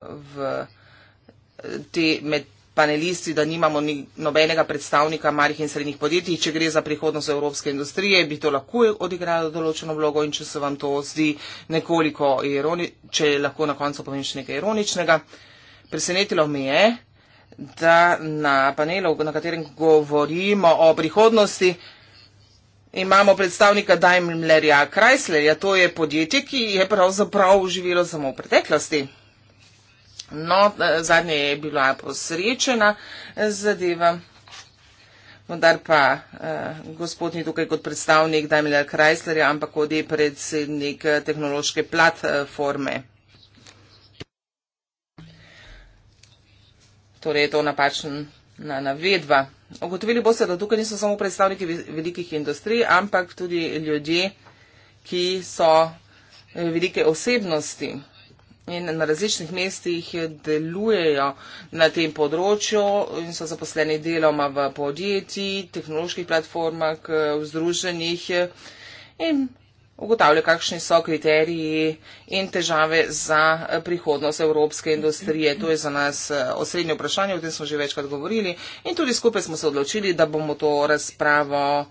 v te med panelisti, da nimamo ni, nobenega predstavnika malih in srednjih podjetij. Če gre za prihodnost evropske industrije, bi to lahko odigralo določeno vlogo in če se vam to zdi nekoliko ironično, če lahko na koncu povem še nekaj ironičnega. Presenetilo me je, da na panelu, na katerem govorimo o prihodnosti, imamo predstavnika Daimlerja Chryslerja. To je podjetje, ki je pravzaprav živelo samo v preteklosti. No, eh, zadnje je bila posrečena zadeva. Vendar pa eh, gospod ni tukaj kot predstavnik Damila Krajslerja, ampak kot je predsednik eh, tehnološke platforme. Torej je to napačna navedba. Ogotovili boste, da tukaj niso samo predstavniki velikih industrij, ampak tudi ljudje, ki so eh, velike osebnosti in na različnih mestih delujejo na tem področju in so zaposleni deloma v podjetji, tehnoloških platformah, v združenjih in ugotavlja, kakšni so kriteriji in težave za prihodnost evropske industrije. To je za nas eh, osrednje vprašanje, o tem smo že večkrat govorili in tudi skupaj smo se odločili, da bomo to razpravo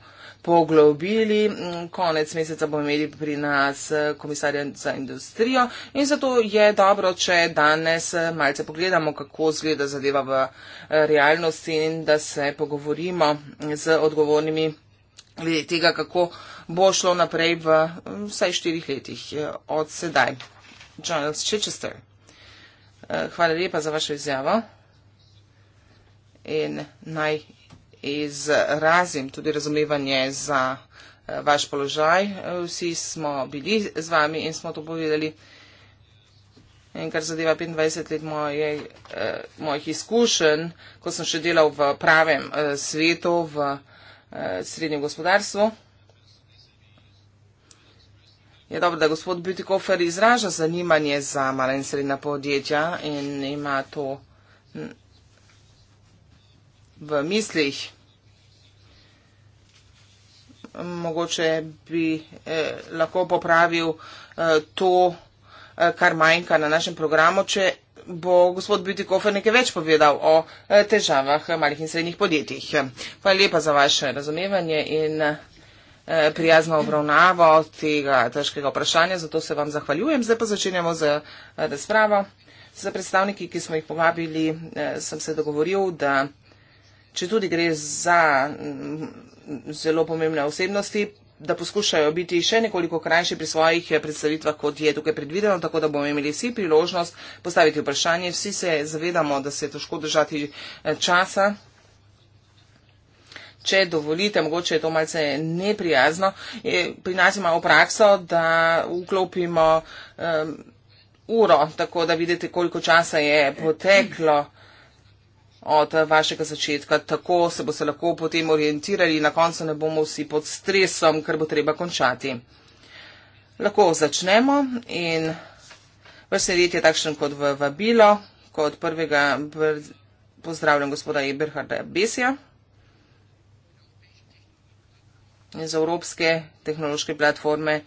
poglobili. Mm, konec meseca bomo imeli pri nas eh, komisarja za industrijo in zato je dobro, če danes eh, malce pogledamo, kako zgleda zadeva v eh, realnosti in da se pogovorimo mm, z odgovornimi glede tega, kako bo šlo naprej v mm, vsaj štirih letih od sedaj. Charles Chichester. Hvala lepa za vašo izjavo in naj izrazim tudi razumevanje za eh, vaš položaj. Vsi smo bili z vami in smo to povedali. In kar zadeva 25 let moj, eh, mojih izkušenj, ko sem še delal v pravem eh, svetu, v eh, srednjem gospodarstvu, je dobro, da gospod Bütikofer izraža zanimanje za mala in srednja podjetja in ima to hm, v mislih mogoče bi eh, lahko popravil eh, to, eh, kar manjka na našem programu, če bo gospod Bütikofer nekaj več povedal o eh, težavah malih in srednjih podjetij. Hvala lepa za vaše razumevanje in eh, prijazno obravnavo tega težkega vprašanja, zato se vam zahvaljujem. Zdaj pa začenjamo z eh, razpravo. Za predstavniki, ki smo jih povabili, eh, sem se dogovoril, da če tudi gre za mm, zelo pomembne osebnosti, da poskušajo biti še nekoliko krajši pri svojih eh, predstavitvah, kot je tukaj predvideno, tako da bomo imeli vsi priložnost postaviti vprašanje. Vsi se zavedamo, da se je težko držati eh, časa. Če dovolite, mogoče je to malce neprijazno. Eh, pri nas imamo prakso, da vklopimo um, uro, tako da vidite, koliko časa je poteklo od vašega začetka, tako se boste lahko potem orientirali, na koncu ne bomo vsi pod stresom, ker bo treba končati. Lahko začnemo in vrstni red je takšen kot v vabilo, kot prvega pozdravljam gospoda Eberharda Besja iz Evropske tehnološke platforme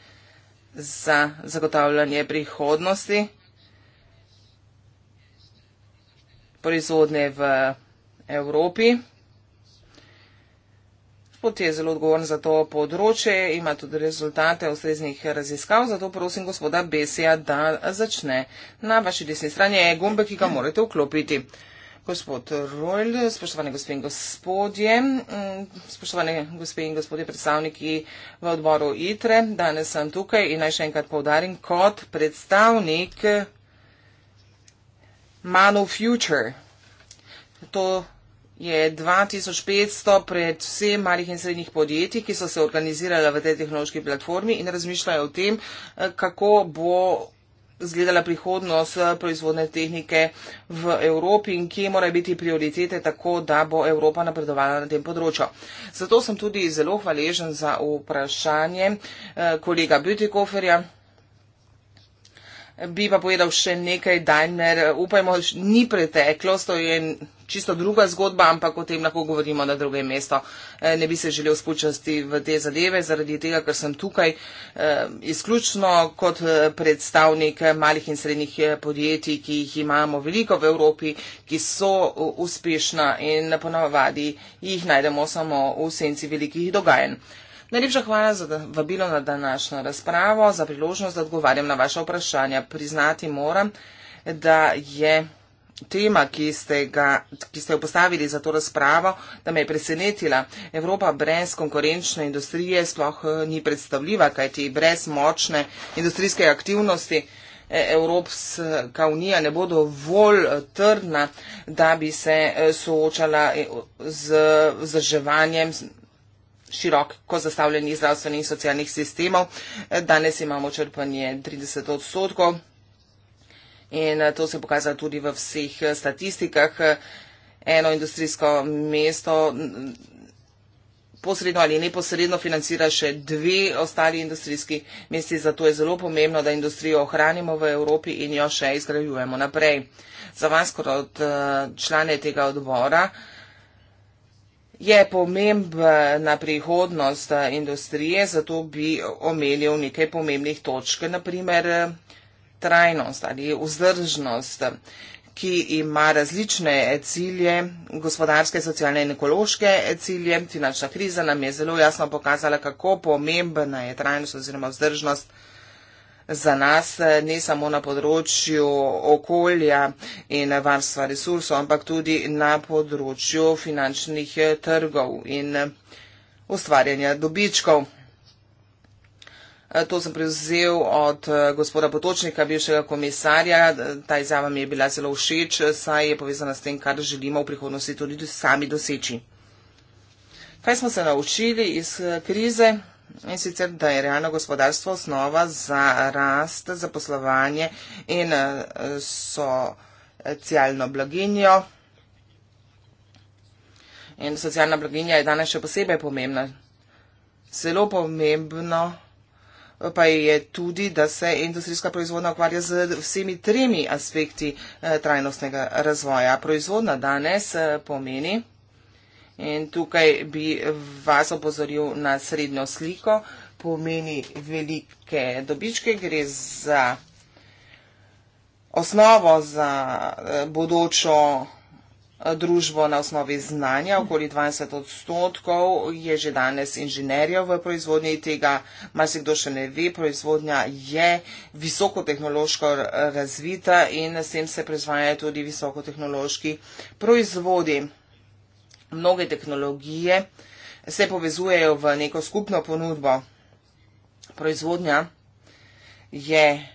za zagotavljanje prihodnosti. proizvodnje v Evropi. Gospod je zelo odgovoren za to področje, ima tudi rezultate ustreznih raziskav, zato prosim gospoda Besija, da začne. Na vaši desni strani je gumbe, ki ga morate vklopiti. Gospod Rojl, spoštovane gospe in gospodje, mm, spoštovane gospe in gospodje predstavniki v odboru ITRE, danes sem tukaj in naj še enkrat povdarim kot predstavnik Man of Future. To je 2500 pred vsem malih in srednjih podjetij, ki so se organizirala v tej tehnološki platformi in razmišljajo o tem, eh, kako bo zgledala prihodnost eh, proizvodne tehnike v Evropi in kje morajo biti prioritete, tako da bo Evropa napredovala na tem področju. Zato sem tudi zelo hvaležen za vprašanje eh, kolega Bütikoferja bi pa povedal še nekaj, Daimler, upajmo, ni preteklost, to je čisto druga zgodba, ampak o tem lahko govorimo na drugem mestu. Eh, ne bi se želel spučasti v te zadeve, zaradi tega, ker sem tukaj eh, izključno kot eh, predstavnik malih in srednjih podjetij, ki jih imamo veliko v Evropi, ki so uspešna in ponavadi jih najdemo samo v senci velikih dogajanj. Najlepša hvala za vabilo na današnjo razpravo, za priložnost, da odgovarjam na vaše vprašanja. Priznati moram, da je tema, ki ste, ga, ki ste jo postavili za to razpravo, da me je presenetila. Evropa brez konkurenčne industrije sploh eh, ni predstavljiva, kajti brez močne industrijske aktivnosti. Eh, Evropska unija ne bo dovolj eh, trdna, da bi se soočala z vzdrževanjem široko zastavljenih zdravstvenih in socialnih sistemov. Danes imamo črpanje 30 odstotkov in to se je pokazalo tudi v vseh statistikah. Eno industrijsko mesto posredno ali neposredno financira še dve ostali industrijski mesti, zato je zelo pomembno, da industrijo ohranimo v Evropi in jo še izgrajujemo naprej. Za vas, kot eh, člane tega odbora, je pomembna prihodnost eh, industrije, zato bi omenil nekaj pomembnih točk, naprimer eh, trajnost ali vzdržnost, ki ima različne cilje, gospodarske, socialne in ekološke eh, cilje. Finančna kriza nam je zelo jasno pokazala, kako pomembna je trajnost oziroma vzdržnost za nas, ne samo na področju okolja in varstva resursov, ampak tudi na področju finančnih trgov in ustvarjanja dobičkov. To sem prevzel od eh, gospoda Potočnika, bivšega komisarja. Ta izjava mi je bila zelo všeč, saj je povezana s tem, kar želimo v prihodnosti tudi sami doseči. Kaj smo se naučili iz krize? In sicer, da je realno gospodarstvo osnova za rast, za poslovanje in eh, socialno blaginjo. In socialna blaginja je danes še posebej pomembna. Zelo pomembno eh, pa je tudi, da se industrijska proizvodnja ukvarja z vsemi tremi aspekti eh, trajnostnega razvoja. Proizvodna danes pomeni, In tukaj bi vas opozoril na srednjo sliko, pomeni velike dobičke, gre za osnovo za eh, bodočo eh, družbo na osnovi znanja, okoli 20 odstotkov je že danes inženirjev v proizvodnji tega, mar se kdo še ne ve, proizvodnja je visokotehnološko razvita in s tem se proizvajajo tudi visokotehnološki proizvodi mnoge tehnologije se povezujejo v neko skupno ponudbo. Proizvodnja je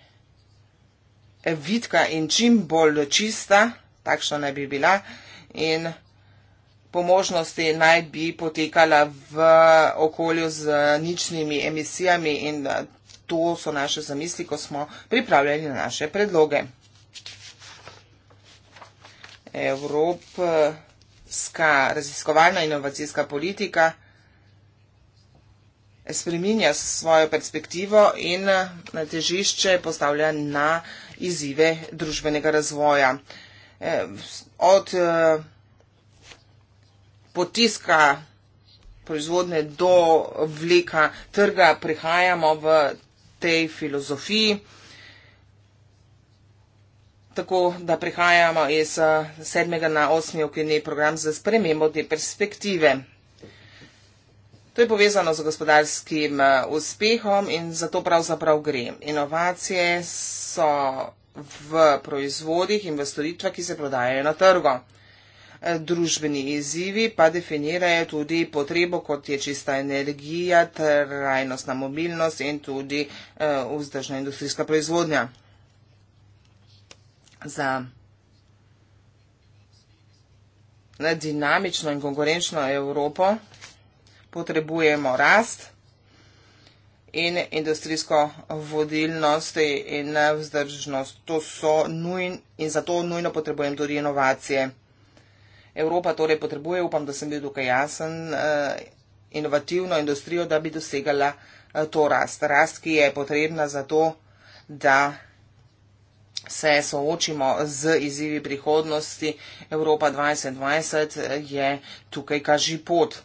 vidka in čim bolj čista, takšna naj bi bila, in po možnosti naj bi potekala v okolju z ničnimi emisijami in eh, to so naše zamisli, ko smo pripravljali naše predloge. Evropa eh, evropska raziskovalna inovacijska politika spreminja svojo perspektivo in eh, težišče postavlja na izzive družbenega razvoja. Eh, od eh, potiska proizvodne do vleka trga prihajamo v tej filozofiji. Tako da prehajamo iz 7. Eh, na 8. okvirni program za spremembo te perspektive. To je povezano z gospodarskim eh, uspehom in zato pravzaprav gre. Inovacije so v proizvodih in v storitvah, ki se prodajajo na trgo. Eh, družbeni izzivi pa definirajo tudi potrebo, kot je čista energija, trajnostna mobilnost in tudi vzdržna industrijska proizvodnja za ne, dinamično in konkurenčno Evropo potrebujemo rast in industrijsko vodilnost in vzdržnost. To so nujn in zato nujno potrebujem tudi inovacije. Evropa torej potrebuje, upam, da sem bil tukaj jasen, eh, inovativno industrijo, da bi dosegala eh, to rast. Rast, ki je potrebna za to, da se soočimo z izzivi prihodnosti, Evropa 2020 je tukaj kaži pot.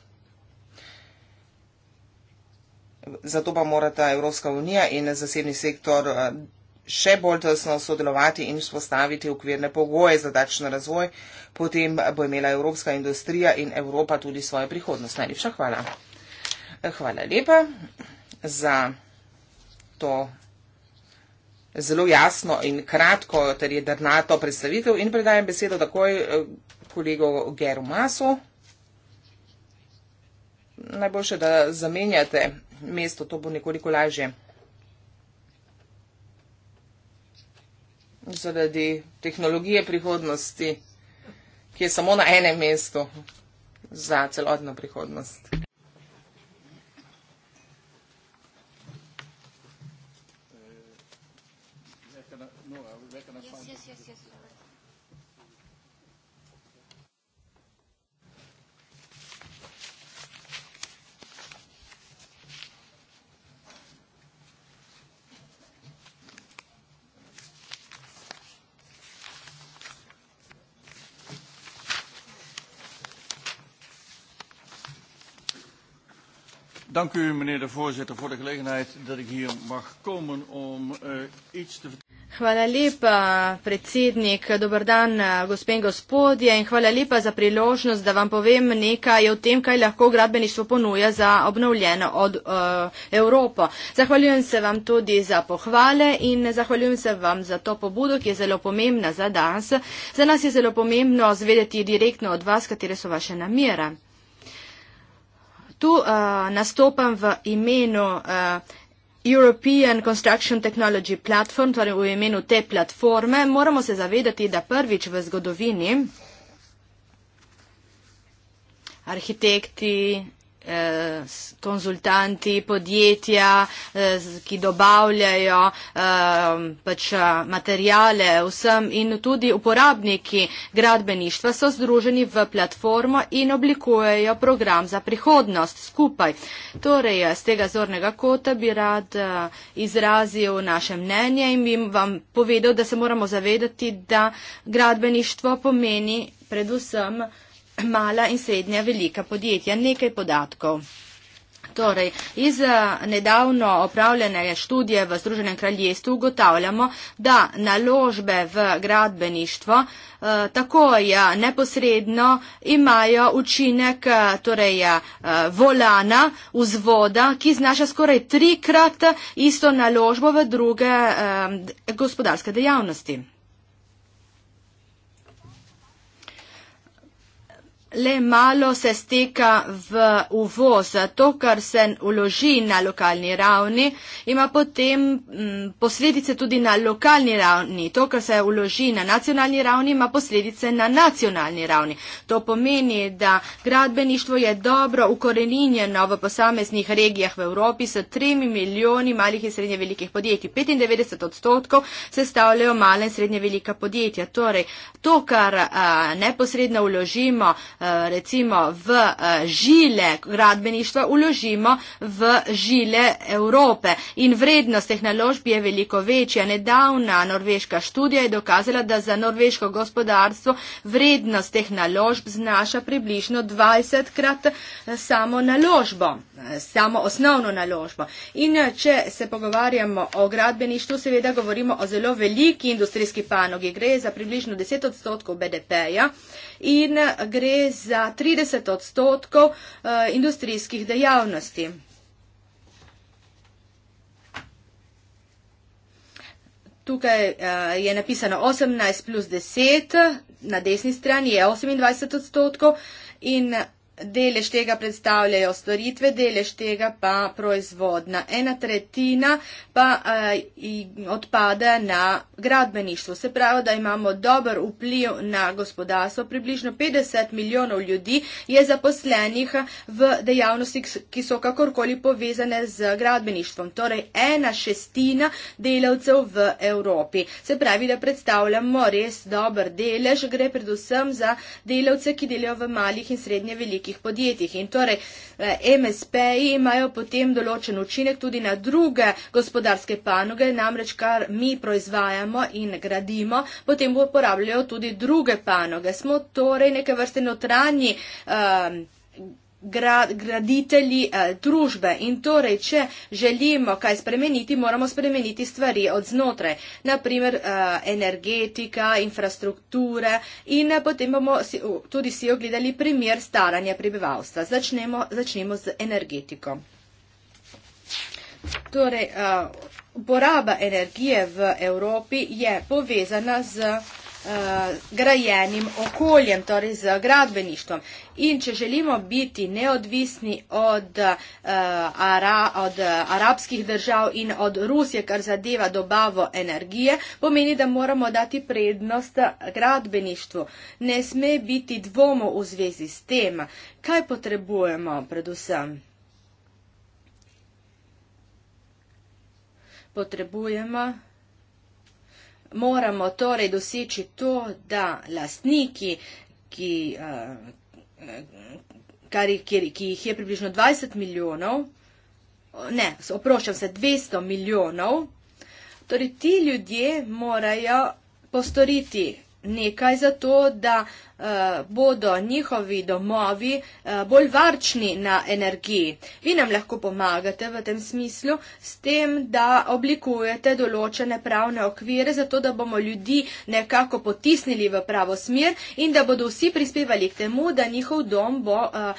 Zato pa morata Evropska unija in zasebni sektor eh, še bolj tesno sodelovati in vzpostaviti okvirne pogoje za dačen razvoj, potem bo imela evropska industrija in Evropa tudi svojo prihodnost. Najlepša hvala. Hvala lepa za to zelo jasno in kratko, ter je drnato predstavitev in predajem besedo takoj eh, kolego Geru Masu. Najboljše, da zamenjate mesto, to bo nekoliko lažje. Zaradi tehnologije prihodnosti, ki je samo na enem mestu za celotno prihodnost. No, I reckon I find yes, yes, yes, yes. Dank u, meneer de voorzitter, voor de gelegenheid dat ik hier mag komen om uh, iets te vertellen. Hvala lepa, predsednik. Dobar dan, gospe in gospodje. In hvala lepa za priložnost, da vam povem nekaj o tem, kaj lahko gradbeništvo ponuja za obnovljeno od, uh, Evropo. Zahvaljujem se vam tudi za pohvale in zahvaljujem se vam za to pobudo, ki je zelo pomembna za danes. Za nas je zelo pomembno zvedeti direktno od vas, katere so vaše namere. Tu uh, nastopam v imenu. Uh, European Construction Technology Platform, torej v imenu te platforme, moramo se zavedati, da prvič v zgodovini arhitekti, konzultanti, podjetja, eh, ki dobavljajo eh, pač eh, materijale vsem in tudi uporabniki gradbeništva so združeni v platformo in oblikujejo program za prihodnost skupaj. Torej, z tega zornega kota bi rad izrazil naše mnenje in bi vam povedal, da se moramo zavedati, da gradbeništvo pomeni predvsem mala in srednja velika podjetja. Nekaj podatkov. Torej, iz eh, nedavno opravljene študije v Združenem kraljestvu ugotavljamo, da naložbe v gradbeništvo eh, tako ja, neposredno imajo učinek eh, torej, ja, volana, vzvoda, ki znaša skoraj trikrat isto naložbo v druge gospodarske dejavnosti. le malo se steka v uvoz. To, kar se uloži na lokalni ravni, ima potem m, mm, posledice tudi na lokalni ravni. To, kar se uloži na nacionalni ravni, ima posledice na nacionalni ravni. To pomeni, da gradbeništvo je dobro ukoreninjeno v posameznih regijah v Evropi s 3 milijoni malih in srednje velikih podjetij. 95 odstotkov se stavljajo male in srednje velika podjetja. Torej, to, kar a, neposredno uložimo, Eh, recimo v eh, žile gradbeništva uložimo v žile Evrope. In vrednost teh naložb je veliko večja. Nedavna norveška študija je dokazala, da za norveško gospodarstvo vrednost teh naložb znaša približno 20 krat eh, samo naložbo samo osnovno naložbo. In eh, če se pogovarjamo o gradbeništvu, seveda govorimo o zelo veliki industrijski panogi. Gre za približno 10 odstotkov BDP-ja in eh, gre za 30 odstotkov eh, industrijskih dejavnosti. Tukaj je napisano 18 plus 10, na desni strani je 28 odstotkov in delež tega predstavljajo storitve, delež tega pa proizvodna. Ena tretjina pa eh, odpada na gradbeništvo. Se pravi, da imamo dober vpliv na gospodarstvo. Približno 50 milijonov ljudi je zaposlenih v dejavnosti, ki so kakorkoli povezane z gradbeništvom. Torej, ena šestina delavcev v Evropi. Se pravi, da predstavljamo res dober delež, gre predvsem za delavce, ki delajo v malih in srednje velikih velikih podjetjih. In torej eh, MSP imajo potem določen učinek tudi na druge gospodarske panoge, namreč kar mi proizvajamo in gradimo, potem bo uporabljajo tudi druge panoge. Smo torej neke vrste notranji. Um, gra, graditelji eh, družbe in torej, če želimo kaj spremeniti, moramo spremeniti stvari od znotraj, naprimer eh, energetika, infrastrukture in eh, potem bomo si, tudi si ogledali primer staranja prebivalstva. Začnemo, začnemo z energetiko. Torej, eh, poraba energije v Evropi je povezana z. Eh, grajenim okoljem, torej z gradbeništvom. In če želimo biti neodvisni od, uh, ara, od arabskih držav in od Rusije, kar zadeva dobavo energije, pomeni, da moramo dati prednost gradbeništvu. Ne sme biti dvomo v zvezi s tem, kaj potrebujemo predvsem. Potrebujemo moramo torej doseči to, da lastniki, ki, eh, kar, kjer, ki jih je približno 20 milijonov, ne, oprošam se, 200 milijonov, torej ti ljudje morajo postoriti nekaj za to, da uh, Eh, bodo njihovi domovi eh, bolj varčni na energiji. Vi nam lahko pomagate v tem smislu s tem, da oblikujete določene pravne okvire, zato da bomo ljudi nekako potisnili v pravo smer in da bodo vsi prispevali k temu, da njihov dom bo eh,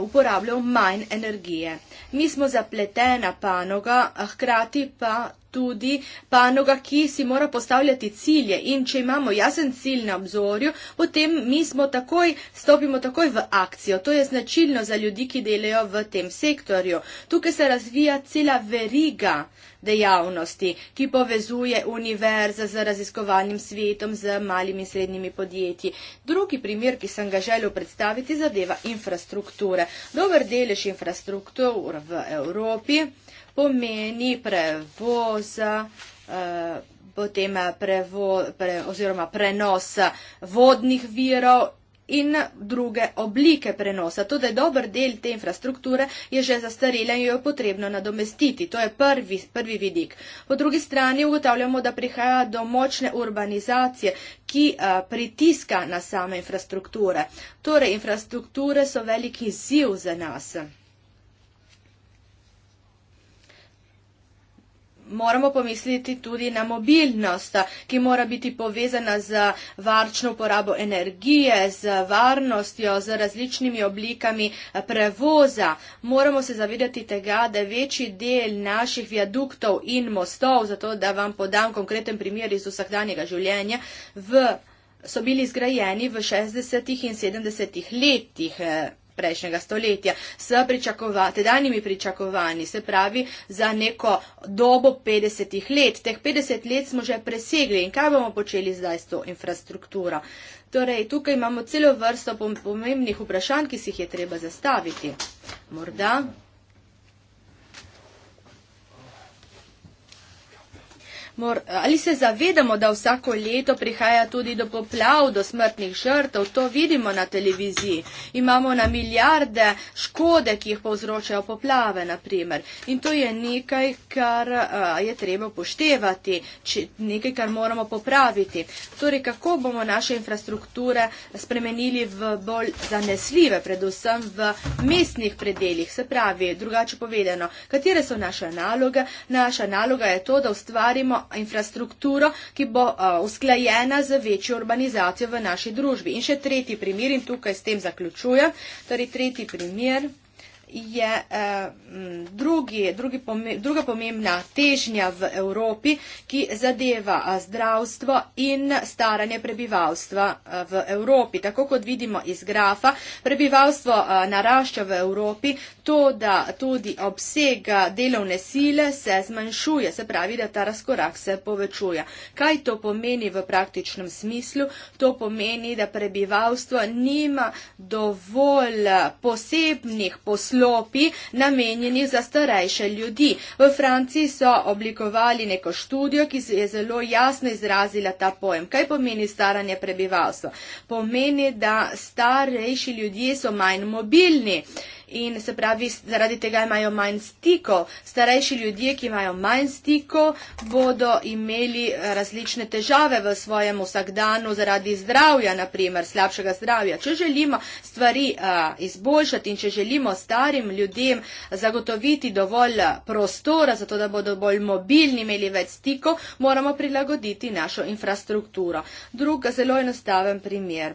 uporabljal manj energije. Mi smo zapletena panoga, hkrati pa tudi panoga, ki si mora postavljati cilje in če imamo jasen cilj na obzorju, potem mi mi smo takoj, stopimo takoj v akcijo. To je značilno za ljudi, ki delajo v tem sektorju. Tukaj se razvija cela veriga dejavnosti, ki povezuje univerza z raziskovalnim svetom, z malimi in srednjimi podjetji. Drugi primer, ki sem ga želel predstaviti, zadeva infrastrukture. Dober delež infrastruktur v Evropi pomeni prevoza. Uh, potem eh, prevo, pre, oziroma prenos eh, vodnih virov in druge oblike prenosa. Tudi dober del te infrastrukture je že zastarela in jo je potrebno nadomestiti. To je prvi, prvi vidik. Po drugi strani ugotavljamo, da prihaja do močne urbanizacije, ki a, eh, pritiska na same infrastrukture. Torej, infrastrukture so veliki ziv za nas. moramo pomisliti tudi na mobilnost, ki mora biti povezana z varčno uporabo energije, z varnostjo, z različnimi oblikami eh, prevoza. Moramo se zavedati tega, da večji del naših viaduktov in mostov, zato da vam podam konkreten primer iz vsakdanjega življenja, so bili zgrajeni v 60. in 70. letih. Eh, prejšnjega stoletja, s tedanjimi pričakovanji, se pravi za neko dobo 50 let. Teh 50 let smo že presegli in kaj bomo počeli zdaj s to infrastrukturo? Torej, tukaj imamo celo vrsto pomembnih vprašanj, ki si jih je treba zastaviti. Morda. Mor, ali se zavedamo, da vsako leto prihaja tudi do poplav, do smrtnih žrtev? To vidimo na televiziji. Imamo na milijarde škode, ki jih povzročajo poplave, naprimer. In to je nekaj, kar a, eh, je treba poštevati, če, nekaj, kar moramo popraviti. Torej, kako bomo naše infrastrukture spremenili v bolj zanesljive, predvsem v mestnih predeljih? Se pravi, drugače povedano, katere so naše naloge? Naša naloga je to, da ustvarimo infrastrukturo, ki bo usklajena z večjo urbanizacijo v naši družbi. In še tretji primer, in tukaj s tem zaključujem, torej tretji primer je eh, drugi, drugi pome, druga pomembna težnja v Evropi, ki zadeva eh, zdravstvo in staranje prebivalstva eh, v Evropi. Tako kot vidimo iz grafa, prebivalstvo eh, narašča v Evropi, to, da tudi obseg delovne sile se zmanjšuje, se pravi, da ta razkorak se povečuje. Kaj to pomeni v praktičnem smislu? To pomeni, da prebivalstvo nima dovolj posebnih poslov, sklopi namenjeni za starejše ljudi. V Franciji so oblikovali neko študijo, ki se je zelo jasno izrazila ta pojem. Kaj pomeni staranje prebivalstva? Pomeni, da starejši ljudje so manj mobilni in se pravi, zaradi tega imajo manj stikov. Starejši ljudje, ki imajo manj stikov, bodo imeli eh, različne težave v svojem vsakdanu zaradi zdravja, naprimer slabšega zdravja. Če želimo stvari a, eh, izboljšati in če želimo starim ljudem zagotoviti dovolj eh, prostora, zato da bodo bolj mobilni, imeli več stikov, moramo prilagoditi našo infrastrukturo. Drug zelo enostaven primer.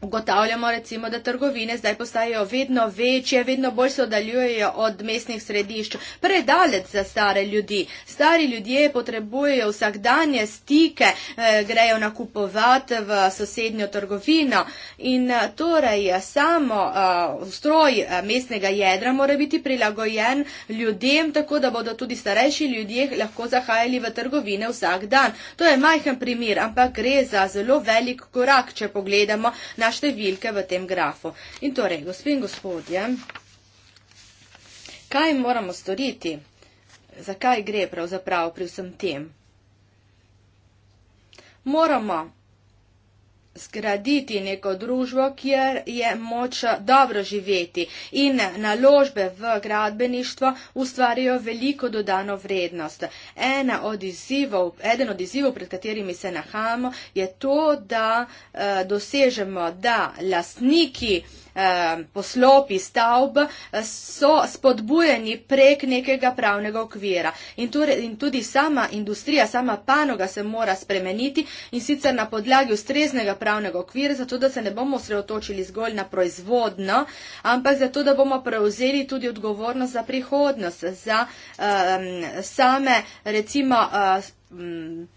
Ugotavljamo recimo, da trgovine zdaj postajajo vedno večje, vedno bolj se oddaljujejo od mestnih središč, predalec za stare ljudi. Stari ljudje potrebujejo vsakdanje stike, eh, grejo nakupovati v sosednjo trgovino in eh, torej eh, samo ustroj mestnega jedra mora biti prilagojen ljudem, tako da bodo tudi starejši ljudje lahko zahajali v trgovine vsak dan. To je majhen primer, ampak gre za zelo velik korak, če pogledamo na na številke v tem grafu. In torej, gospod in gospodje, kaj moramo storiti? Zakaj gre pravzaprav pri vsem tem? Moramo zgraditi neko družbo, kjer je moč eh, dobro živeti in naložbe v gradbeništvo ustvarijo veliko dodano vrednost. Od izzivov, eden od izzivov, pred katerimi se nahajamo, je to, da eh, dosežemo, da lastniki eh, Eh, poslopi, stavb eh, so spodbujeni prek nekega pravnega okvira. Torej, in tudi sama industrija, sama panoga se mora spremeniti in sicer na podlagi ustreznega pravnega okvira, zato da se ne bomo osredotočili zgolj na proizvodno, ampak zato da bomo prevzeli tudi odgovornost za prihodnost, za um, same recimo. Uh,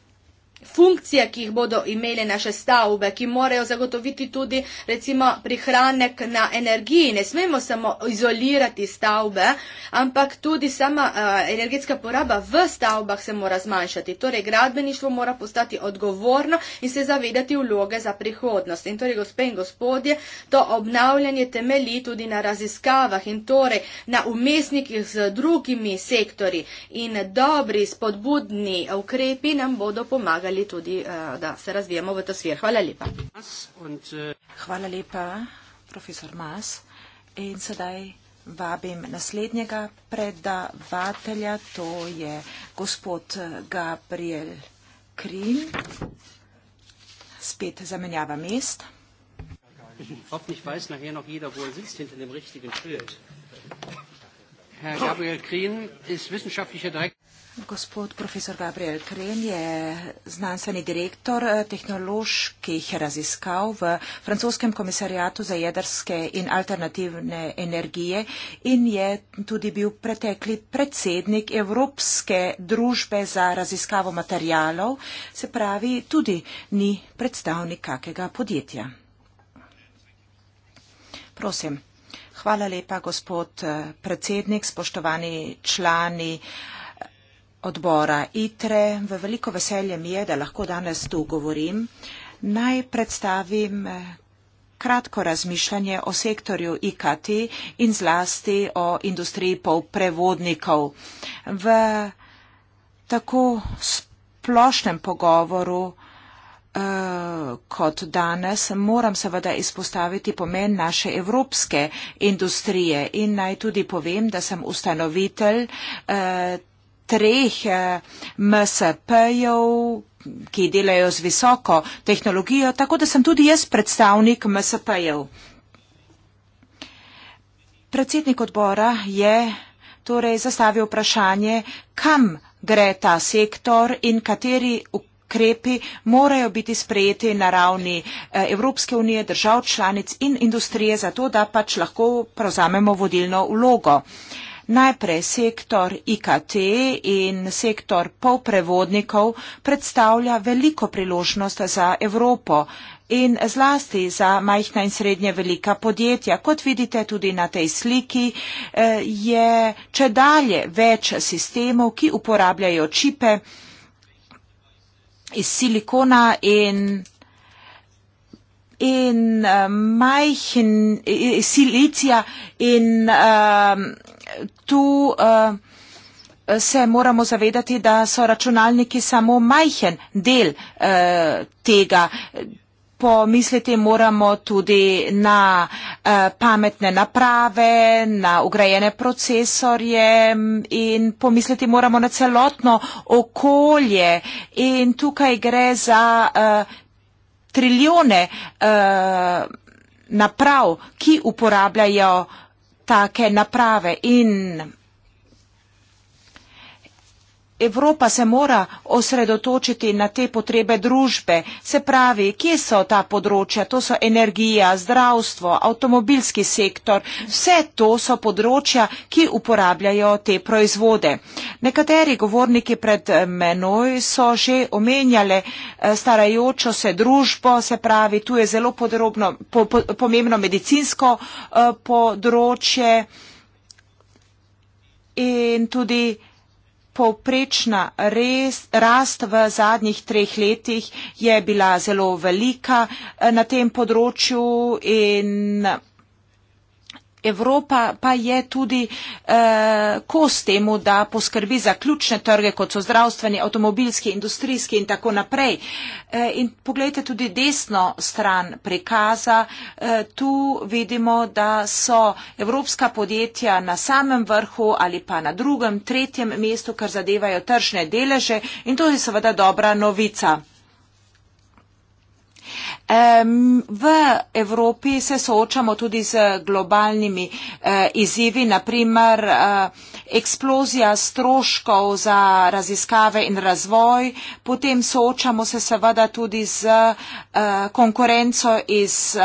funkcije, ki jih bodo imele naše stavbe, ki morajo zagotoviti tudi recimo prihranek na energiji. Ne smemo samo izolirati stavbe, ampak tudi sama uh, energetska poraba v stavbah se mora zmanjšati. Torej, gradbeništvo mora postati odgovorno in se zavedati vloge za prihodnost. In torej, gospe in gospodje, to obnavljanje temelji tudi na raziskavah in torej na umestnikih z drugimi sektori in dobri spodbudni ukrepi nam bodo pomagali pomagali tudi, eh, da se razvijamo v to sfer. Hvala lepa. Eh, Hvala lepa, profesor Mas. In sedaj vabim naslednjega predavatelja, to je gospod eh, Gabriel Krim. Spet zamenjava mest. Hoffentlich weiß nachher noch jeder, wo er sitzt, hinter dem richtigen Schild. Herr Gabriel Krien ist wissenschaftlicher Direktor. Gospod profesor Gabriel Kren je znanstveni direktor eh, tehnoloških raziskav v francoskem komisarijatu za jedrske in alternativne energije in je tudi bil pretekli predsednik Evropske družbe za raziskavo materijalov, se pravi, tudi ni predstavnik kakega podjetja. Prosim, hvala lepa, gospod eh, predsednik, spoštovani člani odbora ITRE. V veliko veselje mi je, da lahko danes tu govorim. Naj predstavim eh, kratko razmišljanje o sektorju IKT in zlasti o industriji polprevodnikov. V tako splošnem pogovoru eh, kot danes moram seveda izpostaviti pomen naše evropske industrije in naj tudi povem, da sem ustanovitelj eh, treh eh, MSP-jev, ki delajo z visoko tehnologijo, tako da sem tudi jaz predstavnik MSP-jev. Predsednik odbora je torej zastavil vprašanje, kam gre ta sektor in kateri ukrepi morajo biti sprejeti na ravni eh, Evropske unije, držav članic in industrije, zato da pač lahko prevzamemo vodilno vlogo. Najprej sektor IKT in sektor polprevodnikov predstavlja veliko priložnost za Evropo in zlasti za majhna in srednje velika podjetja. Kot vidite tudi na tej sliki, eh, je če dalje več sistemov, ki uporabljajo čipe iz silikona in in uh, majhen eh, silicija in uh, tu uh, se moramo zavedati, da so računalniki samo majhen del uh, tega. Pomisliti moramo tudi na uh, pametne naprave, na ugrajene procesorje mm, in pomisliti moramo na celotno okolje. In tukaj gre za uh, trilijone uh, naprav, ki uporabljajo uh, take naprave in Evropa se mora osredotočiti na te potrebe družbe. Se pravi, kje so ta področja? To so energija, zdravstvo, avtomobilski sektor. Vse to so področja, ki uporabljajo te proizvode. Nekateri govorniki pred eh, menoj so že omenjale eh, starajočo se družbo, se pravi, tu je zelo podrobno, po, po, pomembno medicinsko eh, področje in tudi povprečna res, rast v zadnjih treh letih je bila zelo velika eh, na tem področju in Evropa pa je tudi eh, kos temu, da poskrbi za ključne trge, kot so zdravstveni, avtomobilski, industrijski in tako naprej. Eh, in poglejte tudi desno stran prikaza. Eh, tu vidimo, da so evropska podjetja na samem vrhu ali pa na drugem, tretjem mestu, kar zadevajo tržne deleže in to je seveda dobra novica. V Evropi se soočamo tudi z globalnimi eh, izzivi, naprimer eh, eksplozija stroškov za raziskave in razvoj, potem soočamo se seveda tudi z eh, konkurenco iz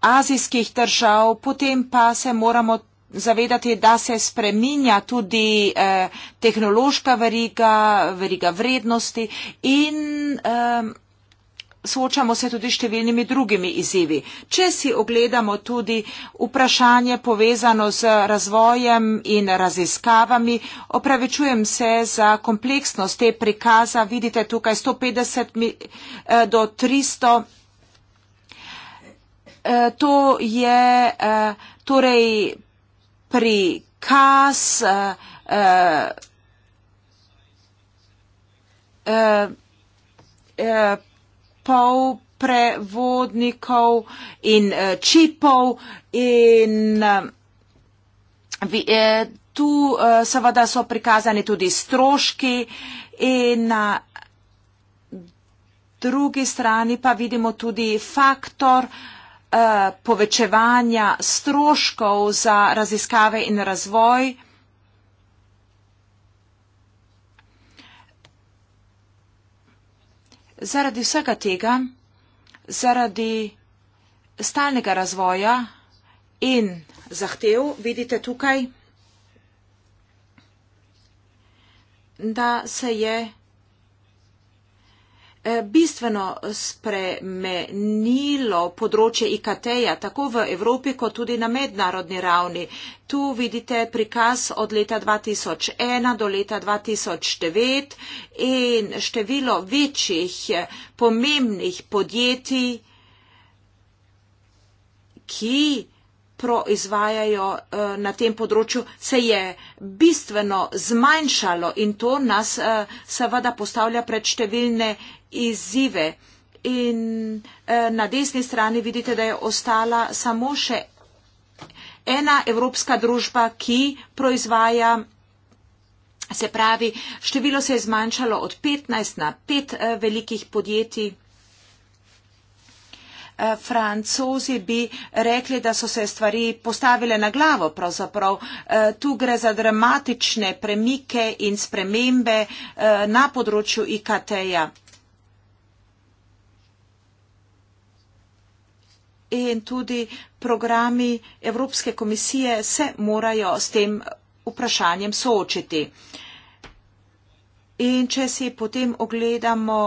azijskih držav, potem pa se moramo zavedati, da se spreminja tudi tehnološka veriga, veriga vrednosti in soočamo se tudi številnimi drugimi izzivi. Če si ogledamo tudi vprašanje povezano z razvojem in raziskavami, opravičujem se za kompleksnost te prikaza, vidite tukaj 150 eh, do 300. Eh, to je eh, torej prikaz eh, eh, čipov, prevodnikov in uh, čipov in uh, vi, uh, tu uh, seveda so prikazani tudi stroški in na drugi strani pa vidimo tudi faktor uh, povečevanja stroškov za raziskave in razvoj. zaradi vsega tega, zaradi stalnega razvoja in zahtev, vidite tukaj, da se je Eh, bistveno spremenilo področje IKT-ja tako v Evropi kot tudi na mednarodni ravni. Tu vidite prikaz od leta 2001 do leta 2009 in število večjih pomembnih podjetij, ki proizvajajo eh, na tem področju, se je bistveno zmanjšalo in to nas eh, seveda postavlja pred številne izzive. In eh, na desni strani vidite, da je ostala samo še ena evropska družba, ki proizvaja. Se pravi, število se je zmanjšalo od 15 na 5 eh, velikih podjetij. Eh, Francozi bi rekli, da so se stvari postavile na glavo. Pravzaprav eh, tu gre za dramatične premike in spremembe eh, na področju IKT-ja. in tudi programi Evropske komisije se morajo s tem vprašanjem soočiti. In če si potem ogledamo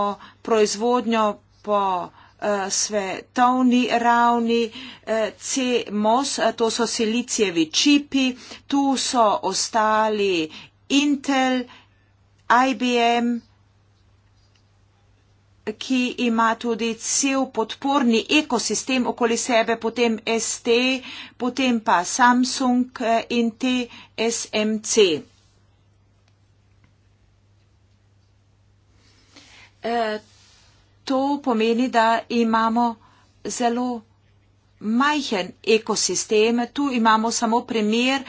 proizvodnjo po eh, svetovni ravni eh, CMOS, eh, to so silicijevi čipi, tu so ostali Intel, IBM, ki ima tudi cel podporni ekosistem okoli sebe, potem ST, potem pa Samsung eh, in TSMC. Eh, to pomeni, da imamo zelo majhen ekosistem. Tu imamo samo primer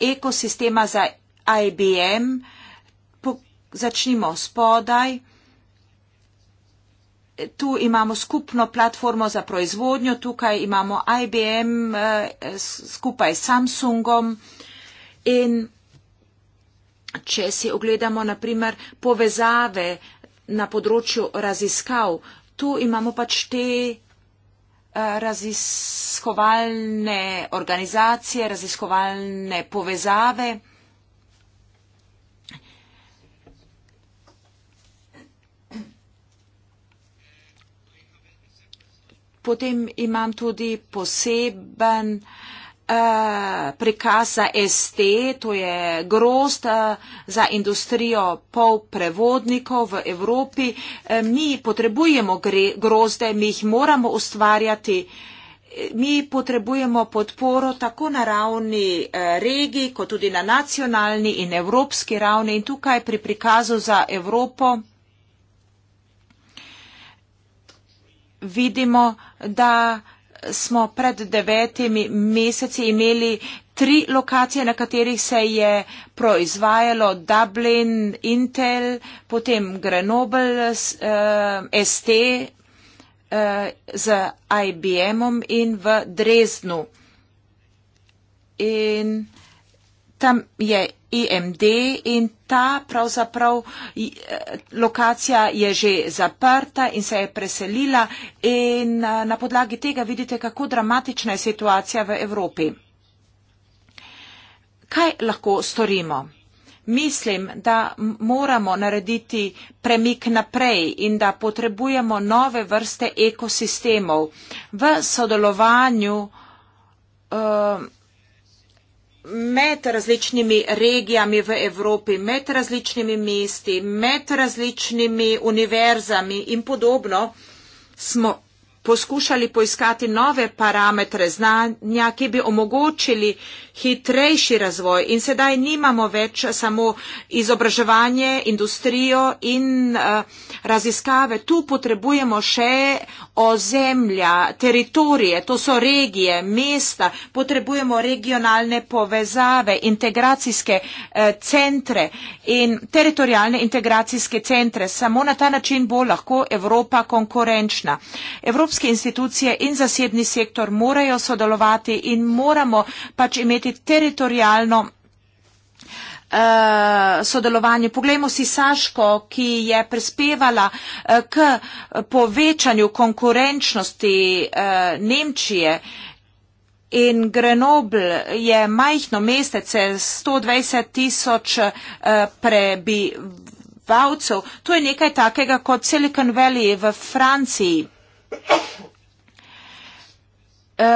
ekosistema za IBM. Začnimo spodaj. Tu imamo skupno platformo za proizvodnjo, tukaj imamo IBM eh, skupaj s Samsungom in če si ogledamo naprimer povezave na področju raziskav, tu imamo pač te eh, raziskovalne organizacije, raziskovalne povezave. Potem imam tudi poseben uh, prikaz za ST, to je grost uh, za industrijo polprevodnikov v Evropi. Uh, mi potrebujemo grozde, mi jih moramo ustvarjati. Mi potrebujemo podporo tako na ravni regij, kot tudi na nacionalni in evropski ravni. In tukaj pri prikazu za Evropo vidimo, da smo pred devetimi meseci imeli tri lokacije, na katerih se je proizvajalo Dublin, Intel, potem Grenoble, uh, eh, ST uh, eh, z IBM-om in v Dreznu. In tam je EMD in ta pravzaprav eh, lokacija je že zaprta in se je preselila in eh, na podlagi tega vidite, kako dramatična je situacija v Evropi. Kaj lahko storimo? Mislim, da moramo narediti premik naprej in da potrebujemo nove vrste ekosistemov v sodelovanju uh, med različnimi regijami v Evropi, med različnimi mesti, med različnimi univerzami in podobno, smo poskušali poiskati nove parametre znanja, ki bi omogočili hitrejši razvoj. In sedaj nimamo več samo izobraževanje, industrijo in uh, raziskave. Tu potrebujemo še ozemlja, teritorije, to so regije, mesta, potrebujemo regionalne povezave, integracijske uh, centre in teritorijalne integracijske centre. Samo na ta način bo lahko Evropa konkurenčna. Evropska evropske institucije in zasebni sektor morajo sodelovati in moramo pač imeti teritorijalno eh, sodelovanje. Poglejmo si Saško, ki je prispevala eh, k povečanju konkurenčnosti eh, Nemčije in Grenoble je majhno mestece 120 tisoč prebivalcev. To je nekaj takega kot Silicon Valley v Franciji. E,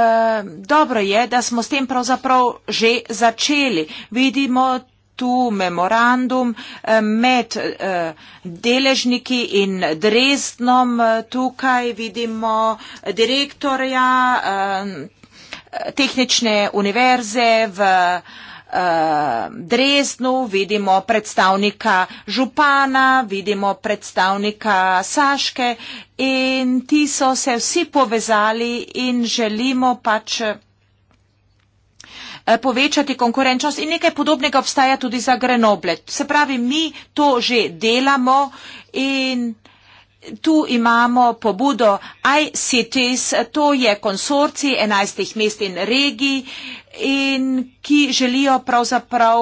dobro je, da smo s tem pravzaprav že začeli. Vidimo tu memorandum eh, med eh, deležniki in Dresdnom. Tukaj vidimo direktorja tehnične univerze v Eh, Dresdnu, vidimo predstavnika župana, vidimo predstavnika Saške in ti so se vsi povezali in želimo pač eh, povečati konkurenčnost in nekaj podobnega obstaja tudi za Grenoble. Se pravi, mi to že delamo in Tu imamo pobudo ICTs, to je konsorcij enajstih mest in regij, in ki želijo pravzaprav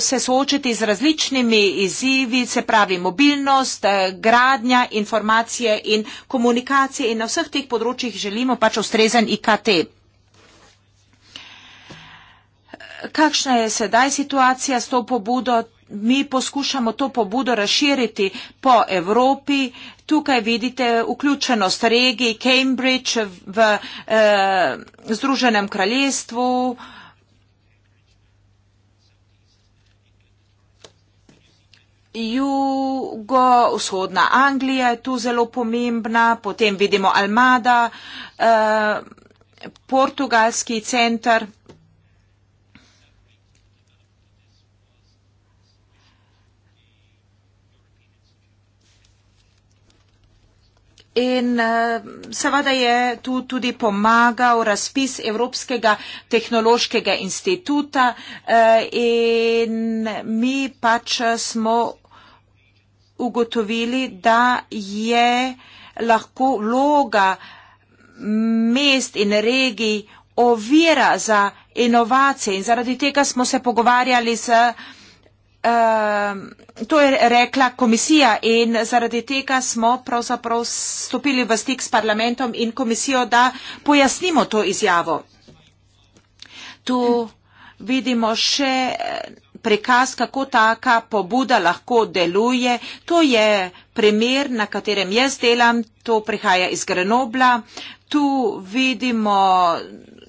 se soočiti z različnimi izzivi, se pravi mobilnost, gradnja, informacije in komunikacije in na vseh teh področjih želimo pač ustrezen IKT. Kakšna je sedaj situacija s to pobudo? mi poskušamo to pobudo razširiti po Evropi. Tukaj vidite vključenost regij Cambridge v eh, Združenem kraljestvu. Jugo-vzhodna Anglija je tu zelo pomembna, potem vidimo Almada, eh, portugalski centr. In eh, seveda je tu tudi pomagal razpis Evropskega tehnološkega instituta eh, in mi pač smo ugotovili, da je lahko vloga mest in regij ovira za inovacije in zaradi tega smo se pogovarjali z uh, to je rekla komisija in zaradi tega smo pravzaprav stopili v stik s parlamentom in komisijo, da pojasnimo to izjavo. Tu vidimo še eh, prikaz, kako taka pobuda lahko deluje. To je primer, na katerem jaz delam, to prihaja iz Grenobla. Tu vidimo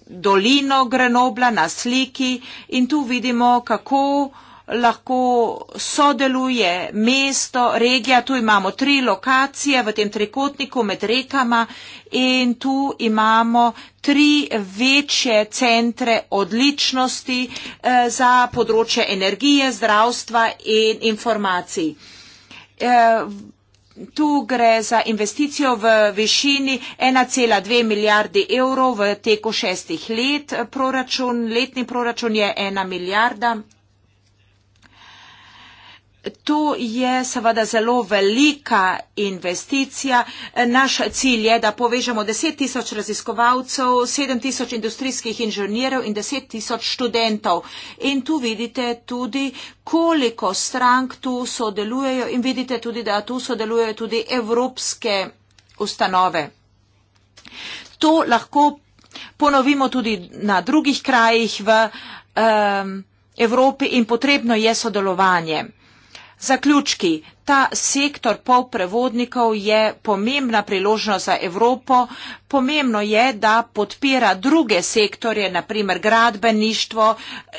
dolino Grenobla na sliki in tu vidimo, kako lahko sodeluje mesto, regija. Tu imamo tri lokacije v tem trikotniku med rekama in tu imamo tri večje centre odličnosti eh, za področje energije, zdravstva in informacij. Eh, Tu gre za investicijo v višini 1,2 milijardi evrov v teku šestih let. Proračun, letni proračun je 1 milijarda. To je seveda zelo velika investicija. Naš cilj je, da povežemo 10 tisoč raziskovalcev, 7 tisoč industrijskih inženirjev in 10 tisoč študentov. In tu vidite tudi, koliko strank tu sodelujejo in vidite tudi, da tu sodelujejo tudi evropske ustanove. To lahko ponovimo tudi na drugih krajih v um, Evropi in potrebno je sodelovanje. Zaključki. Ta sektor polprevodnikov je pomembna priložnost za Evropo. Pomembno je, da podpira druge sektorje, naprimer gradbeništvo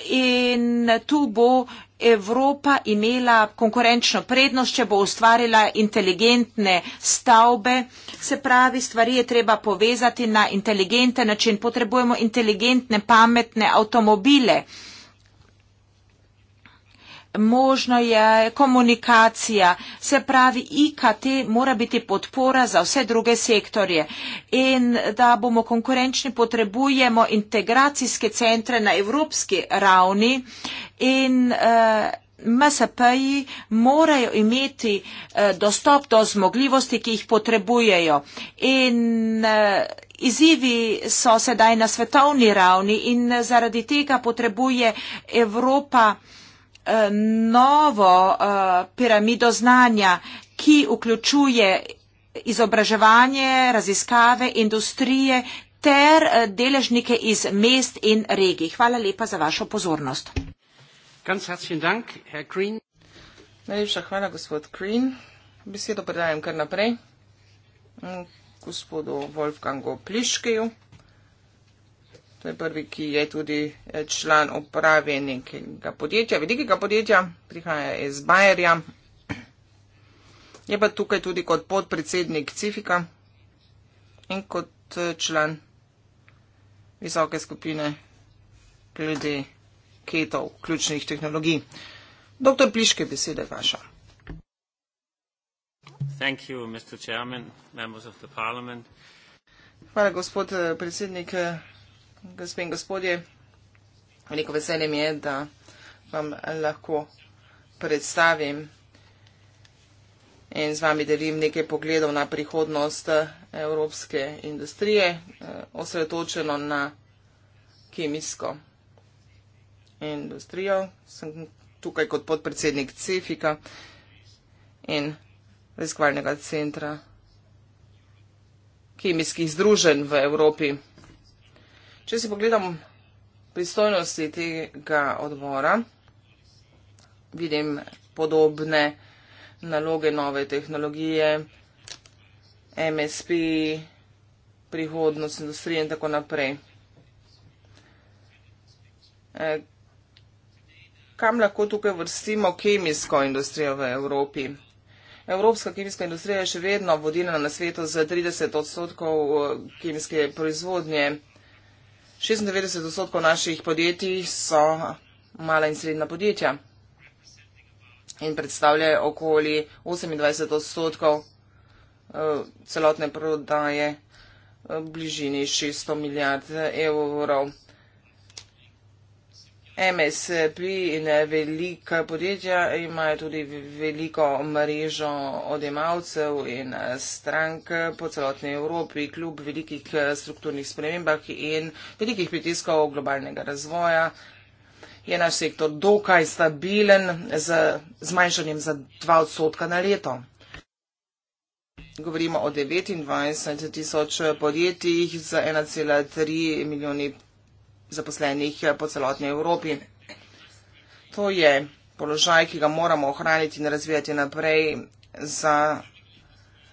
in tu bo Evropa imela konkurenčno prednost, če bo ustvarila inteligentne stavbe. Se pravi, stvari je treba povezati na inteligenten način. Potrebujemo inteligentne, pametne avtomobile možno je komunikacija, se pravi IKT mora biti podpora za vse druge sektorje in da bomo konkurenčni potrebujemo integracijske centre na evropski ravni in uh, eh, MSP-ji morajo imeti uh, dostop do zmogljivosti, ki jih potrebujejo in uh, eh, Izivi so sedaj na svetovni ravni in zaradi tega potrebuje Evropa uh, novo eh, piramido znanja, ki vključuje izobraževanje, raziskave, industrije ter eh, deležnike iz mest in regij. Hvala lepa za vašo pozornost. Ganz herzlichen Dank, Herr Green. Najlepša hvala, gospod Green. Besedo predajam kar naprej mm, gospodu Wolfgangu Pliškeju. To je prvi, ki je tudi eh, član uprave nekega podjetja, velikega podjetja, prihaja iz Bajerja. Je pa tukaj tudi kot podpredsednik Cifika in kot eh, član visoke skupine glede ketov, ključnih tehnologij. Doktor Pliške, besede vaša. You, Chairman, Hvala, gospod eh, predsednik gospe in gospodje, veliko veselje mi je, da vam lahko predstavim in z vami delim nekaj pogledov na prihodnost eh, evropske industrije, eh, osredotočeno na kemijsko industrijo. Sem tukaj kot podpredsednik CEFIKA in raziskovalnega centra kemijskih združenj v Evropi. Če si pogledam pristojnosti tega odbora, vidim podobne naloge, nove tehnologije, MSP, prihodnost industrije in tako naprej. E, kam lahko tukaj vrstimo kemijsko industrijo v Evropi? Evropska kemijska industrija je še vedno vodilna na svetu z 30 odstotkov e, kemijske proizvodnje. 96 odstotkov naših podjetij so mala in srednja podjetja in predstavljajo okoli 28 odstotkov eh, celotne prodaje v eh, bližini 600 milijard evrov. MSP in velika podjetja imajo tudi veliko mrežo odjemalcev in strank po celotni Evropi, kljub velikih eh, strukturnih spremembah in velikih pritiskov globalnega razvoja. Je naš sektor dokaj stabilen z zmanjšanjem za 2 odstotka na leto. Govorimo o 29 tisoč podjetjih z 1,3 milijoni zaposlenih eh, po celotni Evropi. To je položaj, ki ga moramo ohraniti in razvijati naprej za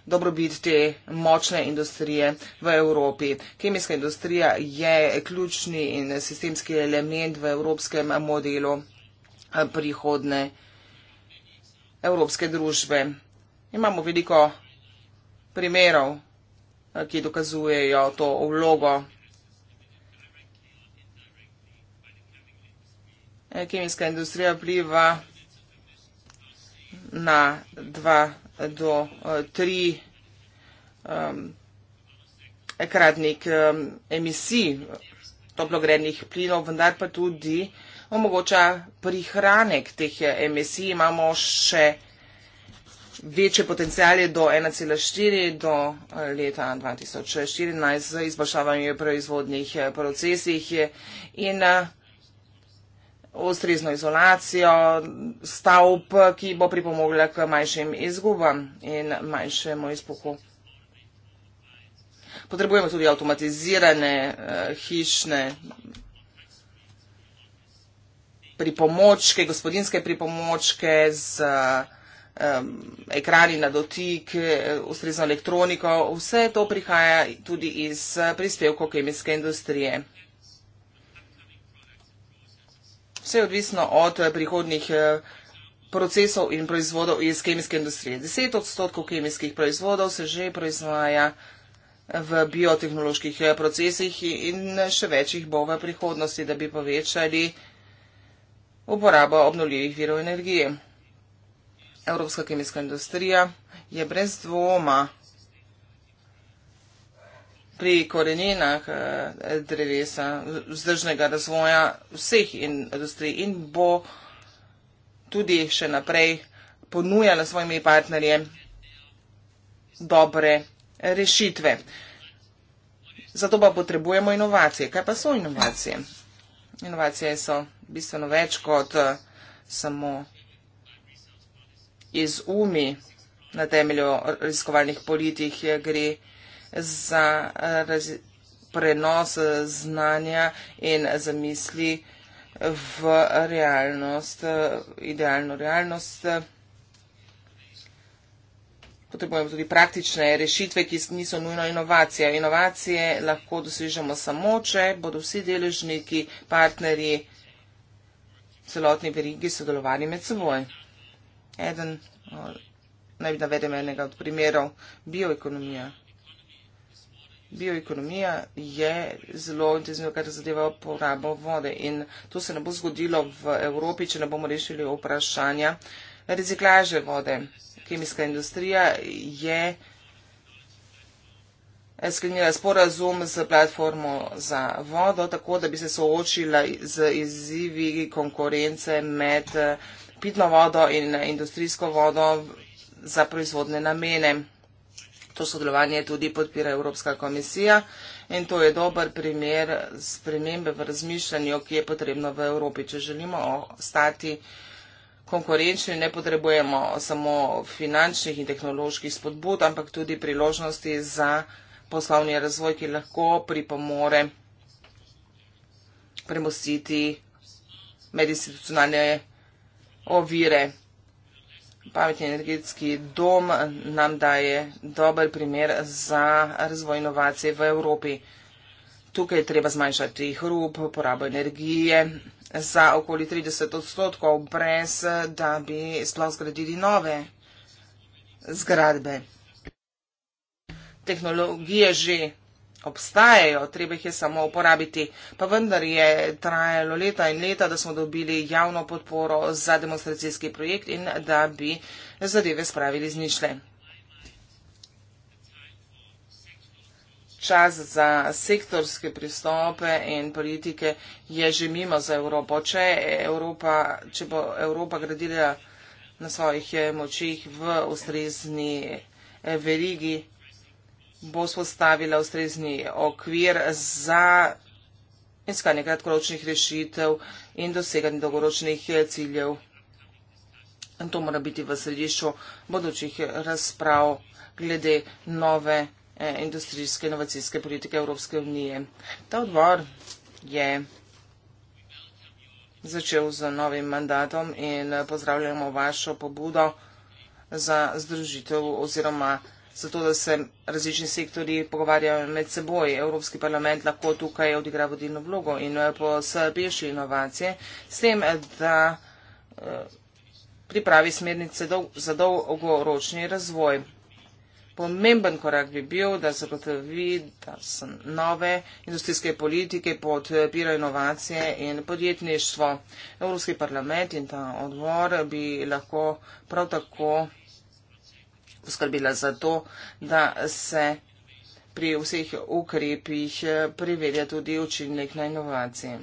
dobrobit te močne industrije v Evropi. Kemijska industrija je ključni in sistemski element v evropskem modelu eh, prihodne evropske družbe. Imamo veliko primerov, eh, ki dokazujejo to vlogo kemijska industrija vpliva na dva do eh, tri um, ekratnik um, emisij toplogrednih plinov, vendar pa tudi omogoča prihranek teh eh, emisij. Imamo še večje potencijale do 1,4 do eh, leta 2014 z izboljšavami proizvodnih procesih in uh, ustrezno izolacijo, stavb, ki bo pripomogla k manjšim izgubam in manjšemu izpuhu. Potrebujemo tudi avtomatizirane eh, hišne pripomočke, gospodinske pripomočke z eh, ekrani na dotik, eh, ustrezno elektroniko. Vse to prihaja tudi iz prispevkov kemijske industrije. vse je odvisno od eh, prihodnih eh, procesov in proizvodov iz kemijske industrije. 10 odstotkov kemijskih proizvodov se že proizvaja v biotehnoloških eh, procesih in še več jih bo v prihodnosti, da bi povečali uporabo obnovljivih virov energije. Evropska kemijska industrija je brez dvoma pri koreninah eh, drevesa, vzdržnega razvoja vseh industrij in bo tudi še naprej ponujala svojimi partnerjem dobre rešitve. Zato pa potrebujemo inovacije. Kaj pa so inovacije? Inovacije so bistveno več kot eh, samo iz umi na temelju raziskovalnih politik, gre in za eh, raz, prenos znanja in zamisli v realnost, eh, idealno realnost. Potrebujemo tudi praktične rešitve, ki niso nujno inovacije. Inovacije lahko dosežemo samo, če bodo vsi deležniki, partnerji, celotni verigi sodelovali med seboj. Eden, naj bi navedem enega od primerov, bioekonomija bioekonomija je zelo intenzivna, kar zadeva porabo vode. In to se ne bo zgodilo v Evropi, če ne bomo rešili vprašanja reciklaže vode. Kemijska industrija je eh, sklenila sporazum z platformo za vodo, tako da bi se soočila z izzivi konkurence med eh, pitno vodo in eh, industrijsko vodo za proizvodne namene. To sodelovanje tudi podpira Evropska komisija in to je dober primer spremembe v razmišljanju, ki je potrebno v Evropi. Če želimo ostati konkurenčni, ne potrebujemo samo finančnih in tehnoloških spodbud, ampak tudi priložnosti za poslovni razvoj, ki lahko pripomore premostiti medinstitucionalne ovire pametni energetski dom nam daje dober primer za razvoj inovacij v Evropi. Tukaj je treba zmanjšati hrup, porabo energije za okoli 30 odstotkov, brez da bi sploh zgradili nove zgradbe. Tehnologije že obstajajo, treba jih je samo uporabiti. Pa vendar je trajalo leta in leta, da smo dobili javno podporo za demonstracijski projekt in da bi zadeve spravili z nišle. Čas za sektorske pristope in politike je že mimo za Evropo. Če, Evropa, če bo Evropa gradila na svojih močih v ustrezni verigi, bo spostavila ustrezni okvir za iskanje kratkoročnih rešitev in doseganje dolgoročnih ciljev. In to mora biti v središču bodočih razprav glede nove eh, industrijske inovacijske politike Evropske unije. Ta odbor je začel z novim mandatom in pozdravljamo vašo pobudo za združitev oziroma zato da se različni sektori pogovarjajo med seboj. Evropski parlament lahko tukaj odigra vodilno vlogo in eh, pospeši inovacije s tem, da eh, pripravi smernice za dolgoročni razvoj. Pomemben korak bi bil, da zagotovi, da se nove industrijske politike podpira inovacije in podjetništvo. Evropski parlament in ta odbor bi lahko prav tako poskrbela za to, da se pri vseh ukrepih privede tudi učinek na inovacije.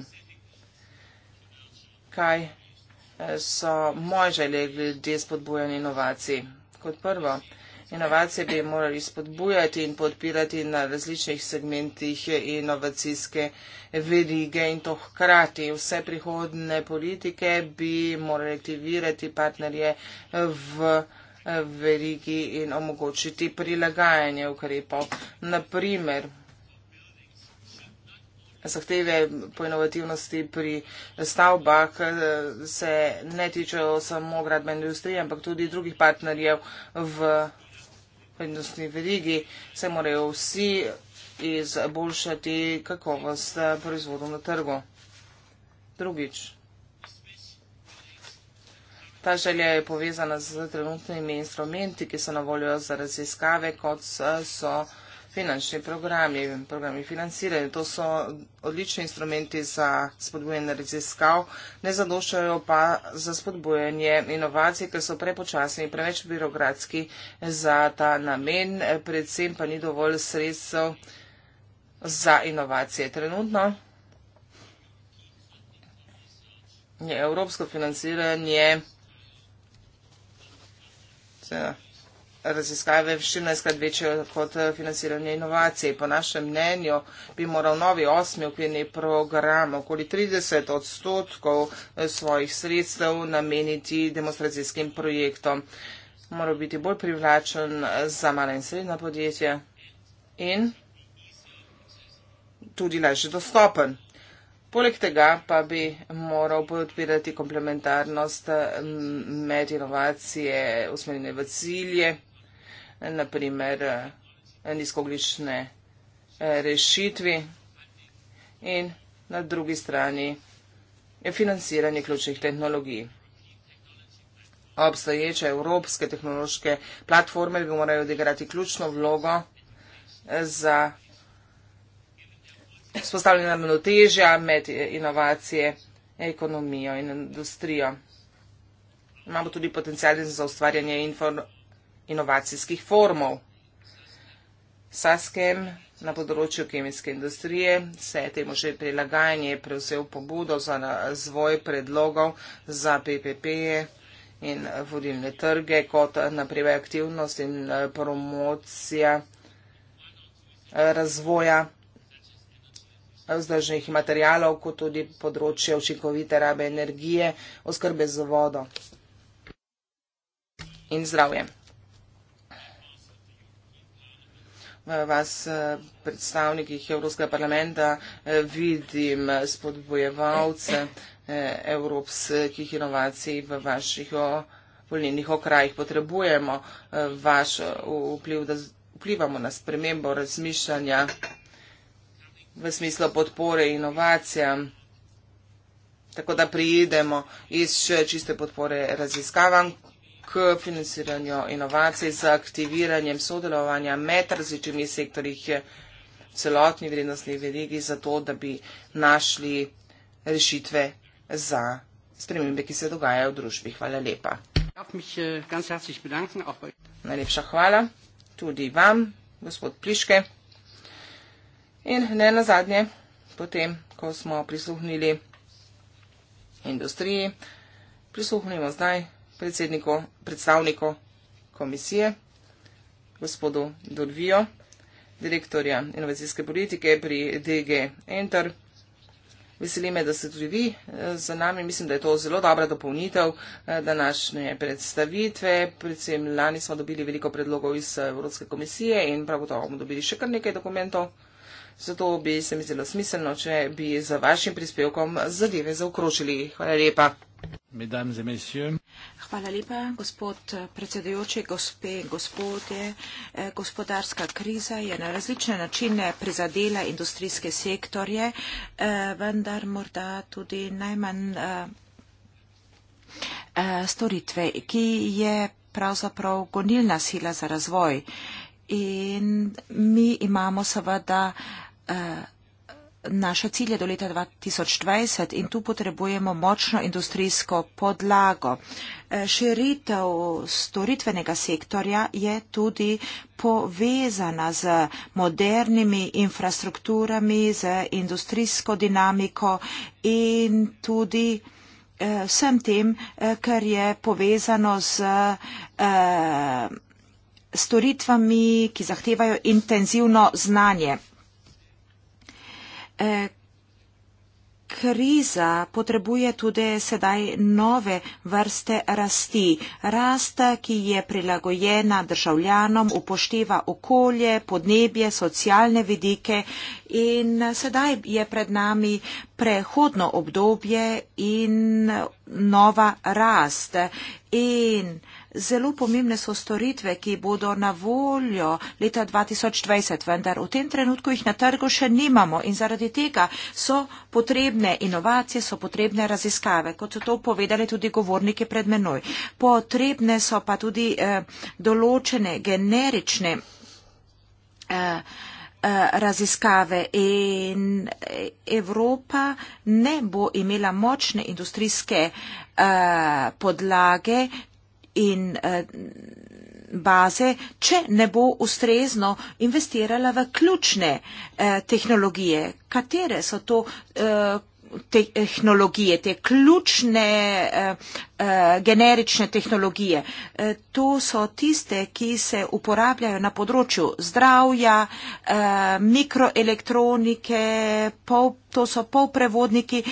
Kaj eh, so moje želje glede spodbujanja inovacij? Kot prvo, inovacije bi morali spodbujati in podpirati na različnih segmentih inovacijske verige in to hkrati. Vse prihodne politike bi morali aktivirati partnerje v inovacijske verige verigi in omogočiti prilagajanje ukrepov. Naprimer, zahteve po inovativnosti pri stavbah eh, se ne tičejo samo gradbene industrije, ampak tudi drugih partnerjev v prednostni verigi. Se morajo vsi izboljšati kakovost eh, proizvodov na trgu. Drugič. Ta želja je povezana z trenutnimi instrumenti, ki so na voljo za raziskave, kot so finančni programi, programi financiranja. To so odlični instrumenti za spodbujanje raziskav, ne zadošajo pa za spodbujanje inovacij, ker so prepočasni in preveč birokratski za ta namen, predvsem pa ni dovolj sredstev za inovacije. Trenutno je evropsko financiranje seveda eh, raziskave 14-krat večje kot eh, financiranje inovacij. Po našem mnenju bi moral novi osmi okvirni program okoli 30 odstotkov eh, svojih sredstev nameniti demonstracijskim projektom. Moral biti bolj privlačen za mala in srednja podjetja in tudi lažje dostopen. Poleg tega pa bi moral podpirati komplementarnost med inovacije usmerjene v cilje, naprimer eh, nizkoglične eh, rešitvi in na drugi strani financiranje ključnih tehnologij. Obstoječe evropske tehnološke platforme bi morali odigrati ključno vlogo eh, za spostavljena ravnotežja med inovacije, ekonomijo in industrijo. Imamo tudi potencijal za ustvarjanje inovacijskih formov. Saskem na področju kemijske industrije se je temu že prilagajanje prevzel pobudo za razvoj predlogov za PPP in vodilne trge kot naprej aktivnost in eh, promocija eh, razvoja vzdržnih materijalov, kot tudi področje učinkovite rabe energije, oskrbe z vodo in zdravje. Vas eh, predstavnikih Evropskega parlamenta eh, vidim spodbojevalce eh, evropskih inovacij v vaših volilnih okrajih. Potrebujemo vaš vpliv, da vplivamo na spremembo razmišljanja v smislu podpore inovacijam. Tako da prijedemo iz čiste podpore raziskavam k financiranju inovacij z aktiviranjem sodelovanja med različnimi sektorji v celotni vrednostni verigi, zato da bi našli rešitve za spremembe, ki se dogajajo v družbi. Hvala lepa. Äh, Najlepša hvala tudi vam, gospod Pliške. In ne nazadnje, potem, ko smo prisluhnili industriji, prisluhnimo zdaj predsedniku, predstavniku komisije, gospodu Dolvijo, direktorja inovacijske politike pri DG Enter. Veseli me, da ste tudi vi eh, z nami. Mislim, da je to zelo dobra dopolnitev eh, današnje predstavitve. Predvsem lani smo dobili veliko predlogov iz eh, Evropske komisije in prav gotovo bomo dobili še kar nekaj dokumentov. Zato bi se mi zdelo smiselno, če bi z vašim prispevkom zadeve zaokrožili. Hvala lepa. Hvala lepa, gospod predsedujoči, gospe, gospodje. Eh, gospodarska kriza je na različne načine prizadela industrijske sektorje, eh, vendar morda tudi najmanj eh, storitve, ki je pravzaprav gonilna sila za razvoj. In mi imamo seveda Eh, naše cilje do leta 2020 in tu potrebujemo močno industrijsko podlago. Eh, širitev storitvenega sektorja je tudi povezana z modernimi infrastrukturami, z industrijsko dinamiko in tudi eh, vsem tem, kar je povezano z storitvami, ki zahtevajo intenzivno znanje. E, kriza potrebuje tudi sedaj nove vrste rasti. Rast, ki je prilagojena državljanom, upošteva okolje, podnebje, socialne vidike in sedaj je pred nami prehodno obdobje in nova rast. In Zelo pomembne so storitve, ki bodo na voljo leta 2020, vendar v tem trenutku jih na trgu še nimamo in zaradi tega so potrebne inovacije, so potrebne raziskave, kot so to povedali tudi govorniki pred menoj. Potrebne so pa tudi eh, določene generične eh, eh raziskave in eh, Evropa ne bo imela močne industrijske uh, podlage, in eh, baze, če ne bo ustrezno investirala v ključne eh, tehnologije. Katere so to eh, tehnologije, te ključne generične tehnologije? To so tiste, ki se uporabljajo na področju zdravja, mikroelektronike, pol, to so polprevodniki,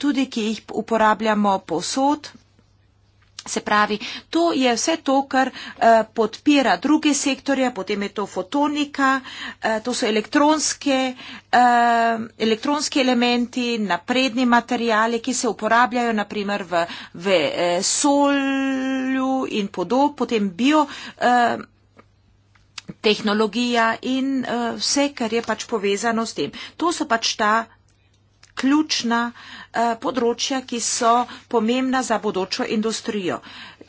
tudi ki jih uporabljamo posod. Se pravi, to je vse to, kar uh, podpira druge sektorje, potem je to fotonika, uh, to so elektronske, uh, elektronski elementi, napredni materijali, ki se uporabljajo naprimer v, v eh, solju in podob, potem bio. Uh, tehnologija in uh, vse, kar je pač povezano s tem. To so pač ta ključna eh, področja, ki so pomembna za bodočo industrijo.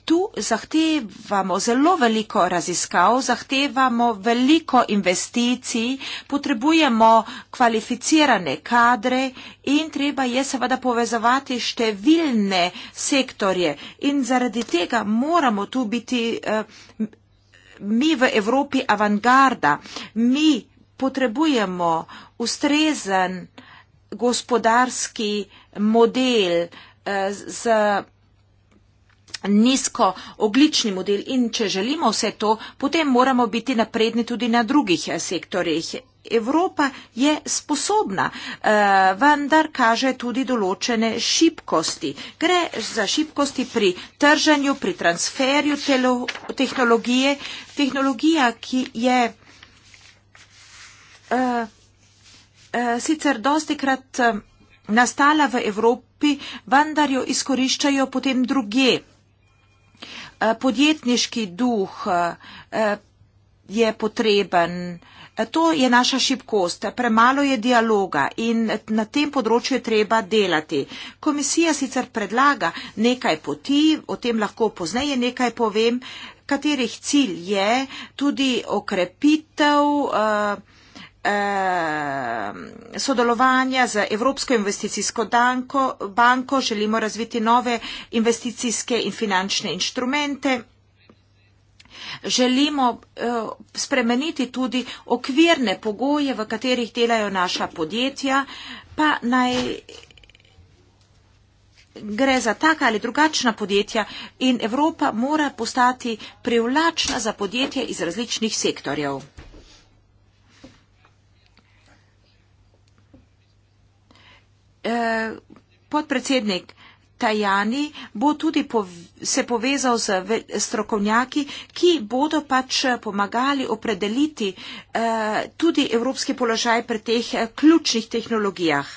Tu zahtevamo zelo veliko raziskav, zahtevamo veliko investicij, potrebujemo kvalificirane kadre in treba je seveda povezovati številne sektorje. In zaradi tega moramo tu biti eh, mi v Evropi avangarda. Mi potrebujemo ustrezen eh, gospodarski model eh, z nizko oglični model in če želimo vse to, potem moramo biti napredni tudi na drugih eh, sektorjih. Evropa je sposobna, eh, vendar kaže tudi določene šibkosti. Gre za šibkosti pri trženju, pri transferju tehnologije. Tehnologija, ki je Eh, sicer dosti krat eh, nastala v Evropi, vendar jo izkoriščajo potem druge. Eh, podjetniški duh je potreben. To je naša šibkost. Premalo je dialoga in na tem področju je treba delati. Komisija sicer predlaga nekaj poti, o tem lahko pozneje nekaj povem, katerih cilj je tudi okrepitev uh, Ehm, sodelovanja z Evropsko investicijsko danko, banko, želimo razviti nove investicijske in finančne inštrumente. Želimo uh, spremeniti tudi okvirne pogoje, v katerih delajo naša podjetja, pa naj gre za taka ali drugačna podjetja in Evropa mora postati privlačna za podjetje iz različnih sektorjev. Eh, podpredsednik Tajani bo tudi pov se povezal z strokovnjaki, ki bodo pač eh, pomagali opredeliti eh, tudi evropski položaj pri teh eh, ključnih tehnologijah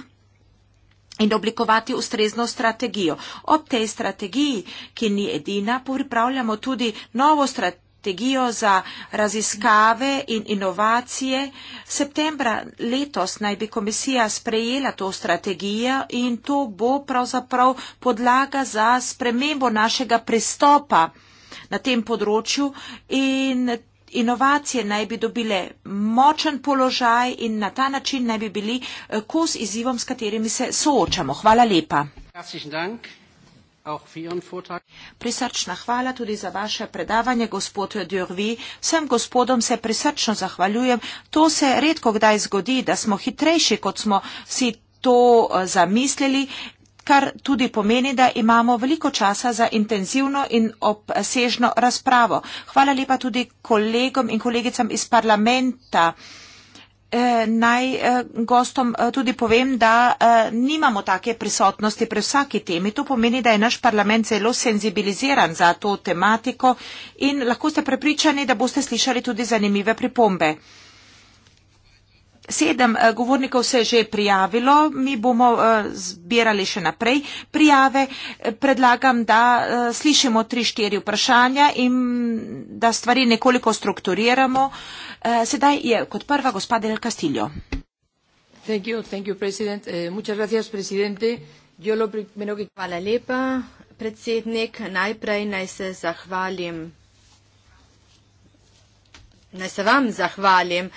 in oblikovati ustrezno strategijo. Ob tej strategiji, ki ni edina, pripravljamo tudi novo strategijo strategijo za raziskave in inovacije. Septembra letos naj bi komisija sprejela to strategijo in to bo pravzaprav podlaga za spremembo našega pristopa na tem področju in inovacije naj bi dobile močen položaj in na ta način naj bi bili eh, kos izzivom, s katerimi se soočamo. Hvala lepa. Herzlichen Dank. Prisrčna hvala tudi za vaše predavanje, gospod Djurvi. Vsem gospodom se prisrčno zahvaljujem. To se redko kdaj zgodi, da smo hitrejši, kot smo si to eh, zamislili kar tudi pomeni, da imamo veliko časa za intenzivno in obsežno razpravo. Hvala lepa tudi kolegom in kolegicam iz parlamenta. Eh, naj eh, gostom eh, tudi povem, da nimamo take prisotnosti pri vsaki temi. To pomeni, da je naš parlament zelo senzibiliziran za to tematiko in lahko ste prepričani, da boste slišali tudi zanimive pripombe. Sedem eh, govornikov se je že prijavilo, mi bomo eh, zbirali še naprej prijave. Eh, predlagam, da slišimo tri, štiri vprašanja in da stvari nekoliko strukturiramo. Sedaj je kot prva gospod Del Castillo. Thank you, thank you, president. Muchas gracias, presidente. Hvala lepa, predsednik. Najprej naj se zahvalim Naj se vam zahvalim,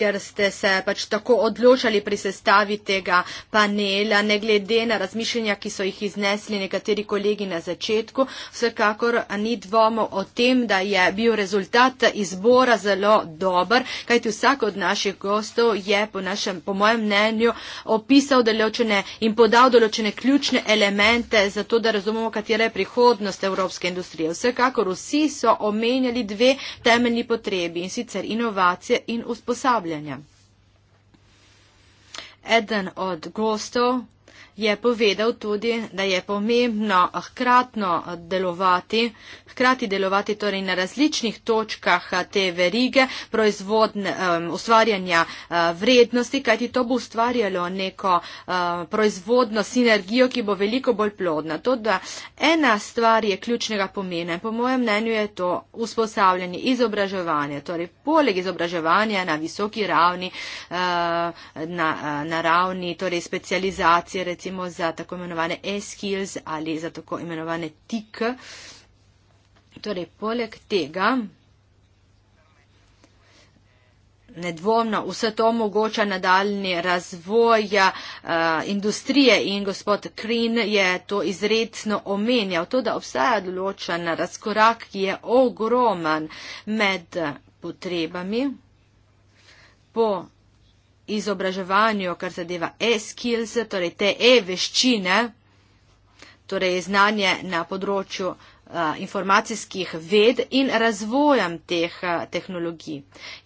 ker ste se pač tako odločali pri sestavi tega panela, ne glede na razmišljanja, ki so jih iznesli nekateri kolegi na začetku. Vsekakor ni dvomo o tem, da je bil rezultat izbora zelo dober, kajti vsak od naših gostov je po, našem, po mojem mnenju opisal določene in podal določene ključne elemente za to, da razumemo, katera je prihodnost evropske industrije. Vsekakor vsi so omenjali dve temeljni potrebi potrebi in sicer inovacije in usposabljanja. Eden od gostov je povedal tudi, da je pomembno hkratno delovati, hkrati delovati torej na različnih točkah eh, te verige proizvodne, ustvarjanja eh, vrednosti, kajti to bo ustvarjalo neko eh, proizvodno sinergijo, ki bo veliko bolj plodna. To, da ena stvar je ključnega pomena in po mojem mnenju je to usposabljanje izobraževanja, torej poleg izobraževanja na visoki ravni, na, na ravni torej specializacije, recimo, recimo za tako imenovane e-skills ali za tako imenovane tik. Torej, poleg tega, nedvomno, vse to omogoča nadaljni razvoj uh, industrije in gospod Krin je to izredno omenjal. To, da obstaja določen razkorak, ki je ogroman med potrebami po izobraževanju, kar zadeva e-skills, torej te e-veščine, torej znanje na področju informacijskih ved in razvojem teh tehnologij.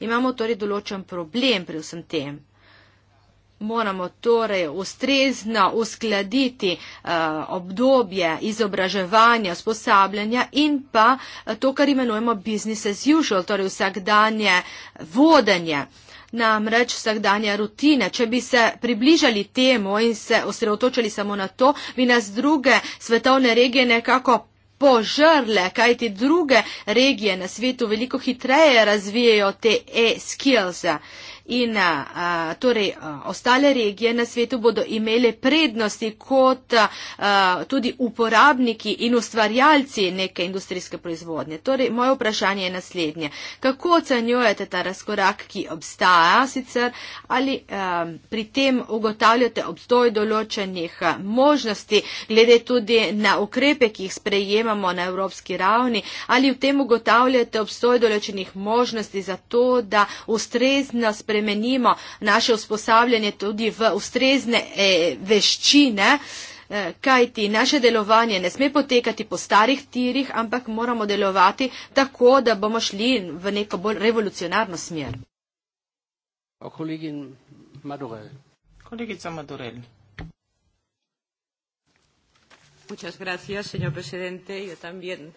Imamo torej določen problem pri vsem tem. Moramo torej ustrezno uskladiti obdobje izobraževanja, sposabljanja in pa to, kar imenujemo business as usual, torej vsakdanje vodenje namreč vsakdanja rutina. Če bi se približali temu in se osredotočili samo na to, bi nas druge svetovne regije nekako požrle, kajti druge regije na svetu veliko hitreje razvijajo te e-skills in a, torej a, ostale regije na svetu bodo imele prednosti kot a, a, tudi uporabniki in ustvarjalci neke industrijske proizvodnje. Torej, moje vprašanje je naslednje. Kako ocenjujete ta razkorak, ki obstaja sicer, ali a, pri tem ugotavljate obstoj določenih možnosti, glede tudi na ukrepe, ki jih sprejemamo na evropski ravni, ali v tem ugotavljate obstoj določenih možnosti za to, da ustrezno spremljate spremenimo naše usposabljanje tudi v ustrezne e, veščine, e, kajti naše delovanje ne sme potekati po starih tirih, ampak moramo delovati tako, da bomo šli v neko bolj revolucionarno smer. Madurel. Kolegica Madurel. Muchas gracias, señor presidente. Yo también.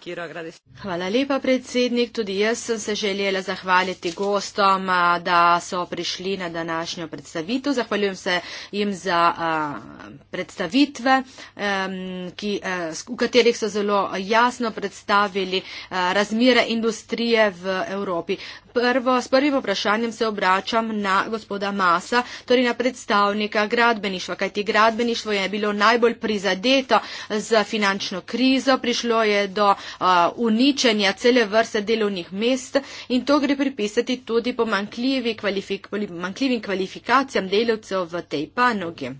Kiro, Hvala lepa, predsednik. Tudi jaz sem se želela zahvaliti gostom, da so prišli na današnjo predstavitev. Zahvaljujem se jim za uh, predstavitve, um, ki, uh, v katerih so zelo jasno predstavili uh, razmire industrije v Evropi. Prvo, s prvim vprašanjem se obračam na gospoda Masa, torej na predstavnika gradbeništva, kajti gradbeništvo je bilo najbolj prizadeto z finančno krizo, prišlo je do uh, uničenja cele vrste delovnih mest in to gre pripisati tudi pomankljivim kvalifik kvalifikacijam delavcev v tej panogi.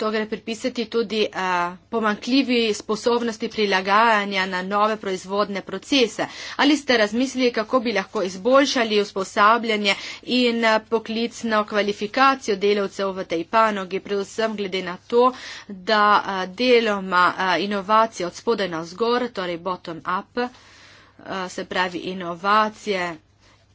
To gre pripisati tudi a, pomankljivi sposobnosti prilagajanja na nove proizvodne procese. Ali ste razmislili, kako bi lahko izboljšali usposabljanje in poklicno kvalifikacijo delavcev v tej panogi, predvsem glede na to, da a, deloma a, inovacije od spodaj na vzgor, torej bottom up, a, se pravi inovacije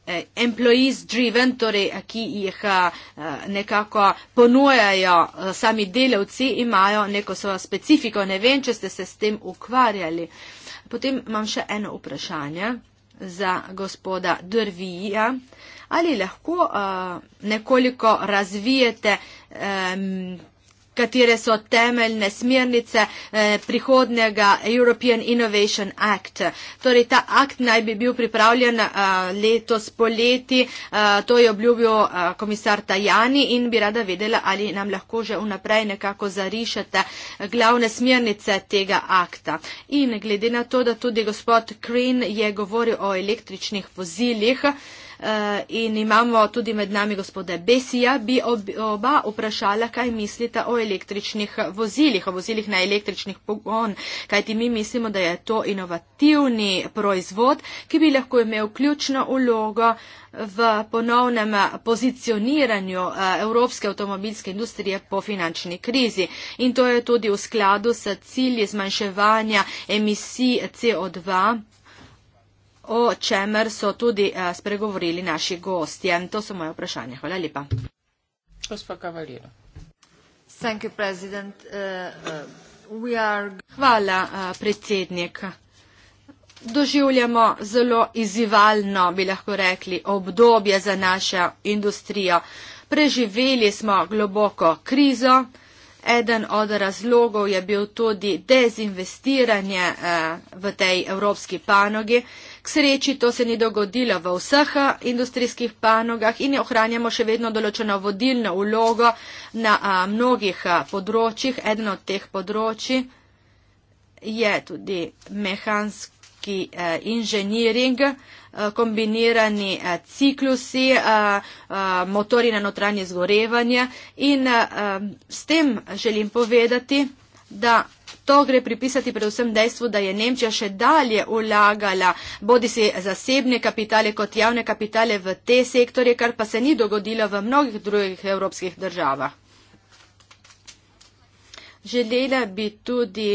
eh, employees driven, torej eh, ki jih eh, nekako ponujajo eh, sami delavci, imajo neko svojo specifiko. Ne vem, če ste se s tem ukvarjali. Potem imam še eno vprašanje za gospoda Drvija. Ali lahko eh, nekoliko razvijete. Eh, katere so temeljne smernice eh, prihodnega European Innovation Act. Torej, ta akt naj bi bil pripravljen eh, letos poleti, eh, to je obljubil komisar Tajani in bi rada vedela, ali nam lahko že vnaprej nekako zarišete glavne smernice tega akta. In glede na to, da tudi gospod Green je govoril o električnih vozilih, Eh, in imamo tudi med nami gospoda Besija, bi oba vprašala, kaj mislite o električnih vozilih, o vozilih na električnih pogon, kajti mi mislimo, da je to inovativni proizvod, ki bi lahko imel ključno ulogo v ponovnem pozicioniranju eh, evropske avtomobilske industrije po finančni krizi. In to je tudi v skladu s cilji zmanjševanja emisij CO2 o čemer so tudi eh, spregovorili naši gosti. To so moje vprašanje. Hvala lepa. Uh, uh, Hvala, eh, predsednik. Doživljamo zelo izzivalno, bi lahko rekli, obdobje za našo industrijo. Preživeli smo globoko krizo. Eden od razlogov je bil tudi dezinvestiranje eh, v tej evropski panogi. K sreči to se ni dogodilo v vseh eh, industrijskih panogah in ohranjamo še vedno določeno vodilno ulogo na a, eh, mnogih a, eh, področjih. Eden od teh področji je tudi mehanski inženiring, kombinirani a, ciklusi, a, a, motori na notranje zgorevanje in a, a, s tem želim povedati, da To gre pripisati predvsem dejstvu, da je Nemčija še dalje ulagala bodi si zasebne kapitale kot javne kapitale v te sektorje, kar pa se ni dogodilo v mnogih drugih evropskih državah. Želela bi tudi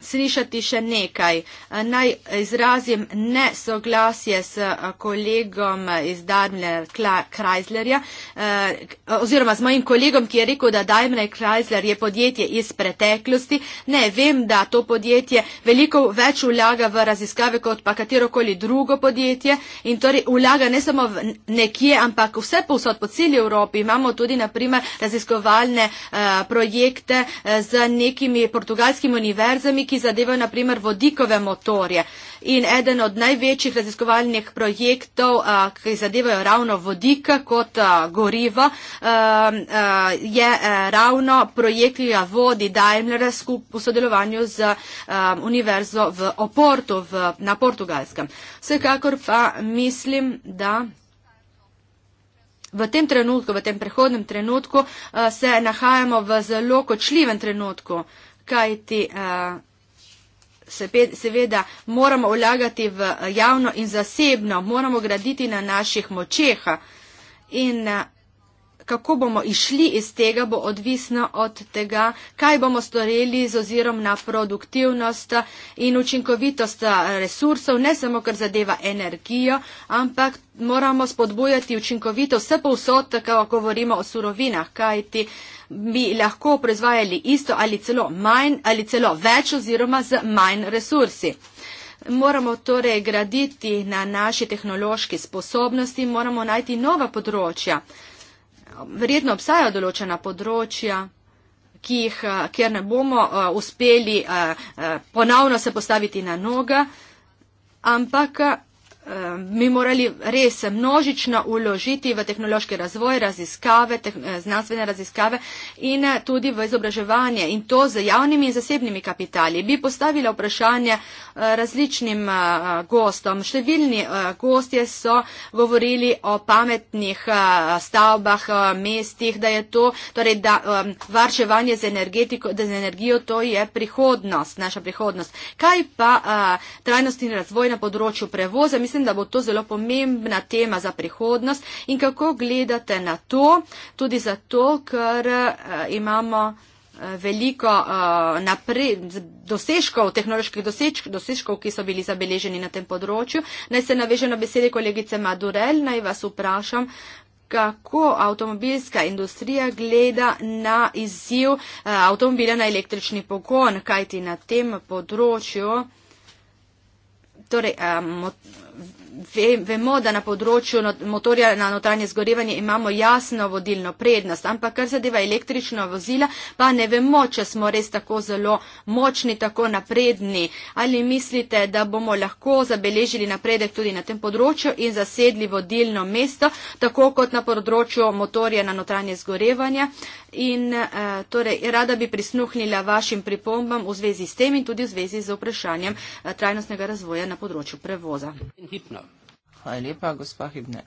slišati še nekaj. Eh, naj izrazim nesoglasje s eh, kolegom iz Daimler Chryslerja, eh, oziroma z mojim kolegom, ki je rekel, da Daimler Chrysler je podjetje iz preteklosti. Ne, vem, da to podjetje veliko več vlaga v raziskave kot pa katerokoli drugo podjetje in torej vlaga ne samo nekje, ampak vse povsod po celi Evropi. Imamo tudi naprimer raziskovalne projekte z nekimi portugalskimi univerzami, ki zadevajo naprimer vodikove motorje. In eden od največjih raziskovalnih projektov, ki zadevajo ravno vodika kot goriva, je ravno projekt, ki ga vodi Daimler skupaj v sodelovanju z univerzo v Oportu v, na Portugalskem. Vsekakor pa mislim, da. V tem trenutku, v tem prehodnem trenutku se nahajamo v zelo kočljivem trenutku, kajti seveda moramo vlagati v eh, javno in zasebno, moramo graditi na naših močeh. In eh, kako bomo išli iz tega, bo odvisno od tega, kaj bomo storili z ozirom na produktivnost in učinkovitost eh, resursov, ne samo kar zadeva energijo, ampak moramo spodbujati učinkovitost vse povsod, kako govorimo o surovinah, kajti bi lahko proizvajali isto ali celo manj ali celo več oziroma z manj resursi. Moramo torej graditi na naši tehnološki sposobnosti, moramo najti nova področja. Verjetno obstajajo določena področja, ki jih, eh, kjer ne bomo uh, uspeli uh, uh, ponovno se postaviti na noga, ampak uh, Mi morali res množično uložiti v tehnološki razvoj, raziskave, teh, eh, znanstvene raziskave in eh, tudi v izobraževanje in to z javnimi in zasebnimi kapitali. Bi postavila vprašanje eh, različnim gostom. Številni gostje so govorili o pametnih stavbah, mestih, da je to, torej da varčevanje z, z energijo, to je prihodnost, naša prihodnost. Kaj pa trajnost in razvoj na področju prevoza? Mislim, mislim, da bo to zelo pomembna tema za prihodnost in kako gledate na to, tudi zato, ker eh, imamo eh, veliko eh, napred, dosežkov, tehnoloških dosežkov, ki so bili zabeleženi na tem področju. Naj se naveže na besede kolegice Madurel, naj vas vprašam, kako avtomobilska industrija gleda na izziv avtomobila na električni pogon, kajti na tem področju torej, um, ve, vemo, da na področju not, motorja na notranje zgorevanje imamo jasno vodilno prednost, ampak kar zadeva električno vozila, pa ne vemo, če smo res tako zelo močni, tako napredni. Ali mislite, da bomo lahko zabeležili napredek tudi na tem področju in zasedli vodilno mesto, tako kot na področju motorja na notranje zgorevanje? in eh, torej rada bi prisluhnila vašim pripombam v zvezi s tem in tudi v zvezi z vprašanjem eh, trajnostnega razvoja na področju prevoza. Hvala lepa, gospa Hibner.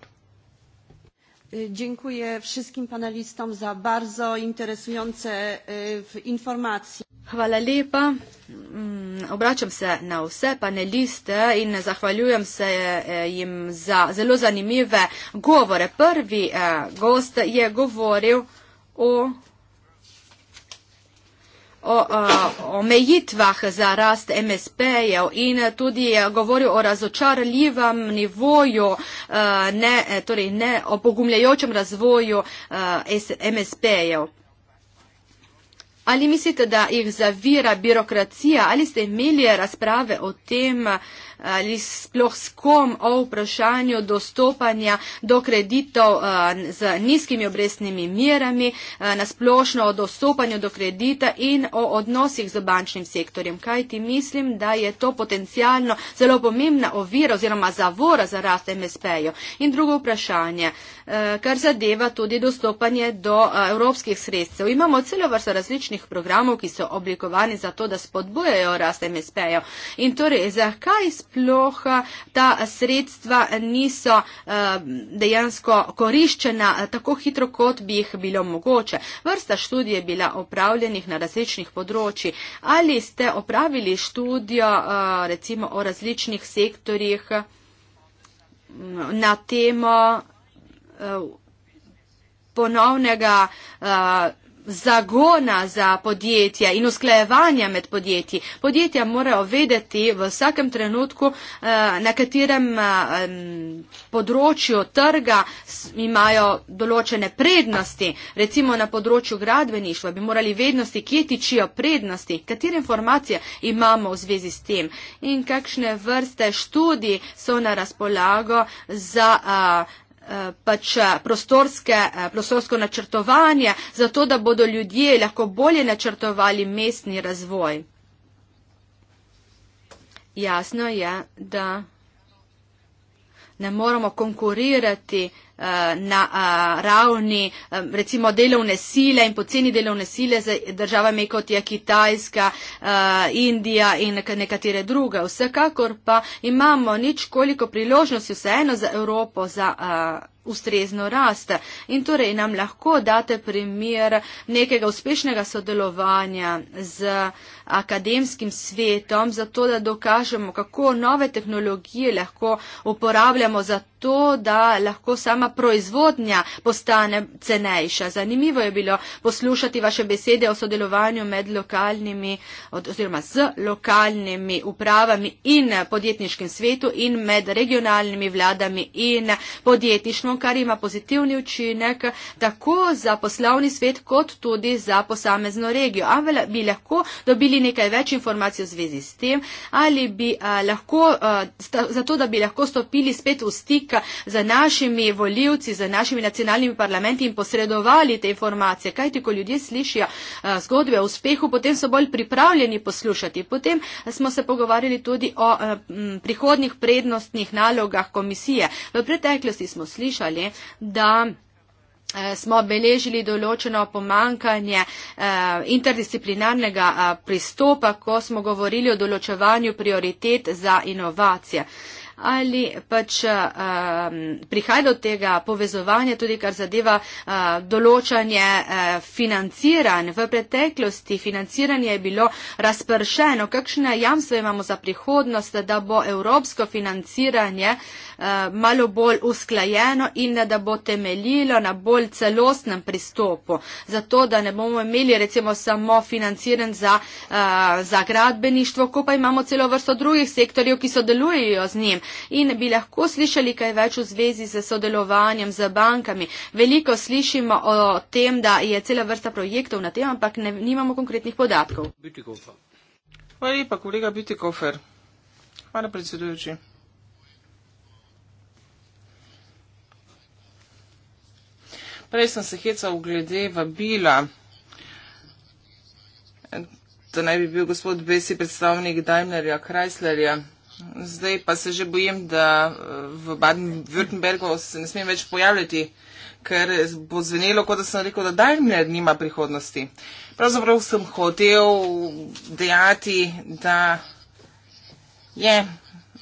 E, dziękuję wszystkim panelistom za bardzo interesujące e, informacje. Hvala lepa. Mm, obračam se na vse paneliste in zahvaljujem se e, jim za zelo zanimive govore. Prvi gost je govoril o, o, o omejitvah za rast MSP-jev in tudi govoril o razočarljivem nivoju, ne, e, torej ne opogumljajočem razvoju MSP-jev. Ali mislite, da jih zavira birokracija? Ali ste imeli razprave o tem? Uh, ali sploh s kom o vprašanju dostopanja do kreditov eh, z nizkimi obrestnimi merami, eh, nasplošno o dostopanju do kredita in o odnosih z bančnim sektorjem. Kaj ti mislim, da je to potencijalno zelo pomembna ovira oziroma zavora za rast MSP-jo? In drugo vprašanje, eh, kar zadeva tudi dostopanje do evropskih sredstev. Imamo celo vrsto različnih programov, ki so oblikovani za to, da spodbujajo rast MSP-jo. In torej, zakaj spodbujajo? sploh eh, ta sredstva niso eh, dejansko koriščena eh, tako hitro, kot bi jih bilo mogoče. Vrsta študije je bila opravljenih na različnih področji. Ali ste opravili študijo recimo o različnih sektorjih mm, na temo ponovnega zagona za podjetja in usklajevanja med podjetji. Podjetja morajo vedeti v vsakem trenutku, eh, na katerem eh, področju trga imajo določene prednosti. Recimo na področju gradbeništva bi morali vednosti, kje tičijo prednosti, katere informacije imamo v zvezi s tem in kakšne vrste študij so na razpolago za uh, pač eh, prostorske, eh, prostorsko načrtovanje, zato da bodo ljudje lahko bolje načrtovali mestni razvoj. Jasno je, da ne moramo konkurirati Eh, na eh, ravni eh, recimo delovne sile in poceni delovne sile z državami kot je Kitajska, Indija in nekatere druge. Vsekakor pa imamo nič koliko priložnosti vseeno za Evropo za ustrezno rast. In torej nam lahko date primer nekega uspešnega sodelovanja z akademskim svetom, zato da dokažemo, kako nove tehnologije lahko uporabljamo za to, da lahko sama proizvodnja postane cenejša. Zanimivo je bilo poslušati vaše besede o sodelovanju med lokalnimi oziroma z lokalnimi upravami in podjetniškim svetu in med regionalnimi vladami in podjetništvom, kar ima pozitivni učinek tako za poslovni svet kot tudi za posamezno regijo. Ampak bi lahko dobili nekaj več informacij v zvezi s tem ali bi a, eh, lahko, a, eh, sta, zato da bi lahko stopili spet v stik politika za našimi voljivci, za našimi nacionalnimi parlamenti in posredovali te informacije. Kajti, ko ljudje slišijo eh, zgodbe o uspehu, potem so bolj pripravljeni poslušati. Potem smo se pogovarjali tudi o eh, prihodnih prednostnih nalogah komisije. V preteklosti smo slišali, da eh, smo beležili določeno pomankanje interdisciplinarnega pristopa, ko smo govorili o določevanju prioritet za inovacije ali pač um, prihaja do tega povezovanja, tudi kar zadeva uh, določanje uh, financiranj. V preteklosti financiranje je bilo razpršeno. Kakšne jamstve imamo za prihodnost, da bo evropsko financiranje uh, Eh, malo bolj usklajeno in da bo temeljilo na bolj celostnem pristopu. Zato, da ne bomo imeli recimo samo financiran za, eh, za gradbeništvo, ko pa imamo celo vrsto drugih sektorjev, ki sodelujejo z njim in bi lahko slišali kaj več v zvezi z sodelovanjem z bankami. Veliko slišimo o tem, da je cela vrsta projektov na tem, ampak ne, nimamo konkretnih podatkov. Hvala lepa, kolega Bitikofer. Hvala predsedujoči. Prej sem se hecal glede vabila, da naj bi bil gospod Besi predstavnik Daimlerja Chryslerja. Zdaj pa se že bojim, da eh, v Baden-Württembergu se ne smem več pojavljati, ker bo zvenelo, kot da sem rekel, da Daimler nima prihodnosti. Pravzaprav sem hotel dejati, da je. Yeah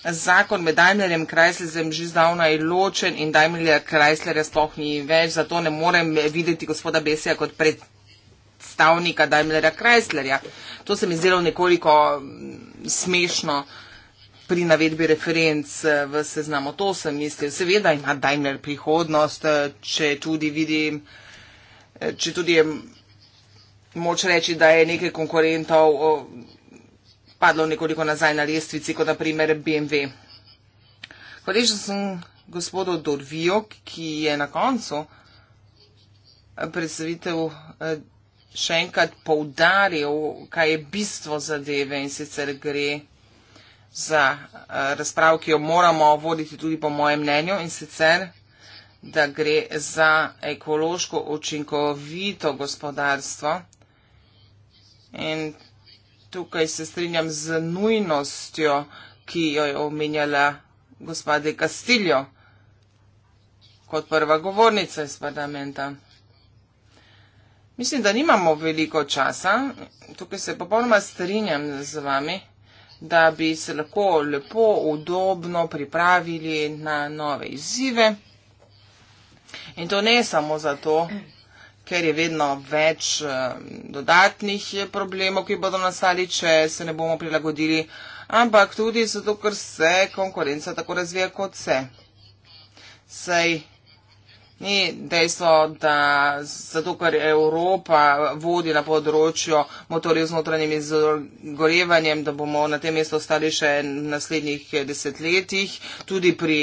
zakon med Daimlerjem in Krajslerjem že zdavnaj ločen in Daimlerja Krajslerja sploh ni več, zato ne morem videti gospoda Besija kot predstavnika Daimlerja Krajslerja. To se mi zdelo nekoliko mm, smešno pri navedbi referenc eh, v seznamu. To sem mislil. Seveda ima Daimler prihodnost, eh, če tudi vidim, eh, če tudi je moč reči, da je nekaj konkurentov. O, padlo nekoliko nazaj na lestvici, kot naprimer BMW. Hvaležen sem gospodu Dorvijo, ki je na koncu eh, predstavitev eh, še enkrat poudaril, kaj je bistvo zadeve in sicer gre za eh, razprav, ki jo moramo voditi tudi po mojem mnenju in sicer da gre za ekološko učinkovito gospodarstvo. In tukaj se strinjam z nujnostjo, ki jo je omenjala gospode Kastiljo kot prva govornica iz parlamenta. Mislim, da nimamo veliko časa, tukaj se popolnoma strinjam z vami, da bi se lahko lepo, udobno pripravili na nove izzive. In to ne samo zato, ker je vedno več eh, dodatnih eh, problemov, ki bodo nastali, če se ne bomo prilagodili, ampak tudi zato, ker se konkurenca tako razvija kot se. Sej ni dejstvo, da zato, ker Evropa vodi na področju motorjev z notranjim izgorevanjem, da bomo na tem mestu ostali še v naslednjih desetletjih, tudi pri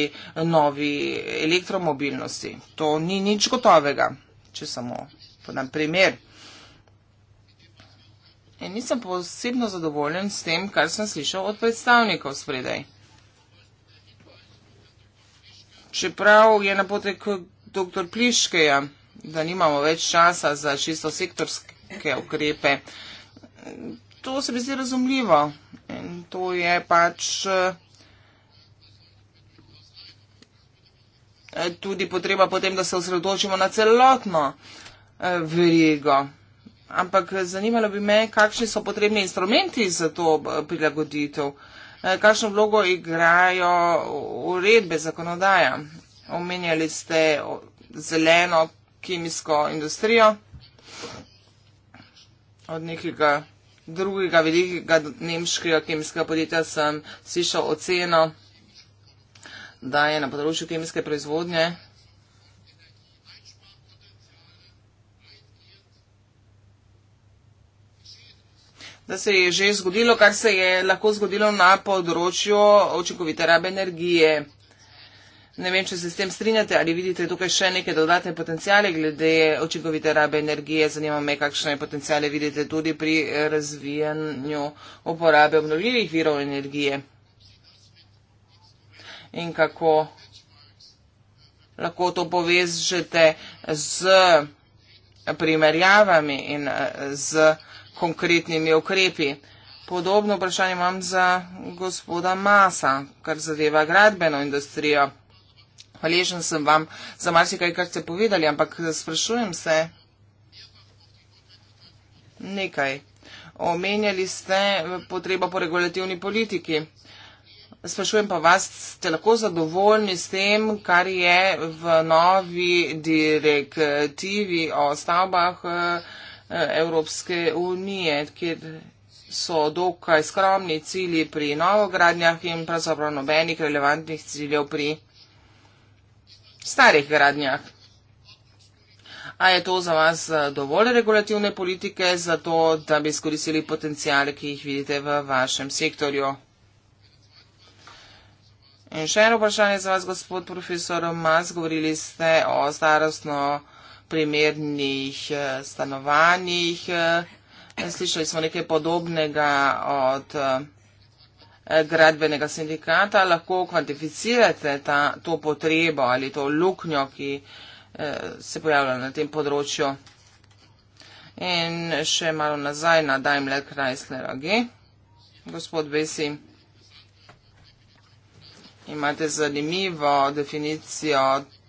novi elektromobilnosti. To ni nič gotovega, če samo podam primer. In nisem posebno zadovoljen s tem, kar sem slišal od predstavnikov spredaj. Čeprav je na potek dr. Pliškeja, da nimamo več časa za čisto sektorske ukrepe, to se mi zdi razumljivo. In to je pač eh, tudi potreba potem, da se osredotočimo na celotno uh, verigo. Ampak zanimalo bi me, kakšni so potrebni instrumenti za to eh, prilagoditev, eh, kakšno vlogo igrajo uredbe zakonodaja. Omenjali ste zeleno kemijsko industrijo od nekega drugega velikega nemškega kemijskega podjetja. Sem slišal oceno, da je na področju kemijske proizvodnje da se je že zgodilo, kar se je lahko zgodilo na področju očinkovite rabe energije. Ne vem, če se s tem strinjate ali vidite tukaj še neke dodatne potencijale glede očinkovite rabe energije. Zanima me, kakšne potencijale vidite tudi pri razvijanju uporabe obnovljivih virov energije in kako lahko to povežete z primerjavami in z razvijanjem konkretnimi ukrepi. Podobno vprašanje imam za gospoda Masa, kar zadeva gradbeno industrijo. Hvaležen sem vam za marsikaj, kar ste povedali, ampak sprašujem se nekaj. Omenjali ste potrebo po regulativni politiki. Sprašujem pa vas, ste lahko zadovoljni s tem, kar je v novi direktivi o stavbah? Eh, Evropske unije, kjer so dokaj skromni cilji pri novogradnjah in pravzaprav nobenih relevantnih ciljev pri starih gradnjah. A je to za vas dovolj regulativne politike, zato da bi skoristili potencijale, ki jih vidite v vašem sektorju? In še eno vprašanje za vas, gospod profesor Mas, govorili ste o starostno primernih eh, stanovanjih. Eh, slišali smo nekaj podobnega od eh, gradbenega sindikata. Lahko kvantificirate ta, to potrebo ali to luknjo, ki se pojavlja na tem področju. In še malo nazaj na Daimler Chrysler AG. Gospod Besi, imate zanimivo definicijo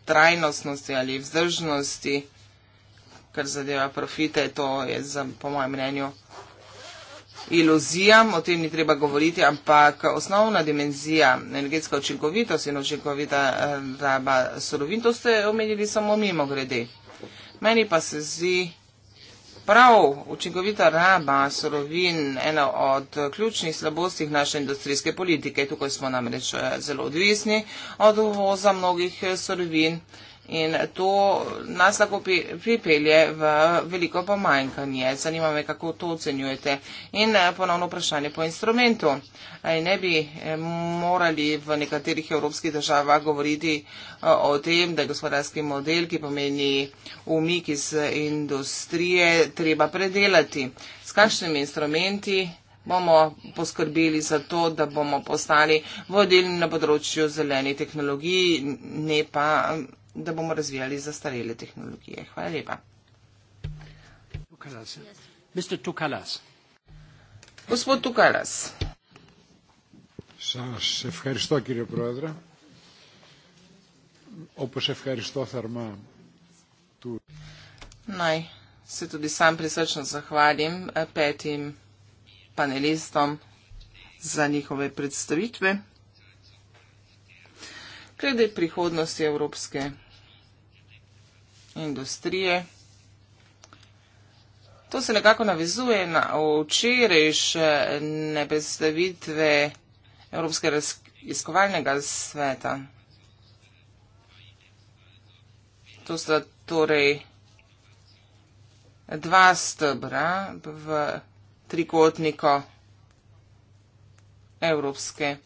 trajnostnosti ali vzdržnosti, kar zadeva profite, to je za, po mojem mnenju iluzija, o tem ni treba govoriti, ampak osnovna dimenzija energetska očinkovitost in očinkovita eh, raba surovin, to ste omenili samo mimo grede. Meni pa se zdi, prav učinkovita raba sorovin ena od ključnih slabosti naše industrijske politike. Tukaj smo namreč eh, zelo odvisni od uvoza mnogih eh, sorovin. In to nas lahko pripelje v veliko pomanjkanje. Zanima me, kako to ocenjujete. In eh, ponovno vprašanje po instrumentu. Ali ne bi eh, morali v nekaterih evropskih državah govoriti eh, o tem, da je gospodarski model, ki pomeni umik iz industrije, treba predelati? S kakšnimi instrumenti? bomo poskrbeli za to, da bomo postali vodilni na področju zelenih tehnologij, ne pa da bomo razvijali zastarele tehnologije. Hvala lepa. Tukalas. Gospod Tukalas. Naj se tudi sam prisrčno zahvalim eh, petim panelistom za njihove predstavitve. Glede prihodnosti Evropske unije industrije. To se nekako navizuje na včerajšnje predstavitve Evropskega raziskovalnega sveta. To sta torej dva stebra v trikotniku Evropskega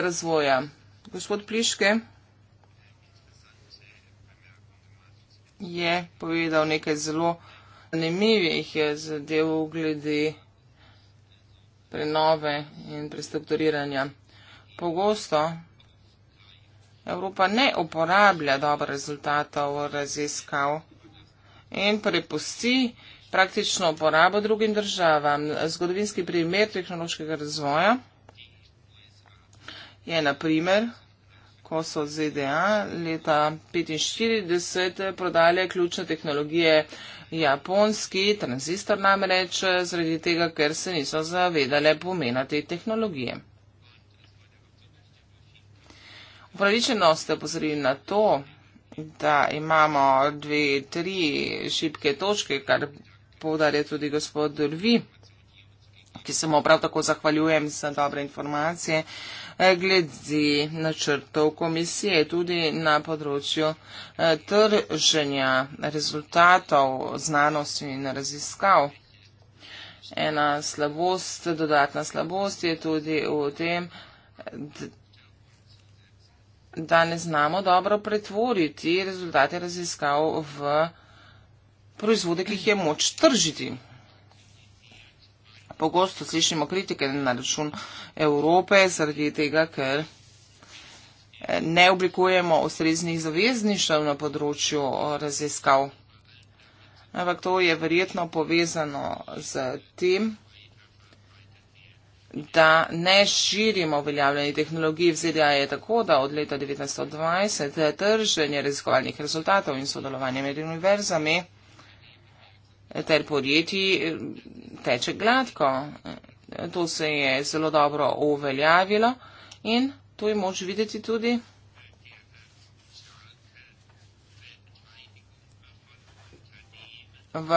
razvoja. Gospod Pliške. je povedal nekaj zelo zanimivih zadev glede prenove in prestrukturiranja. Pogosto Evropa ne uporablja dobro rezultatov raziskav in prepusti praktično uporabo drugim državam. Zgodovinski primer tehnološkega razvoja je naprimer ko so ZDA leta 1945 prodale ključne tehnologije japonski, tranzistor namreč, zredi tega, ker se niso zavedale pomena te tehnologije. Upravičeno ste pozorili na to, da imamo dve, tri šibke točke, kar povdarja tudi gospod Drvi, ki se mu prav tako zahvaljujem za dobre informacije. Uh, Eh, glede načrtov komisije, tudi na področju eh, trženja rezultatov znanosti in raziskav. Ena slabost, dodatna slabost je tudi v tem, da ne znamo dobro pretvoriti rezultate raziskav v proizvode, ki jih je moč tržiti pogosto slišimo kritike na račun Evrope, zaradi tega, ker eh, ne oblikujemo ustreznih zavezništev na področju eh, raziskav. Ampak to je verjetno povezano z tem, da ne širimo uveljavljenih tehnologij. V ZDA je tako, da od leta 1920 eh, trženje raziskovalnih rezultatov in sodelovanje med univerzami ter podjetij eh, teče gladko. Eh, to se je zelo dobro uveljavilo in to je moč videti tudi. v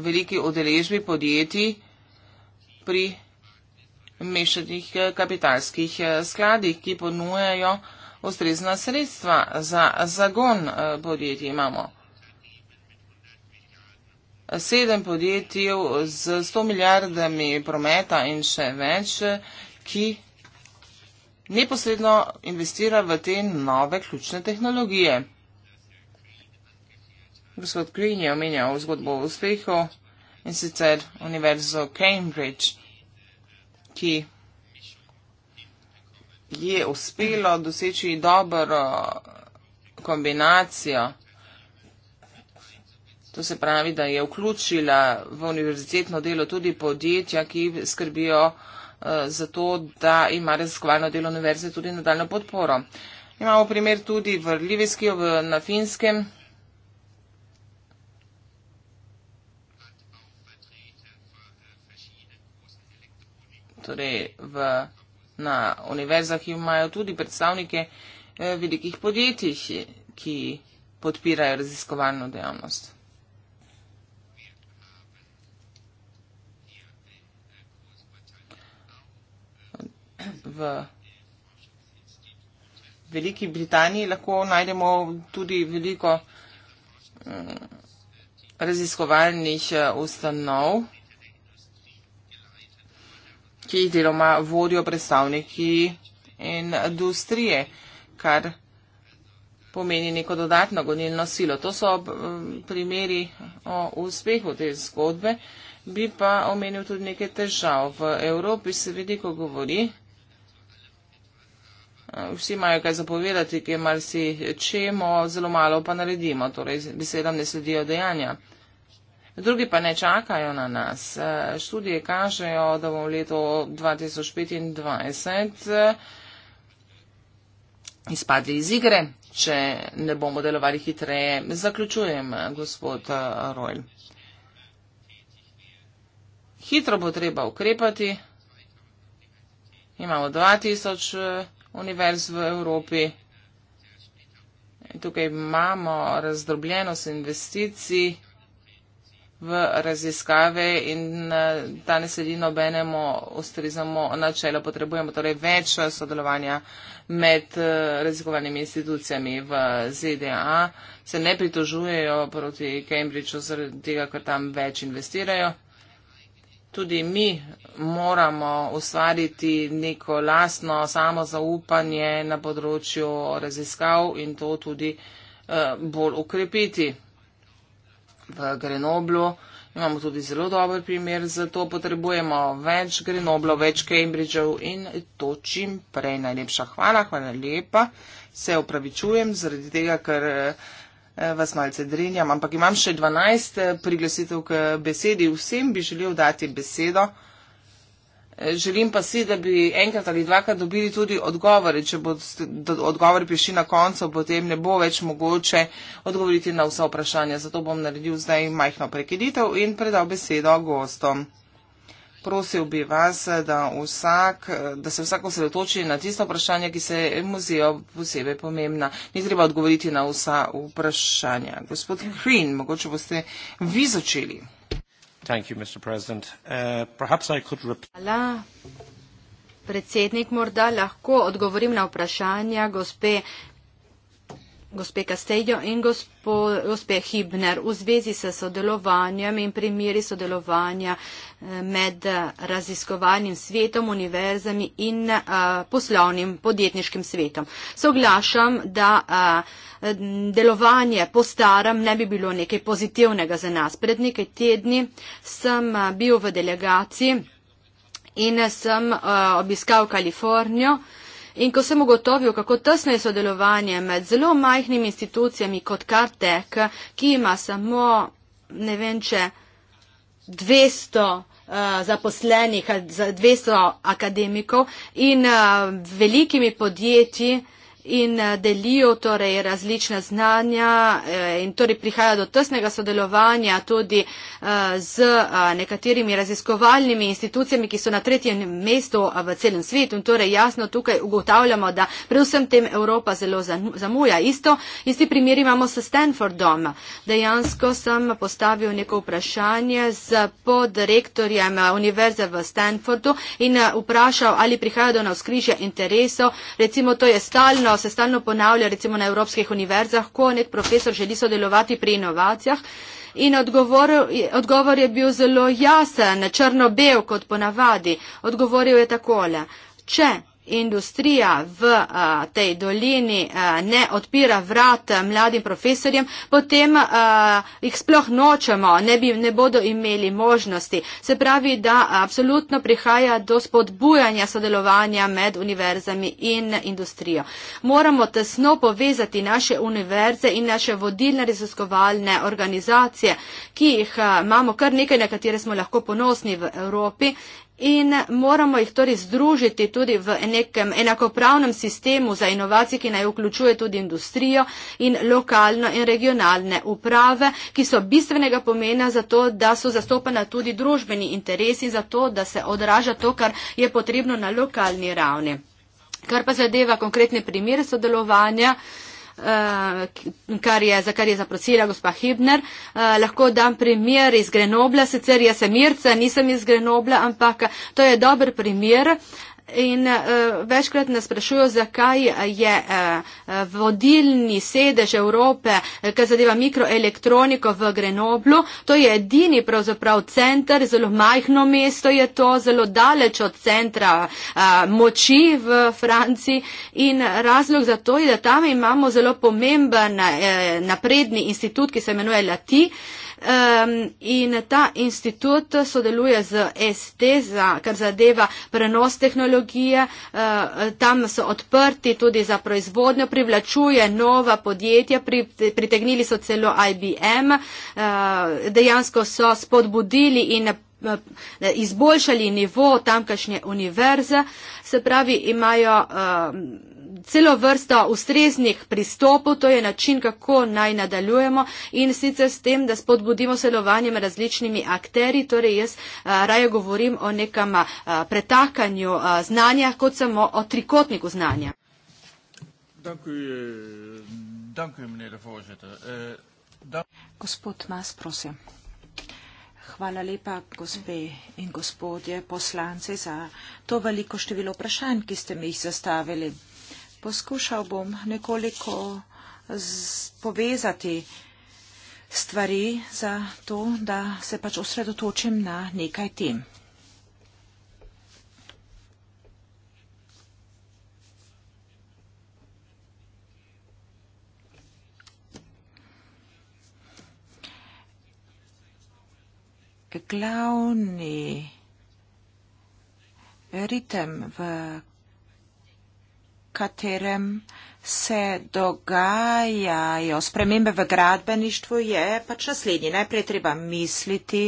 veliki odeležbi podjetij pri mešanih eh, kapitalskih skladih, ki ponujajo ustrezna sredstva za zagon podjetij imamo sedem podjetij z 100 milijardami prometa in še več, ki neposredno investira v te nove ključne tehnologije. Gospod Green je omenjal zgodbo o uspehu in sicer Univerzo Cambridge, ki je uspelo doseči dobro kombinacijo To se pravi, da je vključila v univerzitetno delo tudi podjetja, ki skrbijo eh, za to, da ima raziskovalno delo univerze tudi nadaljno podporo. Imamo primer tudi v Livijskijo na Finskem. Torej v, na univerzah imajo tudi predstavnike eh, velikih podjetij, ki podpirajo raziskovalno dejavnost. v Veliki Britaniji lahko najdemo tudi veliko mm, raziskovalnih eh, ustanov, ki jih deloma vodijo predstavniki industrije, kar pomeni neko dodatno gonilno silo. To so eh, primeri o uspehu te zgodbe. Bi pa omenil tudi nekaj težav. V Evropi se veliko govori. Eh, vsi imajo kaj zapovedati, ki je marsi čemo, zelo malo pa naredimo, torej besedam ne sledijo dejanja. Drugi pa ne čakajo na nas. Eh, študije kažejo, da bomo v letu 2025 eh, izpadli iz igre, če ne bomo delovali hitreje. Zaključujem, gospod Rojl. Hitro bo treba ukrepati. Imamo 2000 univerz v Evropi. In tukaj imamo razdrobljenost investicij v raziskave in ta eh, ne sedi nobenemu ustrezamo načelo. Potrebujemo torej več sodelovanja med eh, raziskovanimi institucijami v ZDA. Se ne pritožujejo proti Cambridgeu zaradi tega, ker tam več investirajo tudi mi moramo ustvariti neko lasno samozaupanje na področju raziskav in to tudi eh, bolj ukrepiti. V Grenoblu imamo tudi zelo dober primer, zato potrebujemo več Grenoblo, več Cambridgeov in to čim prej. Najlepša hvala, hvala lepa. Se opravičujem zaradi tega, ker. Eh, Eh, vas malce drenjam, ampak imam še 12 eh, priglasitev k besedi. Vsem bi želel dati besedo. Eh, želim pa si, da bi enkrat ali dvakrat dobili tudi odgovore. Če bo odgovor prišli na koncu, potem ne bo več mogoče odgovoriti na vsa vprašanja. Zato bom naredil zdaj majhno prekiditev in predal besedo gostom prosil bi vas, da, vsak, da se vsak osredotoči na tisto vprašanje, ki se muzeja posebej pomembna. Ni treba odgovoriti na vsa vprašanja. Gospod Hrin, mogoče boste vi začeli. You, uh, Hvala. Predsednik, morda lahko odgovorim na vprašanja gospe gospe Castello in gospe Hibner v zvezi s sodelovanjem in primeri sodelovanja eh, med eh, raziskovalnim svetom, univerzami in eh, poslovnim podjetniškim svetom. Soglašam, da delovanje po starem ne bi bilo nekaj pozitivnega za nas. Pred nekaj tedni sem bil v delegaciji in sem obiskal Kalifornijo. In ko sem ugotovil, kako tesno je sodelovanje med zelo majhnimi institucijami kot Kartek, ki ima samo ne vem če 200 eh, zaposlenih, 200 eh, akademikov in eh, velikimi podjetji, in eh, delijo torej različna znanja eh, in torej prihaja do tesnega sodelovanja tudi eh, z nekaterimi raziskovalnimi institucijami, ki so na tretjem mestu v celem svetu in torej jasno tukaj ugotavljamo, da predvsem tem Evropa zelo zamuja. Isto, isti primer imamo s Stanfordom. Dejansko sem postavil neko vprašanje z podrektorjem univerze v Stanfordu in vprašal, ali prihaja do navskrižja interesov. Recimo, to je stalno žal se stalno ponavlja recimo na evropskih univerzah, ko nek profesor želi sodelovati pri inovacijah. In odgovor, odgovor je bil zelo jasen, črno-bel kot ponavadi. Odgovoril je takole. Če industrija v a, tej dolini a, ne odpira vrat mladim profesorjem, potem a, jih sploh nočemo, ne, bi, ne bodo imeli možnosti. Se pravi, da absolutno prihaja do spodbujanja sodelovanja med univerzami in industrijo. Moramo tesno povezati naše univerze in naše vodilne raziskovalne organizacije, ki jih a, imamo kar nekaj, na katere smo lahko ponosni v Evropi in moramo jih torej združiti tudi v nekem enakopravnem sistemu za inovacije, ki naj vključuje tudi industrijo in lokalno in regionalne uprave, ki so bistvenega pomena za to, da so zastopena tudi družbeni interesi, za to, da se odraža to, kar je potrebno na lokalni ravni. Kar pa zadeva konkretne primere sodelovanja, Eh, kar je, za kar je zaprosila gospa Hibner. Eh, lahko dam primer iz Grenobla, sicer jaz sem Irca, nisem iz Grenobla, ampak to je dober primer. In uh, večkrat nas sprašujejo, zakaj je uh, vodilni sedež Evrope, eh, kar zadeva mikroelektroniko v Grenoblu. To je edini pravzaprav center, zelo majhno mesto je to, zelo daleč od centra uh, moči v Franciji. In razlog za to je, da tam imamo zelo pomemben uh, napredni institut, ki se imenuje Lati. Uh, um, in ta institut sodeluje z ST, za, kar zadeva prenos tehnologije. Uh, tam so odprti tudi za proizvodnjo, privlačuje nova podjetja, pri, pritegnili so celo IBM, uh, eh, dejansko so spodbudili in eh, izboljšali nivo tamkajšnje univerze, se pravi, imajo uh, celo vrsto ustreznih pristopov, to je način, kako naj nadaljujemo in sicer s tem, da spodbudimo sodelovanje med različnimi akteri, torej jaz a, raje govorim o nekem a, pretakanju a, znanja kot samo o trikotniku znanja. E, Gospod Mas, prosim. Hvala lepa, gospe in gospodje poslance, za to veliko število vprašanj, ki ste mi jih zastavili. Poskušal bom nekoliko povezati stvari za to, da se pač osredotočim na nekaj tem. Glavni ritem v katerem se dogajajo spremembe v gradbeništvu, je pač naslednji. Najprej treba misliti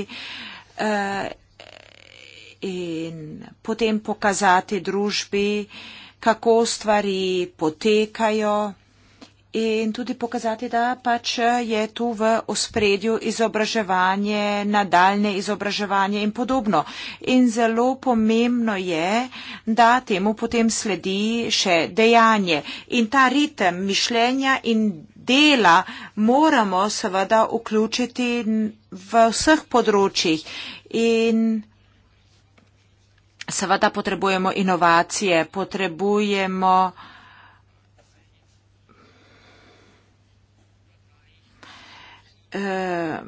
eh, in potem pokazati družbi, kako stvari potekajo in tudi pokazati, da pač je tu v ospredju izobraževanje, nadaljne izobraževanje in podobno. In zelo pomembno je, da temu potem sledi še dejanje. In ta ritem mišljenja in dela moramo seveda vključiti v vseh področjih. In seveda potrebujemo inovacije, potrebujemo. Eh,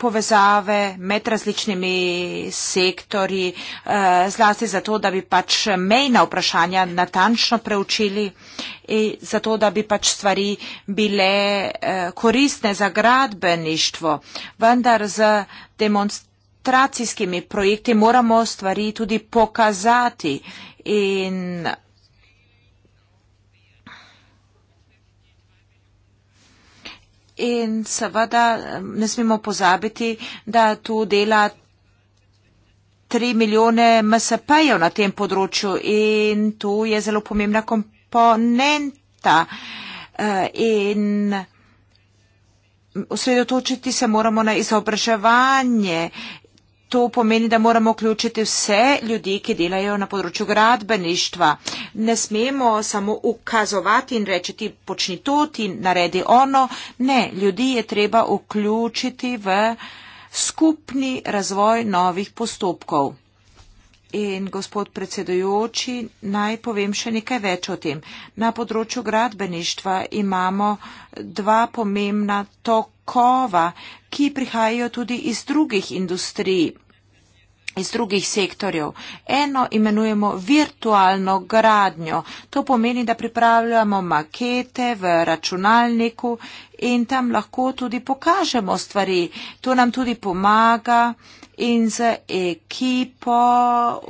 povezave med različnimi sektori, eh, zlasti zato, da bi pač mejna vprašanja natančno preučili in zato, da bi pač stvari bile eh, koristne za gradbeništvo, vendar z demonstracijskimi projekti moramo stvari tudi pokazati in in seveda eh, ne smemo pozabiti, da tu dela. 3 milijone MSP-jev na tem področju in tu je zelo pomembna komponenta eh, in osredotočiti se moramo na izobraževanje To pomeni, da moramo vključiti vse ljudi, ki delajo na področju gradbeništva. Ne smemo samo ukazovati in reči, ti počni to, ti naredi ono. Ne, ljudi je treba vključiti v skupni razvoj novih postopkov. In gospod predsedujoči, naj povem še nekaj več o tem. Na področju gradbeništva imamo dva pomembna tok kova, ki prihajajo tudi iz drugih industrij, iz drugih sektorjev. Eno imenujemo virtualno gradnjo. To pomeni, da pripravljamo makete v računalniku in tam lahko tudi pokažemo stvari. To nam tudi pomaga uh, in z ekipo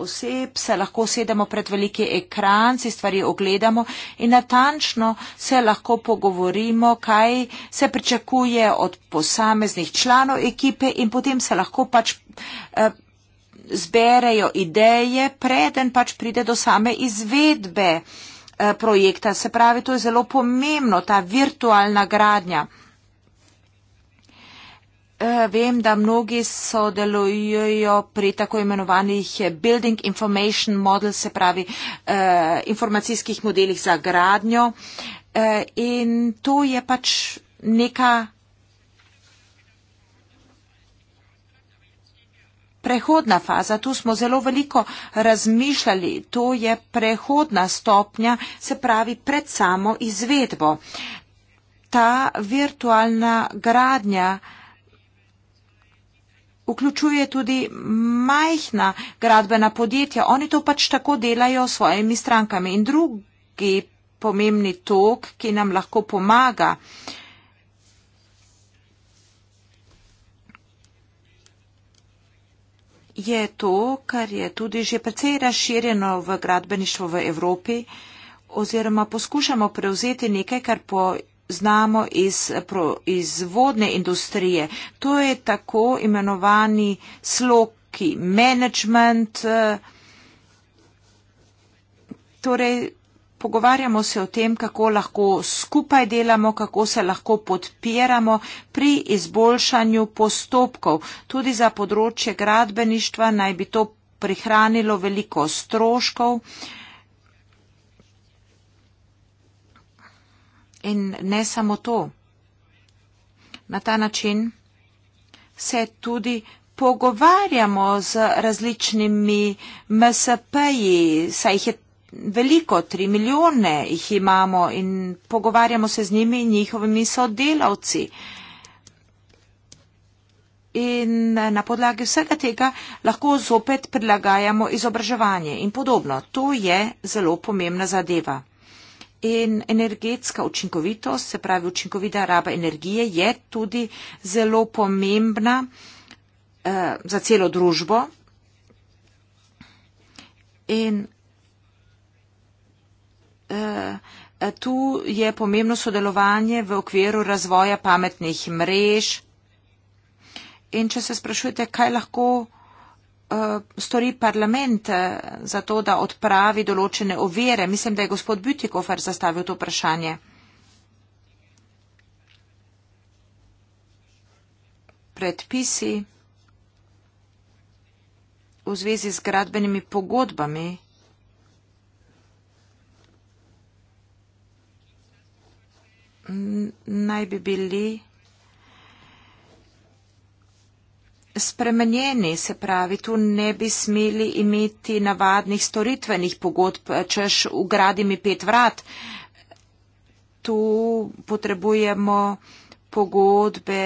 oseb se lahko sedemo pred veliki ekran, si stvari ogledamo in natančno se lahko pogovorimo, kaj se pričakuje od posameznih članov ekipe in potem se lahko pač. Eh, zberejo ideje, preden pač pride do same izvedbe eh, projekta. Se pravi, to je zelo pomembno, ta virtualna gradnja. Eh, vem, da mnogi sodelujejo pri tako imenovanih eh, Building Information Model, se pravi eh, informacijskih modelih za gradnjo. In to je pač neka prehodna faza. Tu smo zelo veliko razmišljali. To je prehodna stopnja, se pravi pred samo izvedbo. Ta virtualna gradnja vključuje tudi majhna gradbena podjetja. Oni to pač tako delajo s svojimi strankami. In drugi pomembni tok, ki nam lahko pomaga, je to, kar je tudi že precej razširjeno v gradbeništvu v Evropi oziroma poskušamo prevzeti nekaj, kar po znamo iz proizvodne industrije. To je tako imenovani sloki management. Eh, torej, pogovarjamo se o tem, kako lahko skupaj delamo, kako se lahko podpiramo pri izboljšanju postopkov. Tudi za področje gradbeništva naj bi to prihranilo veliko stroškov. Uh, In ne samo to. Na ta način se tudi pogovarjamo z različnimi MSP-ji, saj jih je veliko, tri milijone jih imamo in pogovarjamo se z njimi in njihovimi sodelavci. In na podlagi vsega tega lahko zopet prilagajamo izobraževanje in podobno. To je zelo pomembna zadeva. In energetska učinkovitost, se pravi učinkovita raba energije, je tudi zelo pomembna eh, za celo družbo. In eh, tu je pomembno sodelovanje v okviru razvoja pametnih mrež. In če se sprašujete, kaj lahko. Eh, stori parlament eh, za to, da odpravi določene ovire. Mislim, da je gospod Bütikofer zastavil to vprašanje. Predpisi v zvezi z gradbenimi pogodbami naj bi bili spremenjeni, se pravi, tu ne bi smeli imeti navadnih storitvenih pogodb, češ ugradi mi pet vrat. Tu potrebujemo pogodbe,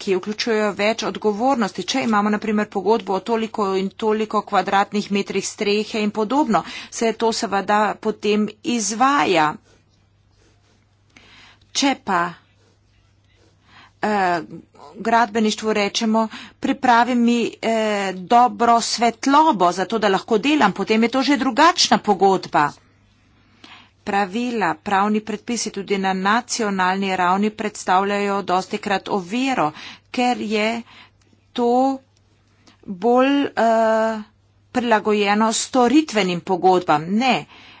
ki vključujejo več odgovornosti. Če imamo, na primer, pogodbo o toliko in toliko kvadratnih metrih strehe in podobno, se to seveda potem izvaja. Če pa Eh, gradbeništvu rečemo, pripravi mi eh, dobro svetlobo, zato da lahko delam, potem je to že drugačna pogodba. Pravila, pravni predpisi tudi na nacionalni ravni predstavljajo dosti krat oviro, ker je to bolj eh, prilagojeno storitvenim pogodbam. Ne. Eh,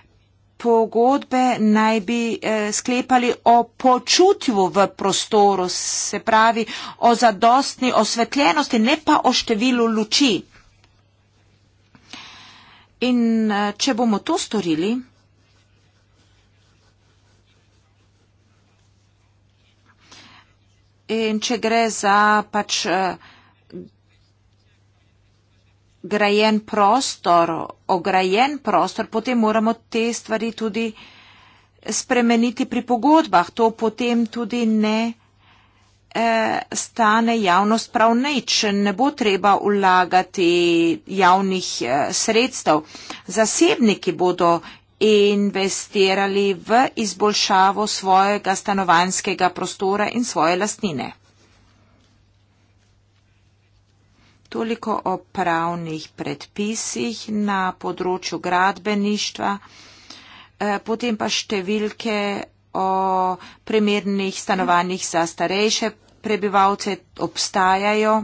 pogodbe naj bi eh, sklepali o počutju v prostoru, se pravi o zadostni osvetljenosti, ne pa o številu luči. In eh, če bomo to storili, in če gre za pač eh, grajen prostor, ograjen prostor, potem moramo te stvari tudi spremeniti pri pogodbah. To potem tudi ne eh, stane javnost prav neč. Ne bo treba vlagati javnih eh, sredstev. Zasebniki bodo investirali v izboljšavo svojega stanovanskega prostora in svoje lastnine. toliko o pravnih predpisih na področju gradbeništva, eh, potem pa številke o primernih stanovanjih za starejše prebivalce obstajajo.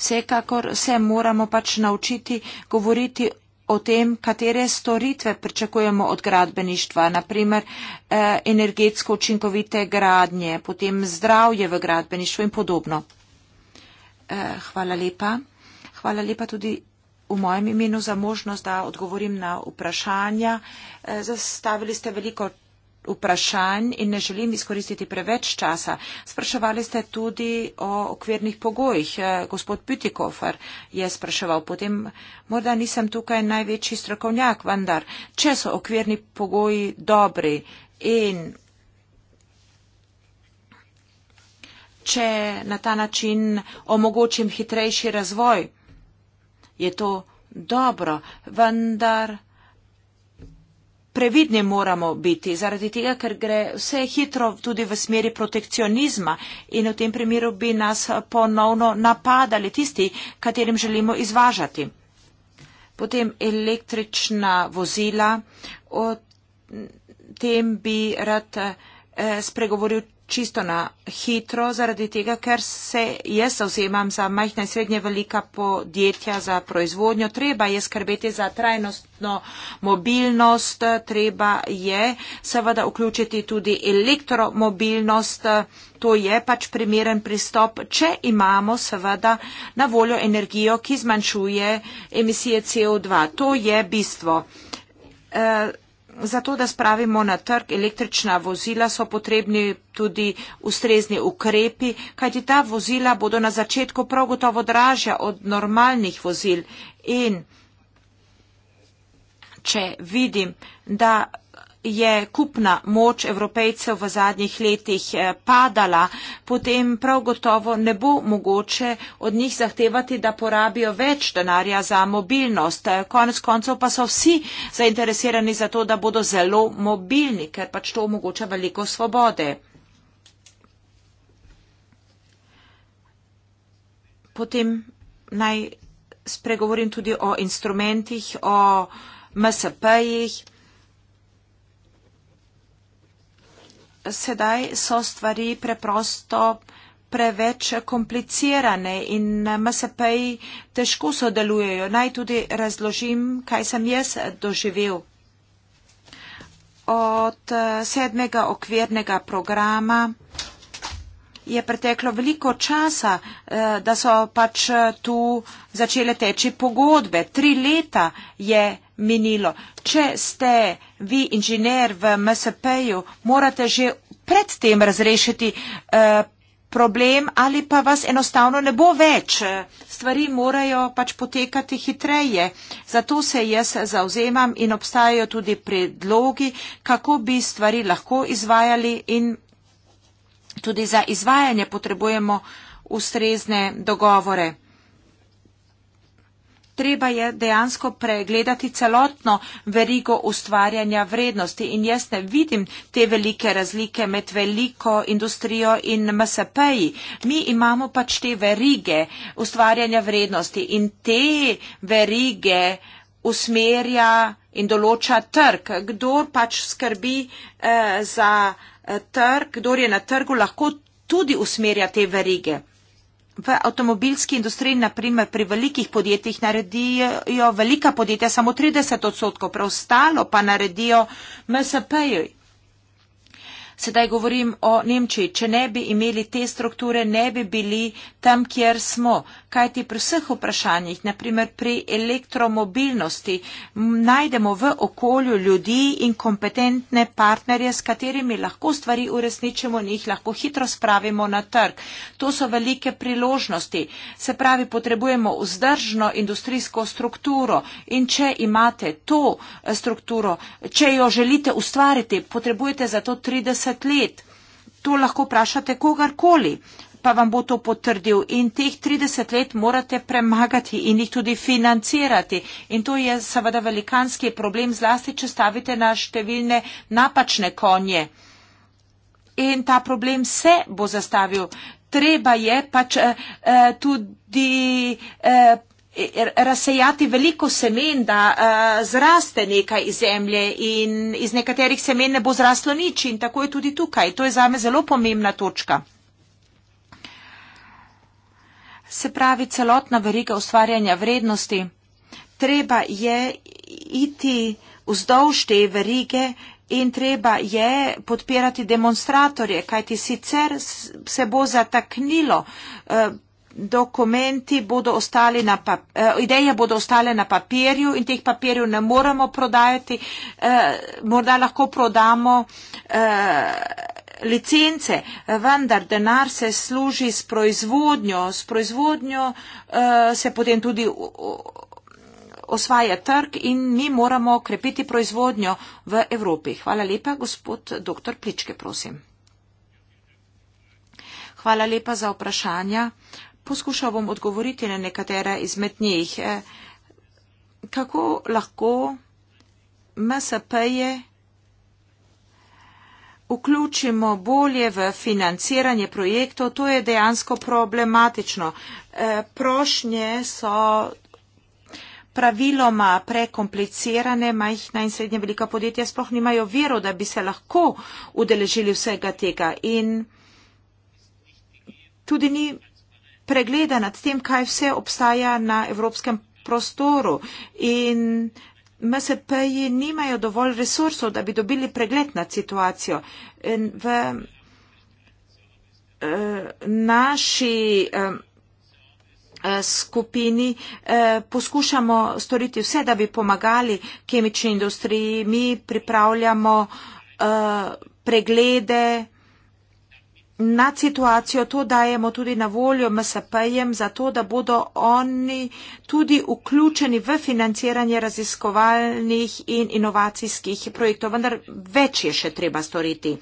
Vsekakor se moramo pač naučiti govoriti o tem, katere storitve pričakujemo od gradbeništva, naprimer eh, energetsko učinkovite gradnje, potem zdravje v gradbeništvu in podobno eh, hvala lepa. Hvala lepa tudi v mojem imenu za možnost, da odgovorim na vprašanja. Eh, zastavili ste veliko vprašanj in ne želim izkoristiti preveč časa. Spraševali ste tudi o okvirnih pogojih. Eh, gospod Pütikofer je spraševal potem, morda nisem tukaj največji strokovnjak, vendar, če so okvirni pogoji dobri in če na ta način omogočim hitrejši razvoj. Je to dobro, vendar previdni moramo biti, zaradi tega, ker gre vse hitro tudi v smeri protekcionizma in v tem primeru bi nas ponovno napadali tisti, katerim želimo izvažati. Potem električna vozila, o tem bi rad eh, spregovoril čisto na hitro, zaradi tega, ker se jaz zauzemam za majhna in srednje velika podjetja za proizvodnjo. Treba je skrbeti za trajnostno mobilnost, treba je seveda vključiti tudi elektromobilnost. To je pač primeren pristop, če imamo seveda na voljo energijo, ki zmanjšuje emisije CO2. To je bistvo. Uh, Zato, da spravimo na trg električna vozila, so potrebni tudi ustrezni ukrepi, kajti ta vozila bodo na začetku prav gotovo dražja od normalnih vozil. In če vidim, da je kupna moč evropejcev v zadnjih letih eh, padala, potem prav gotovo ne bo mogoče od njih zahtevati, da porabijo več denarja za mobilnost. Eh, konec koncev pa so vsi zainteresirani za to, da bodo zelo mobilni, ker pač to omogoča veliko svobode. Potem naj spregovorim tudi o instrumentih, o MSP-jih. sedaj so stvari preprosto preveč komplicirane in MSP-ji težko sodelujejo. Naj tudi razložim, kaj sem jaz doživel. Od eh, sedmega okvirnega programa je preteklo veliko časa, eh, da so pač eh, tu začele teči pogodbe. Tri leta je minilo. Če ste vi inžener v MSP-ju, morate že predtem razrešiti eh, problem ali pa vas enostavno ne bo več. Stvari morajo pač potekati hitreje. Zato se jaz zauzemam in obstajajo tudi predlogi, kako bi stvari lahko izvajali in tudi za izvajanje potrebujemo ustrezne dogovore. Treba je dejansko pregledati celotno verigo ustvarjanja vrednosti in jaz ne vidim te velike razlike med veliko industrijo in MSP-ji. Mi imamo pač te verige ustvarjanja vrednosti in te verige usmerja in določa trg, kdo pač skrbi eh, za Eh, trg, kdor je na trgu, lahko tudi usmerja te verige. V avtomobilski industriji, naprimer pri velikih podjetjih, naredijo velika podjetja samo 30 odstotkov, preostalo pa naredijo MSP-ji. Sedaj govorim o Nemčiji. Če ne bi imeli te strukture, ne bi bili tam, kjer smo. Uh, kajti pri vseh vprašanjih, naprimer pri elektromobilnosti, najdemo v okolju ljudi in kompetentne partnerje, s katerimi lahko stvari uresničimo in jih lahko hitro spravimo na trg. To so velike priložnosti. Se pravi, potrebujemo vzdržno industrijsko strukturo in če imate to eh, strukturo, če jo želite ustvariti, potrebujete za to 30 let. To lahko vprašate kogarkoli pa vam bo to potrdil. In teh 30 let morate premagati in jih tudi financirati. In to je seveda velikanski problem, zlasti, če stavite na številne napačne konje. In ta problem se bo zastavil. Treba je pač eh, eh tudi. Eh, razsejati veliko semen, da uh, zraste nekaj iz zemlje in iz nekaterih semen ne bo zraslo nič in tako je tudi tukaj. To je zame zelo pomembna točka se pravi celotna veriga ustvarjanja vrednosti. Treba je iti vzdolž te verige in treba je podpirati demonstratorje, kajti sicer se bo zataknilo, eh, dokumenti bodo ostali na papirju, eh, ideje bodo ostale na papirju in teh papirjev ne moremo prodajati, eh, morda lahko prodamo licence, vendar denar se služi s proizvodnjo, s proizvodnjo eh, se potem tudi osvaja trg in mi moramo krepiti proizvodnjo v Evropi. Hvala lepa, gospod dr. Pličke, prosim. Hvala lepa za vprašanja. Poskušal bom odgovoriti na nekatera izmed njih. Eh, kako lahko MSP je vključimo bolje v financiranje projektov, to je dejansko problematično. E, prošnje so praviloma prekomplicirane, majhna in srednja velika podjetja sploh nimajo vero, da bi se lahko udeležili vsega tega. In tudi ni pregleda nad tem, kaj vse obstaja na evropskem prostoru. In MSP-ji nimajo dovolj resursov, da bi dobili pregled nad situacijo. In v uh, naši uh, skupini poskušamo storiti vse, da bi pomagali kemični industriji. Mi pripravljamo preglede, nad situacijo, to dajemo tudi na voljo MSP-jem, zato da bodo oni tudi vključeni v financiranje raziskovalnih in inovacijskih projektov, vendar več je še treba storiti.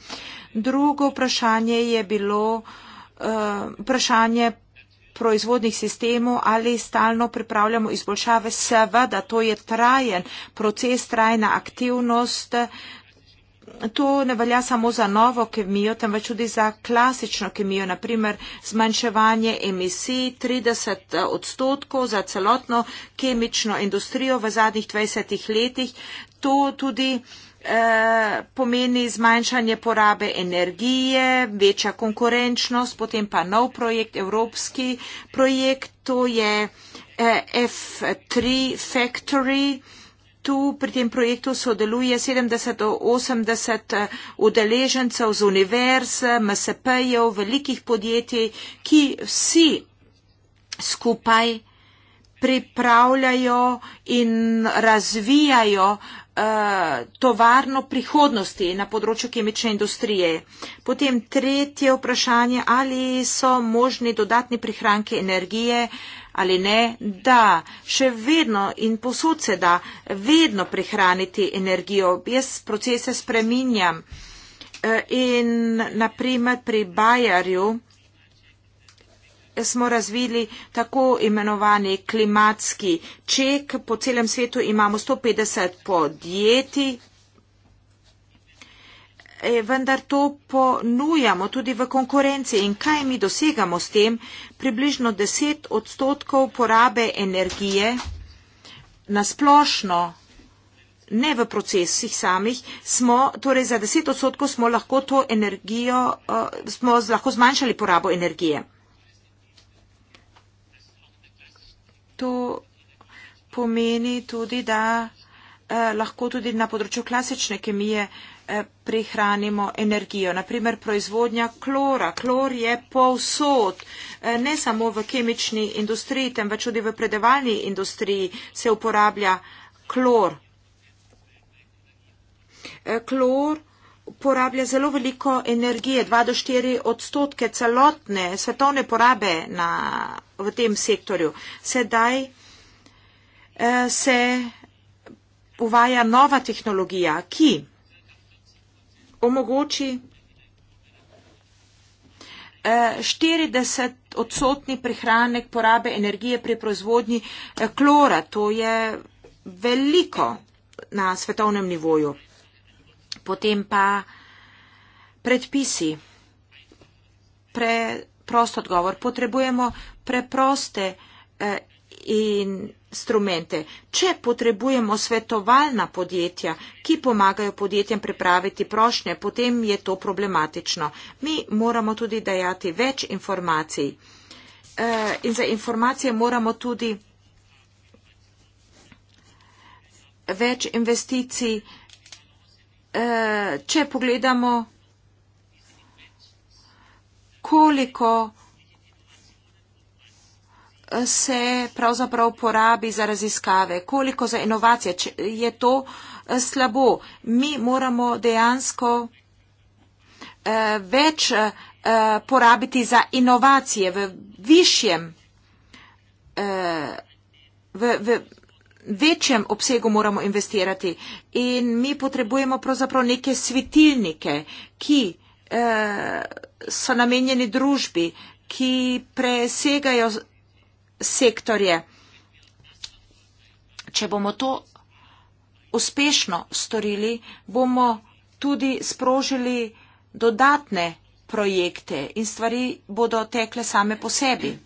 Drugo vprašanje je bilo uh, vprašanje proizvodnih sistemov, ali stalno pripravljamo izboljšave. Seveda, to je trajen proces, trajna aktivnost. Uh, to ne velja samo za novo kemijo, temveč tudi za klasično kemijo, naprimer zmanjševanje emisij 30 eh, odstotkov za celotno kemično industrijo v zadnjih 20 letih. To tudi eh, pomeni zmanjšanje porabe energije, večja konkurenčnost, potem pa nov projekt, evropski projekt, to je eh, F3 Factory, tu pri tem projektu sodeluje 70-80 eh, udeležencev z univerz, MSP-jev, velikih podjetij, ki vsi skupaj pripravljajo in razvijajo eh, tovarno prihodnosti na področju kemične industrije. Potem tretje vprašanje, ali so možni dodatni prihranki energije, ali ne, da še vedno in posod se da vedno prihraniti energijo. Jaz procese spreminjam e, in naprimer pri Bajarju smo razvili tako imenovani klimatski ček. Po celem svetu imamo 150 podjetij, Eh, vendar to ponujamo tudi v konkurenci. In kaj mi dosegamo s tem? Približno 10 odstotkov porabe energije na splošno, ne v procesih samih, smo, torej za 10 odstotkov smo lahko to energijo, eh, smo lahko zmanjšali porabo energije. To pomeni tudi, da eh, lahko tudi na področju klasične kemije eh, Eh, prihranimo energijo. Naprimer, proizvodnja klora. Klor je povsod, eh, ne samo v kemični industriji, temveč tudi v predevalni industriji se uporablja klor. Eh, klor porablja zelo veliko energije, 2 do 4 odstotke celotne svetovne porabe na, v tem sektorju. Sedaj se uvaja nova tehnologija, ki omogoči eh, 40 odstotni prihranek porabe energije pri proizvodnji eh, klora. To je veliko na svetovnem nivoju. Potem pa predpisi. Pre, prost odgovor. Potrebujemo preproste eh, in instrumente. Če potrebujemo svetovalna podjetja, ki pomagajo podjetjem pripraviti prošnje, potem je to problematično. Mi moramo tudi dajati več informacij. Eh, in za informacije moramo tudi več investicij. Eh, če pogledamo, koliko se pravzaprav porabi za raziskave, koliko za inovacije. Če je to eh, slabo, mi moramo dejansko eh, več eh, porabiti za inovacije v višjem, v, v večjem obsegu moramo investirati in mi potrebujemo pravzaprav neke svetilnike, ki so namenjeni družbi, ki presegajo sektorje. Če bomo to uspešno storili, bomo tudi sprožili dodatne projekte in stvari bodo tekle same po sebi.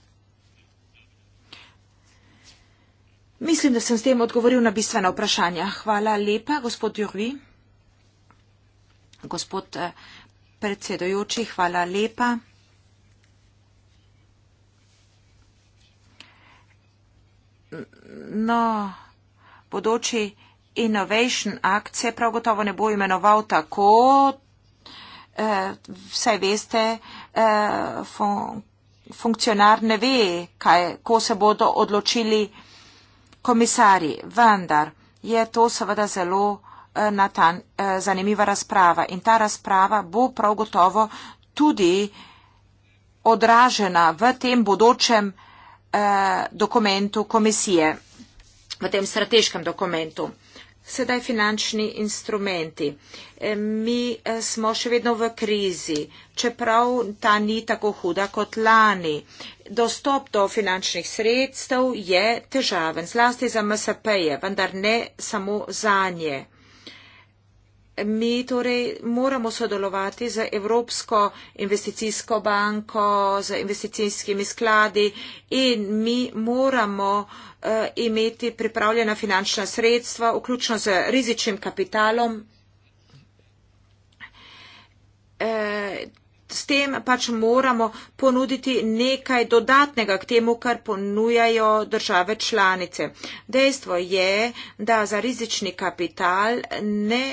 Mislim, da sem s tem odgovoril na bistvena vprašanja. Hvala lepa, gospod Jurvi. Gospod eh, predsedojoči, hvala lepa. No, bodoči Innovation Act se prav gotovo ne bo imenoval tako, eh, vsaj veste, eh, fun funkcionar ne ve, kaj, ko se bodo odločili komisari, vendar je to seveda zelo eh, natan, eh, zanimiva razprava in ta razprava bo prav gotovo tudi odražena v tem bodočem. Eh, dokumentu komisije, v tem strateškem dokumentu. Sedaj finančni instrumenti. Eh, mi eh, smo še vedno v krizi, čeprav ta ni tako huda kot lani. Dostop do finančnih sredstev je težaven, zlasti za MSP-je, vendar ne samo za nje mi torej moramo sodelovati z Evropsko investicijsko banko, z investicijskimi skladi in mi moramo uh, imeti pripravljena finančna sredstva, vključno z rizičnim kapitalom. Uh, s tem pač moramo ponuditi nekaj dodatnega k temu, kar ponujajo države članice. Dejstvo je, da za rizični kapital ne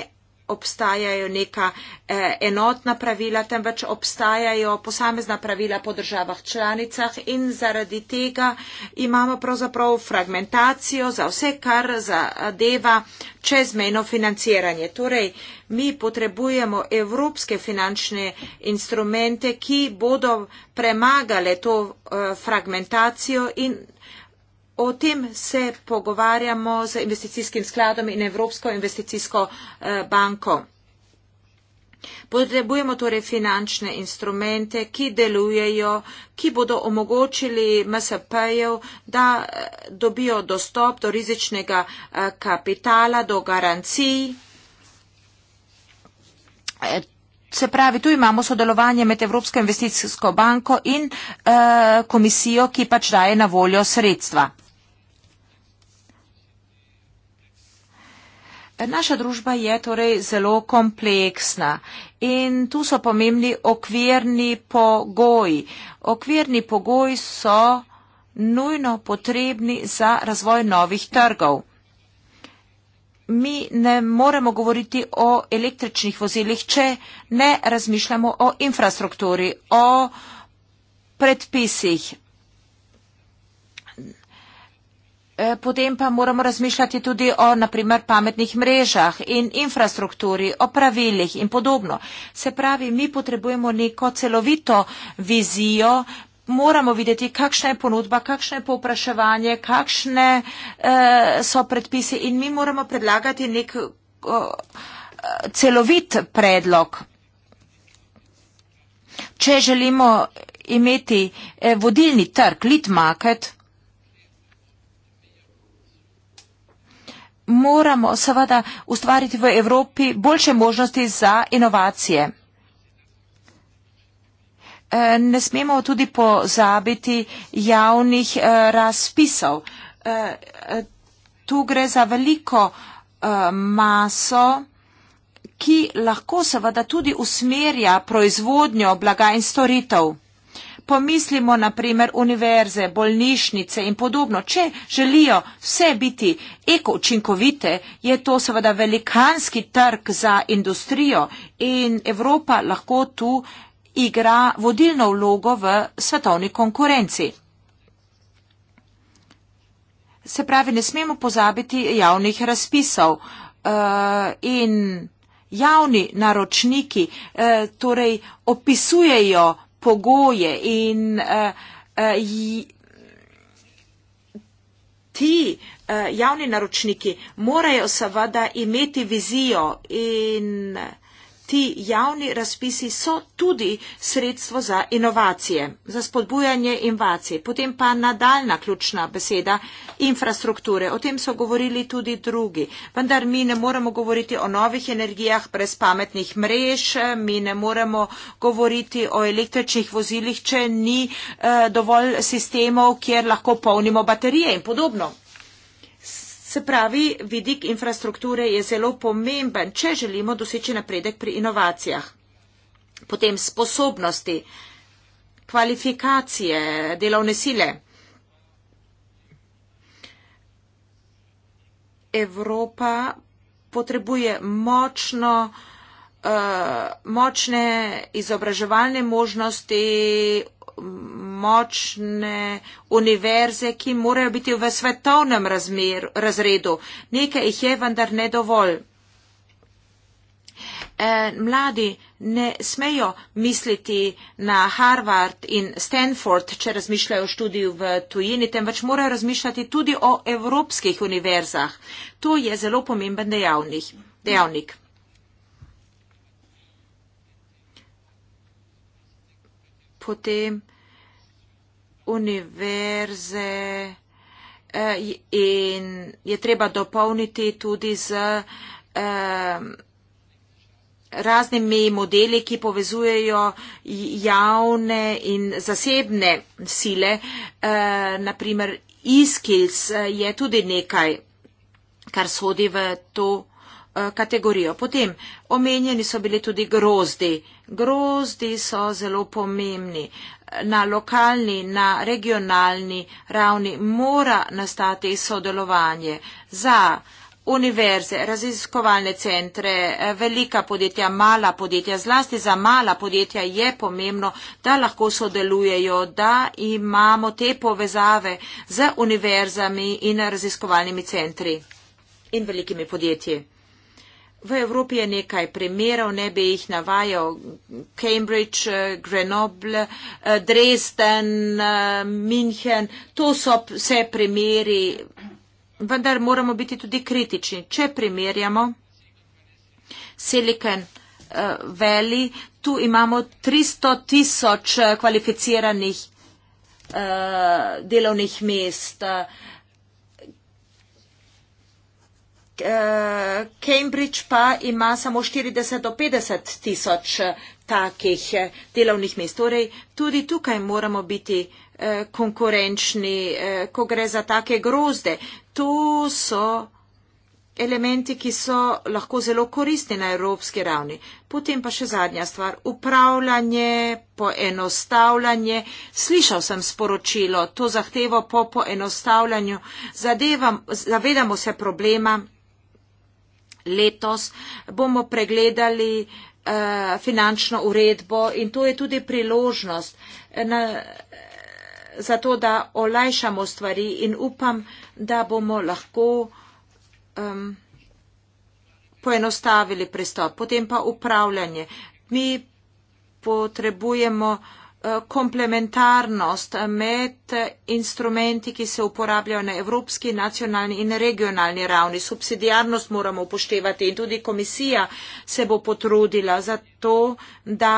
obstajajo neka eh, enotna pravila, temveč obstajajo posamezna pravila po državah članicah in zaradi tega imamo pravzaprav fragmentacijo za vse, kar zadeva čezmejno financiranje. Torej, mi potrebujemo evropske finančne instrumente, ki bodo premagale to eh, fragmentacijo in O tem se pogovarjamo z investicijskim skladom in Evropsko investicijsko eh, banko. Potrebujemo torej finančne instrumente, ki delujejo, ki bodo omogočili MSP-jev, da eh, dobijo dostop do rizičnega eh, kapitala, do garancij. Se pravi, tu imamo sodelovanje med Evropsko investicijsko banko in komisijo, ki pač daje na voljo sredstva. Naša družba je torej zelo kompleksna in tu so pomembni okvirni pogoji. Okvirni pogoji so nujno potrebni za razvoj novih trgov. Mi ne moremo govoriti o električnih vozilih, če ne razmišljamo o infrastrukturi, o predpisih, Eh, potem pa moramo razmišljati tudi o naprimer pametnih mrežah in infrastrukturi, o pravilih in podobno. Se pravi, mi potrebujemo neko celovito vizijo, moramo videti, kakšna je ponudba, kakšno je povpraševanje, kakšne eh, so predpise in mi moramo predlagati nek eh, celovit predlog. Če želimo imeti eh, vodilni trg, lead market, moramo seveda ustvariti v Evropi boljše možnosti za inovacije. E, ne smemo tudi pozabiti javnih e, razpisov. E, tu gre za veliko maso, ki lahko seveda tudi usmerja proizvodnjo blaga in storitev pomislimo na primer univerze, bolnišnice in podobno. Če želijo vse biti ekoučinkovite, je to seveda velikanski trg za industrijo in Evropa lahko tu igra vodilno vlogo v svetovni konkurenci. Se pravi, ne smemo pozabiti javnih razpisov uh, in javni naročniki uh, torej opisujejo pogoje in uh, uh, ti uh, javni naročniki morajo seveda imeti vizijo in uh, ti javni razpisi so tudi sredstvo za inovacije, za spodbujanje inovacij. Potem pa nadaljna ključna beseda infrastrukture. O tem so govorili tudi drugi. Vendar mi ne moremo govoriti o novih energijah brez pametnih mrež, mi ne moremo govoriti o električnih vozilih, če ni eh, dovolj sistemov, kjer lahko polnimo baterije in podobno. Se pravi, vidik infrastrukture je zelo pomemben, če želimo doseči napredek pri inovacijah. Potem sposobnosti, kvalifikacije, delovne sile. Evropa potrebuje močno, eh, močne izobraževalne možnosti, močne univerze, ki morajo biti v svetovnem razmer, razredu. Nekaj jih je, vendar ne dovolj. E, mladi ne smejo misliti na Harvard in Stanford, če razmišljajo o študiju v tujini, temveč morajo razmišljati tudi o evropskih univerzah. To je zelo pomemben dejavnik. dejavnik. potem univerze eh, in je treba dopolniti tudi z eh, raznimi modeli, ki povezujejo javne in zasebne sile. Eh, Naprimer, e-skills je tudi nekaj, kar sodi v to. Eh, kategorijo. Potem omenjeni so bili tudi grozdi. Grozdi so zelo pomembni. Na lokalni, na regionalni ravni mora nastati sodelovanje za univerze, raziskovalne centre, eh, velika podjetja, mala podjetja. Zlasti za mala podjetja je pomembno, da lahko sodelujejo, da imamo te povezave z univerzami in raziskovalnimi centri in velikimi podjetji. V Evropi je nekaj primerov, ne bi jih navajal. Cambridge, eh, Grenoble, eh, Dresden, eh, München, to so vse primeri. Vendar moramo biti tudi kritični. Če primerjamo Silicon Valley, tu imamo 300 tisoč kvalificiranih delovnih mest. Eh, Cambridge pa ima samo 40 do 50 tisoč eh, takih eh, delovnih mest. Torej, tudi tukaj moramo biti konkurenčni, ko gre za take grozde. To so elementi, ki so lahko zelo koristni na evropski ravni. Potem pa še zadnja stvar. Upravljanje, poenostavljanje. Slišal sem sporočilo, to zahtevo po poenostavljanju. Zadevam, zavedamo se problema letos bomo pregledali eh, finančno uredbo in to je tudi priložnost eh, na, za to, da olajšamo stvari in upam, da bomo lahko um, poenostavili pristop. Potem pa upravljanje. Mi potrebujemo uh, Eh, komplementarnost med instrumenti, ki se uporabljajo na evropski, nacionalni in regionalni ravni. Subsidijarnost moramo upoštevati in tudi komisija se bo potrudila za to, da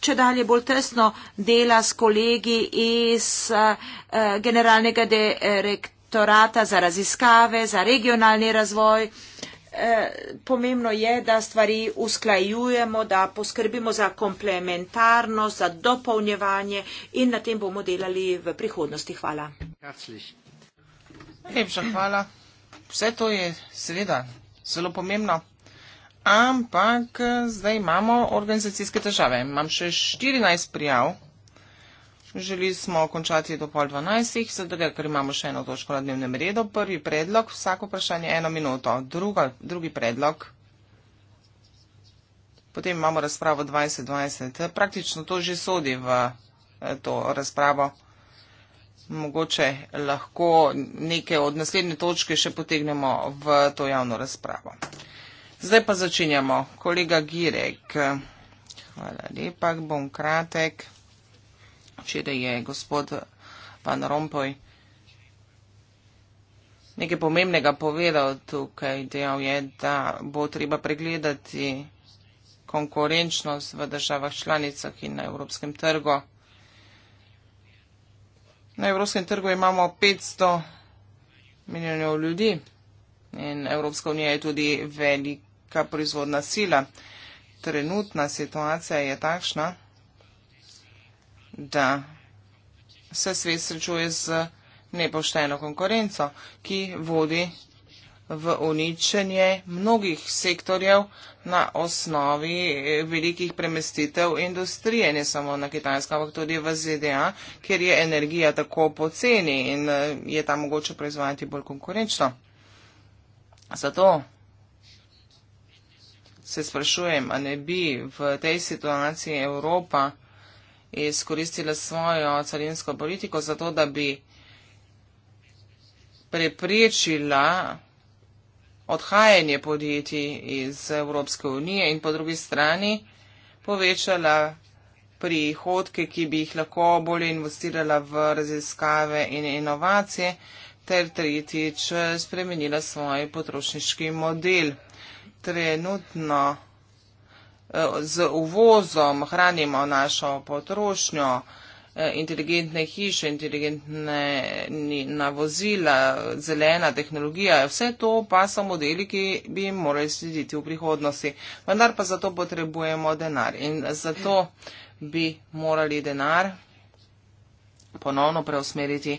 če dalje bolj tesno dela s kolegi iz eh, generalnega direktorata za raziskave, za regionalni razvoj, Eh, pomembno je, da stvari usklajujemo, da poskrbimo za komplementarnost, za dopolnjevanje in na tem bomo delali v prihodnosti. Hvala. Lepša hvala. Vse to je seveda zelo pomembno. Ampak eh, zdaj imamo organizacijske težave. Imam še 14 prijav. Želeli smo končati do pol dvanajstih, zadega, ker imamo še eno točko na dnevnem redu. Prvi predlog, vsako vprašanje eno minuto. Druga, drugi predlog. Potem imamo razpravo 2020. Praktično to že sodi v eh, to razpravo. Mogoče lahko neke od naslednje točke še potegnemo v to javno razpravo. Zdaj pa začenjamo. Kolega Girek. Hvala lepa, bom kratek včeraj je gospod Van Rompuy nekaj pomembnega povedal tukaj. Dejal je, da bo treba pregledati konkurenčnost v državah članicah in na evropskem trgu. Na evropskem trgu imamo 500 milijonov ljudi in Evropska unija je tudi velika proizvodna sila. Trenutna situacija je takšna, da se svet srečuje z nepošteno konkurenco, ki vodi v uničenje mnogih sektorjev na osnovi velikih premestitev industrije, ne samo na Kitajsko, ampak tudi v ZDA, kjer je energija tako poceni in eh, je tam mogoče proizvajati bolj konkurenčno. Zato se sprašujem, a ne bi v tej situaciji Evropa izkoristile svojo carinsko politiko za to, da bi preprečila odhajanje podjetij iz Evropske unije in po drugi strani povečala prihodke, ki bi jih lahko bolje investirala v raziskave in inovacije, ter tretjič spremenila svoj potrošniški model. Trenutno z uvozom hranimo našo potrošnjo, eh, inteligentne hiše, inteligentne navozila, zelena tehnologija, vse to pa so modeli, ki bi jim morali slediti v prihodnosti. Vendar pa zato potrebujemo denar in zato bi morali denar ponovno preusmeriti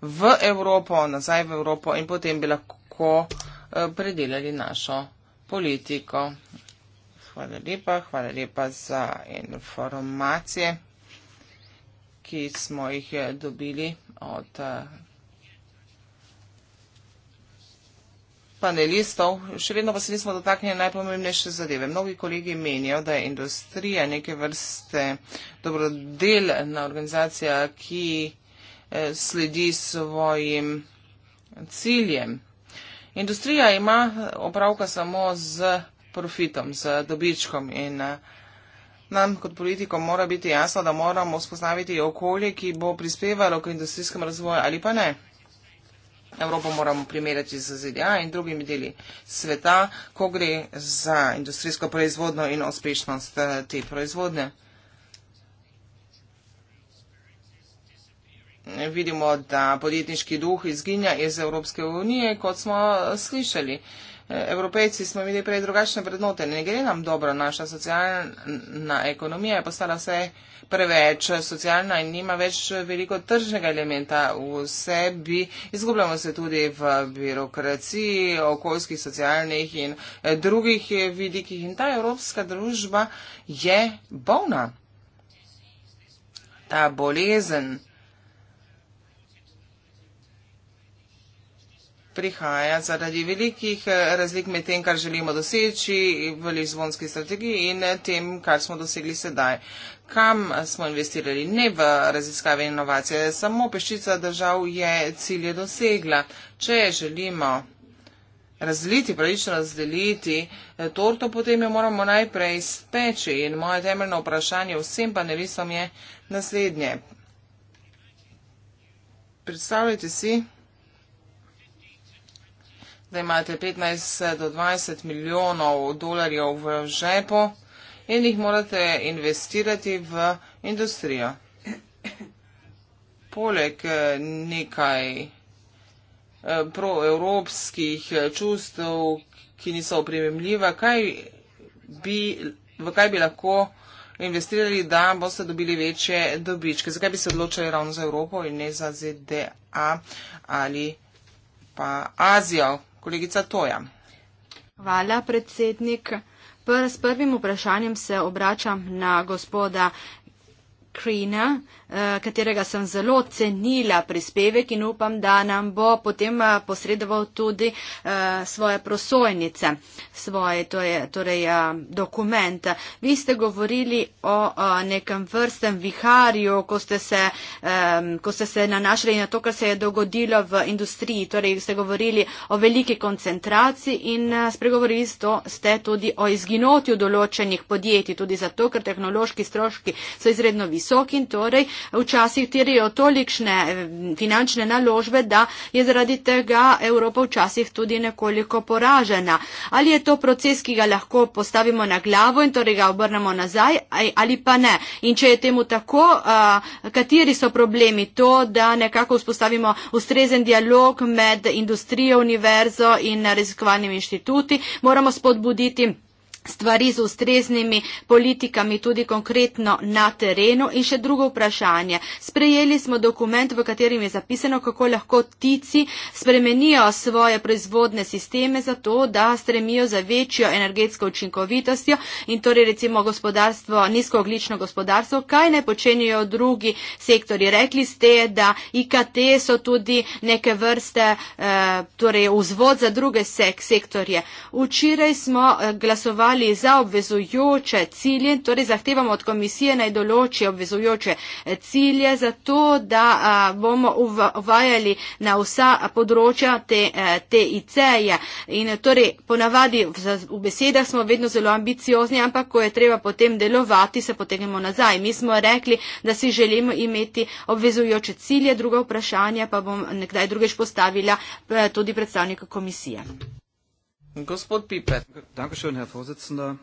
v Evropo, nazaj v Evropo in potem bi lahko eh, predelali našo politiko hvala lepa. Hvala lepa za informacije, ki smo jih eh, dobili od eh, panelistov. Še vedno pa se nismo dotaknili najpomembnejše zadeve. Mnogi kolegi menijo, da je industrija neke vrste dobrodelna organizacija, ki eh, sledi svojim ciljem. Industrija ima opravka samo z profitom, z dobičkom. In eh, nam kot politikom mora biti jasno, da moramo spoznaviti okolje, ki bo prispevalo k industrijskem razvoju ali pa ne. Evropo moramo primerjati z ZDA in drugimi deli sveta, ko gre za industrijsko proizvodno in uspešnost eh, te proizvodne. Vidimo, da podjetniški duh izginja iz Evropske unije, kot smo slišali. Evropejci smo imeli prej drugačne vrednote, ne gre nam dobro, naša socialna ekonomija je postala vse preveč socialna in nima več veliko tržnega elementa v sebi. Izgubljamo se tudi v birokraciji, okoljskih, socialnih in eh, drugih eh, vidikih in ta evropska družba je bolna. Ta bolezen. prihaja zaradi velikih eh, razlik med tem, kar želimo doseči v Lizbonski strategiji in eh, tem, kar smo dosegli sedaj. Kam smo investirali? Ne v raziskave in inovacije, samo peščica držav je cilje dosegla. Če želimo razliti, pravično razdeliti eh, torto, potem jo moramo najprej speči. In moje temeljno vprašanje vsem panelistom je naslednje. Predstavljajte si, da imate 15 do 20 milijonov dolarjev v žepu in jih morate investirati v industrijo. Poleg eh, nekaj eh, proevropskih čustev, ki niso opremljiva, v kaj bi lahko investirali, da boste dobili večje dobičke. Zakaj bi se odločili ravno za Evropo in ne za ZDA ali pa Azijo, Kolegica Toja. Hvala, predsednik. Pr s prvim vprašanjem se obračam na gospoda Krina. Eh, katerega sem zelo cenila prispevek in upam, da nam bo potem eh, posredoval tudi eh, svoje prosojnice, svoje torej, torej, dokument. Vi ste govorili o nekem vrstem viharju, ko ste se, ko ste se nanašali na to, kar se je dogodilo v industriji, torej ste govorili o veliki koncentraciji in spregovorili ste tudi o izginotju določenih podjetij, tudi zato, ker tehnološki stroški so izredno visoki in torej včasih tirijo tolikšne eh, finančne naložbe, da je zaradi tega Evropa včasih tudi nekoliko poražena. Ali je to proces, ki ga lahko postavimo na glavo in torej ga obrnemo nazaj ali pa ne? In če je temu tako, eh, kateri so problemi? To, da nekako vzpostavimo ustrezen dialog med industrijo, univerzo in raziskovalnimi inštituti, moramo spodbuditi stvari z ustreznimi politikami tudi konkretno na terenu. In še drugo vprašanje. Sprejeli smo dokument, v katerem je zapisano, kako lahko tici spremenijo svoje proizvodne sisteme za to, da stremijo za večjo energetsko učinkovitostjo in torej recimo gospodarstvo, nizkooglično gospodarstvo, kaj ne počenijo drugi sektori. Rekli ste, da IKT so tudi neke vrste, eh, torej vzvod za druge sek sektorje. Včeraj smo eh, glasovali ali za obvezujoče cilje, torej zahtevamo od komisije naj določi obvezujoče eh, cilje za to, da eh, bomo uvajali na vsa področja te, eh, te ICE-je. In torej ponavadi v besedah smo vedno zelo ambiciozni, ampak ko je treba potem delovati, se potegnemo nazaj. Mi smo rekli, da si želimo imeti obvezujoče cilje, druga vprašanja pa bom nekdaj drugeč postavila tudi predstavnika komisije. Gospod Pipet. Dankeschön, Herr Vorsitzender.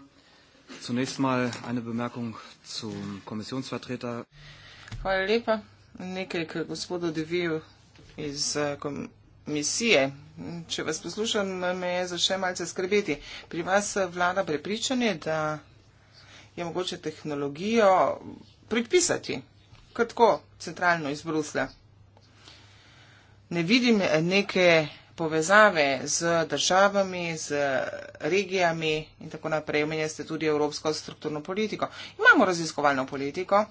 Zunächst mal eine Bemerkung zum Kommissionsvertreter. Hvala lepa. Nekaj k gospodu Deviju iz eh, komisije. Če vas poslušam, me je za še malce skrbeti. Pri vas eh, vlada prepričanje, da je mogoče tehnologijo predpisati, kot ko centralno iz Bruslja. Ne vidim eh, neke povezave z državami, z regijami in tako naprej. Omenjali ste tudi evropsko strukturno politiko. Imamo raziskovalno politiko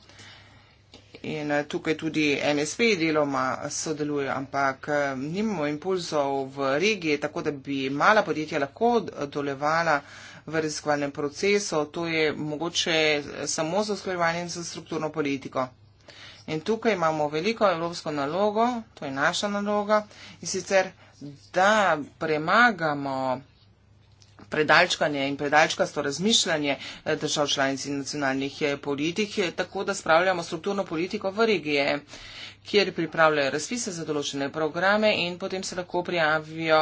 in eh, tukaj tudi MSP deloma sodeluje, ampak eh, nimamo impulzov v regiji, tako da bi mala podjetja lahko dolevala v raziskovalnem procesu. To je mogoče eh, samo z usklajevanjem z strukturno politiko. In tukaj imamo veliko evropsko nalogo, to je naša naloga, in sicer da premagamo predalčkanje in predalčkasto razmišljanje eh, držav članic in nacionalnih eh, politik, eh, tako da spravljamo strukturno politiko v regije, kjer pripravljajo razpise za določene programe in potem se lahko prijavijo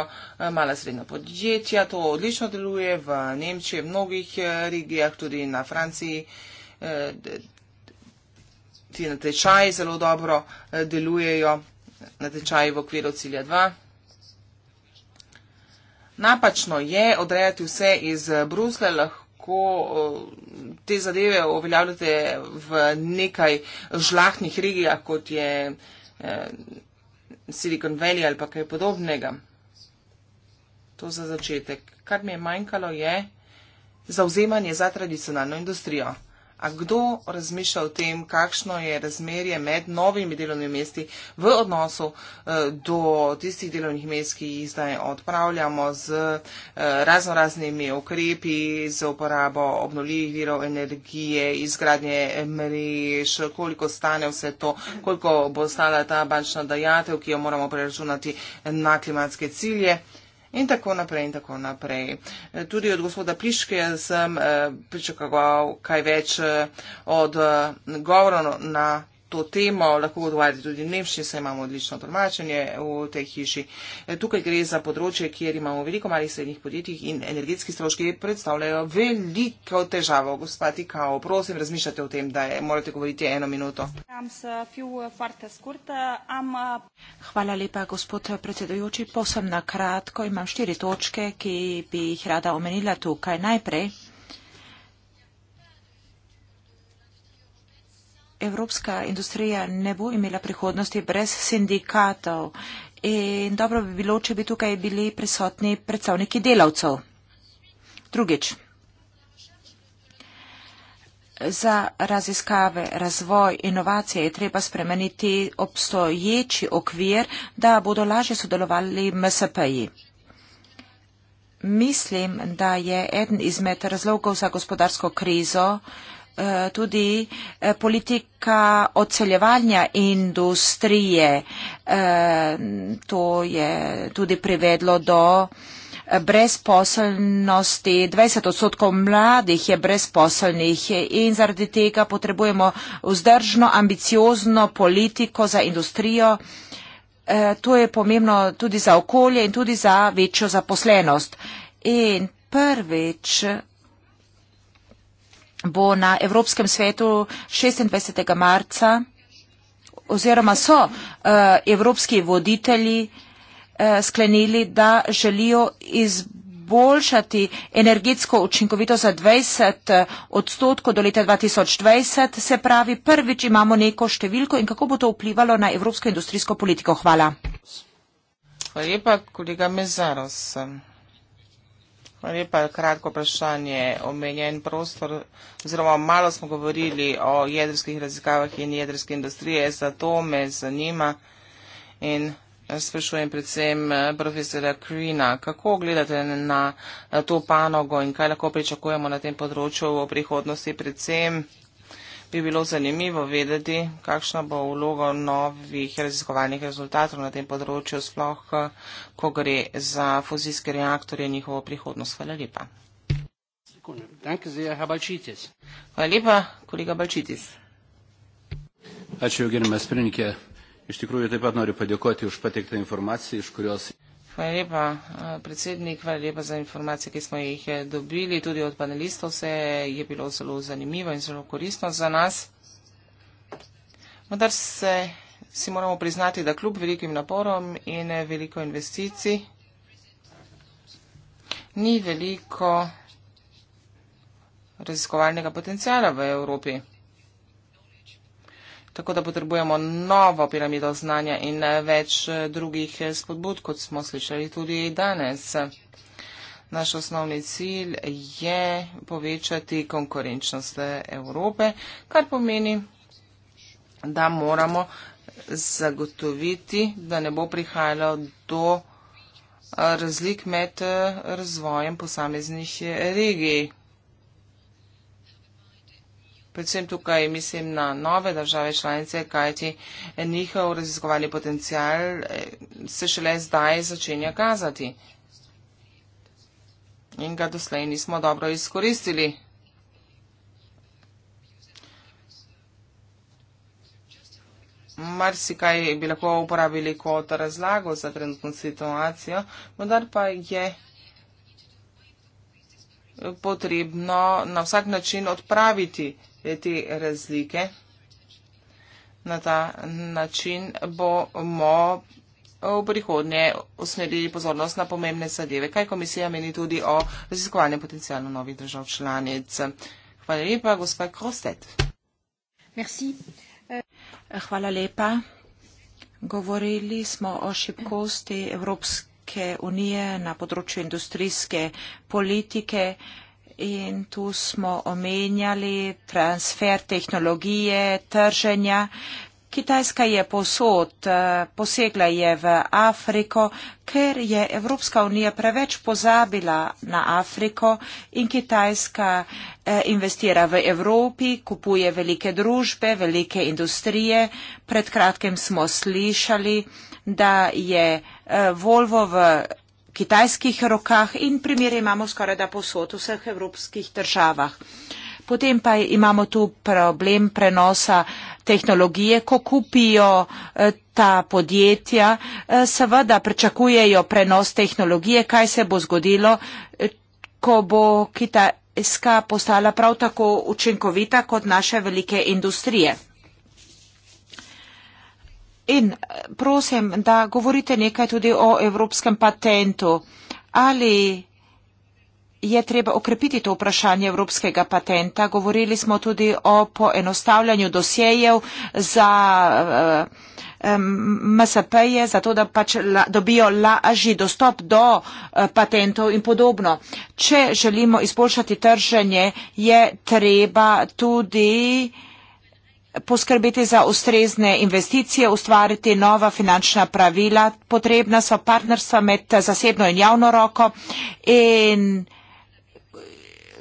mala srednja podjetja. To odlično deluje v Nemčiji, v mnogih regijah, tudi na Franciji. Ti natečaji zelo dobro delujejo, natečaji v okviru cilja 2. Napačno je odrejati vse iz Brusle, lahko te zadeve uveljavljate v nekaj žlahnih regijah, kot je e, Silicon Valley ali pa kaj podobnega. To za začetek. Kar mi je manjkalo je zauzemanje za tradicionalno industrijo. A kdo razmišlja o tem, kakšno je razmerje med novimi delovnimi mesti v odnosu eh, do tistih delovnih mest, ki jih zdaj odpravljamo z eh, razno raznimi ukrepi, z uporabo obnoljivih virov energije, izgradnje mrež, koliko stane vse to, koliko bo stala ta bančna dajatev, ki jo moramo preračunati na klimatske cilje. In tako naprej in tako naprej. E, tudi od gospoda Piške sem e, pričakoval kaj več e, od govorov na to temo, lahko odvajate tudi v Nemščini, saj imamo odlično tolmačenje v tej hiši. E, tukaj gre za področje, kjer imamo veliko malih srednjih podjetij in energetski stroški predstavljajo veliko težavo. Gospa Tikao, prosim, razmišljate o tem, da je, morate govoriti eno minuto. Uh, uh, Hvala lepa, gospod predsedujoči. Posem na kratko imam štiri točke, ki bi jih rada omenila tukaj najprej. evropska industrija ne bo imela prihodnosti brez sindikatov. In dobro bi bilo, če bi tukaj bili prisotni predstavniki delavcev. Drugič. Za raziskave, razvoj, inovacije je treba spremeniti obstoječi okvir, da bodo lažje sodelovali MSP-ji. Mislim, da je eden izmed razlogov za gospodarsko krizo, Eh, tudi eh, politika odseljevanja industrije. Eh, to je tudi privedlo do brezposelnosti. 20 odstotkov mladih je brezposelnih in zaradi tega potrebujemo vzdržno, ambiciozno politiko za industrijo. To je pomembno tudi za okolje in tudi za večjo zaposlenost. In prvič bo na Evropskem svetu 26. marca oziroma so uh, evropski voditelji uh, sklenili, da želijo izboljšati energetsko učinkovitost za 20 eh, odstotkov do leta 2020. Se pravi, prvič imamo neko številko in kako bo to vplivalo na evropsko industrijsko politiko. Hvala. Hvala lepa, kolega Mezaros. Hvala lepa. Kratko vprašanje. Omenjen prostor, oziroma malo smo govorili o jedrskih raziskavah in jedrske industrije, zato me zanima in sprašujem predvsem eh, profesora Krina, kako gledate na eh, to panogo in kaj lahko pričakujemo na tem področju v prihodnosti, predvsem bi bilo zanimivo vedeti, kakšna bo vloga novih raziskovalnih rezultatov na tem področju, sploh ko gre za fuzijske reaktorje in njihovo prihodnost. Hvala lepa. Hvala lepa, kolega Balčitis. Ačiū gerbiamas pirmininkė. Iš tikrųjų taip pat noriu padėkoti už pateiktą informaciją, iš kurios. Hvala lepa, eh, predsednik. Hvala lepa za informacije, ki smo jih eh, dobili. Tudi od panelistov se je bilo zelo zanimivo in zelo koristno za nas. Vendar se, si moramo priznati, da kljub velikim naporom in eh, veliko investicij ni veliko raziskovalnega potencijala v Evropi. Tako da potrebujemo novo piramido znanja in več eh, drugih eh, spodbud, kot smo slišali tudi danes. Naš osnovni cilj je povečati konkurenčnost eh, Evrope, kar pomeni, da moramo zagotoviti, da ne bo prihajalo do razlik med razvojem posameznih regij predvsem tukaj mislim na nove države članice, kajti njihov raziskovalni potencial eh, se šele zdaj začenja kazati in ga doslej nismo dobro izkoristili. Mar si kaj bi lahko uporabili kot razlago za trenutno situacijo, vendar pa je potrebno na vsak način odpraviti te razlike. Na ta način bomo v prihodnje usmerili pozornost na pomembne zadeve, kaj komisija meni tudi o raziskovanju potencijalno novih držav članic. Hvala lepa, gospa Krostet. Merci. Eh, hvala lepa. Govorili smo o šibkosti Evropske unije na področju industrijske politike in tu smo omenjali transfer tehnologije, trženja. Kitajska je posod, eh, posegla je v Afriko, ker je Evropska unija preveč pozabila na Afriko in Kitajska eh, investira v Evropi, kupuje velike družbe, velike industrije. Pred kratkim smo slišali, da je eh, Volvo v kitajskih rokah in primere imamo skoraj da posod v vseh evropskih državah. Potem pa imamo tu problem prenosa tehnologije, ko kupijo eh, ta podjetja, eh, seveda pričakujejo prenos tehnologije, kaj se bo zgodilo, eh, ko bo Kitajska postala prav tako učinkovita kot naše velike industrije. In eh, prosim, da govorite nekaj tudi o evropskem patentu. Ali je treba okrepiti to vprašanje evropskega patenta? Govorili smo tudi o poenostavljanju dosjejev za eh, MSP-je, zato da pač la, dobijo lažji dostop do eh, patentov in podobno. Če želimo izboljšati trženje, je treba tudi poskrbeti za ustrezne investicije, ustvariti nova finančna pravila, potrebna so partnerstva med zasebno in javno roko in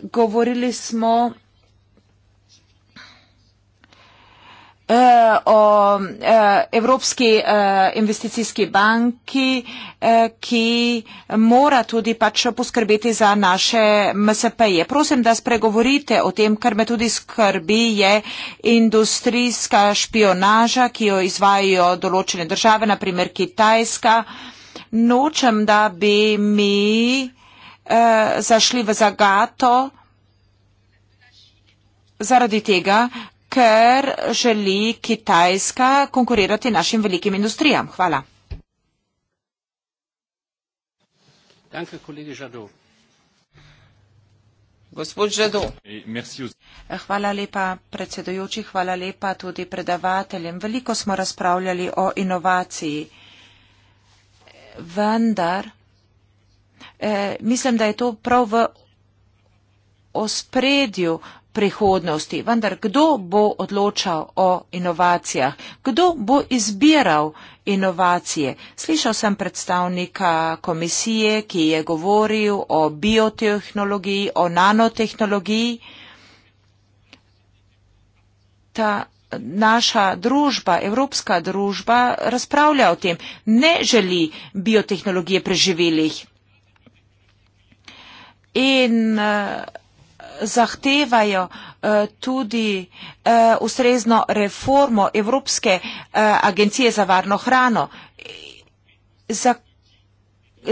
govorili smo o e, Evropski e, investicijski banki, e, ki mora tudi pač poskrbeti za naše MSP-je. Prosim, da spregovorite o tem, kar me tudi skrbi, je industrijska špionaža, ki jo izvajajo določene države, naprimer Kitajska. Nočem, da bi mi zašli v zagato zaradi tega, ker želi Kitajska konkurirati našim velikim industrijam. Hvala. Eh, hvala lepa predsedujoči, hvala lepa tudi predavateljem. Veliko smo razpravljali o inovaciji, vendar eh, mislim, da je to prav v ospredju prihodnosti. Vendar kdo bo odločal o inovacijah? Kdo bo izbiral inovacije? Slišal sem predstavnika komisije, ki je govoril o biotehnologiji, o nanotehnologiji. Ta naša družba, evropska družba razpravlja o tem. Ne želi biotehnologije preživelih. In uh, zahtevajo eh, tudi eh, ustrezno reformo Evropske eh, agencije za varno hrano. Za,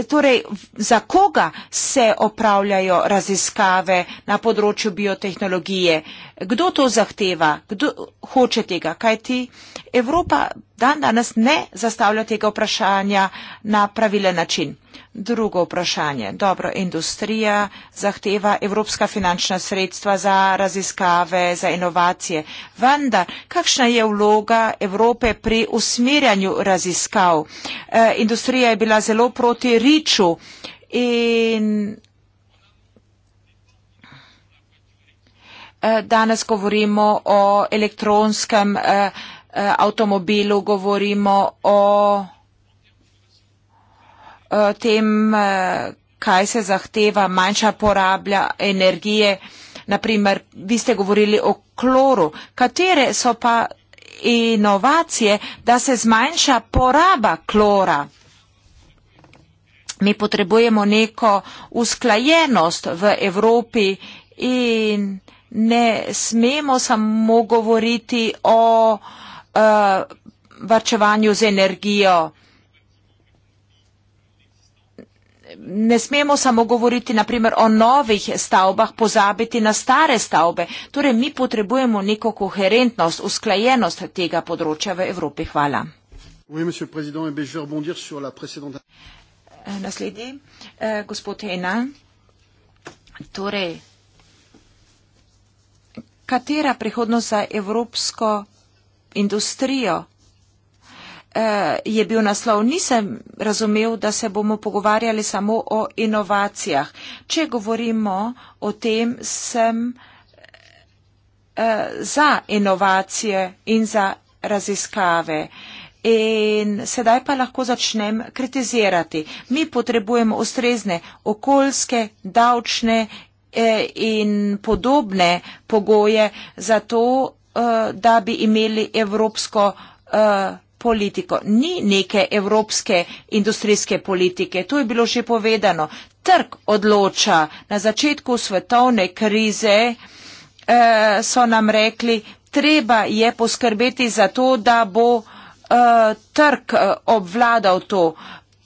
torej, za koga se opravljajo raziskave na področju biotehnologije? Kdo to zahteva? Kdo hoče tega? Kaj ti Evropa dan danes ne zastavlja tega vprašanja na pravilen način? Drugo vprašanje. Dobro, industrija zahteva evropska finančna sredstva za raziskave, za inovacije. Vendar, kakšna je vloga Evrope pri usmerjanju raziskav? E, industrija je bila zelo proti riču in. E, danes govorimo o elektronskem eh, avtomobilu, govorimo o. Eh, tem, eh, kaj se zahteva, manjša porablja energije. Naprimer, vi ste govorili o kloru. Katere so pa inovacije, da se zmanjša poraba klora? Mi potrebujemo neko usklajenost v Evropi in ne smemo samo govoriti o uh, varčevanju z energijo. Uh, ne smemo samo govoriti naprimer o novih stavbah, pozabiti na stare stavbe. Torej, mi potrebujemo neko koherentnost, usklajenost tega področja v Evropi. Hvala. Oui, eh eh, Naslednji, eh, gospod Ena, torej, katera prihodnost za evropsko industrijo Eh, je bil naslov. Nisem razumel, da se bomo pogovarjali samo o inovacijah. Če govorimo o tem, sem eh, za inovacije in za raziskave. In sedaj pa lahko začnem kritizirati. Mi potrebujemo ustrezne okoljske, davčne eh, in podobne pogoje za to, da bi imeli evropsko politiko, ni neke evropske industrijske politike, to je bilo že povedano. Trg odloča na začetku svetovne krize, eh, so nam rekli, treba je poskrbeti za to, da bo eh, trg eh, obvladal to.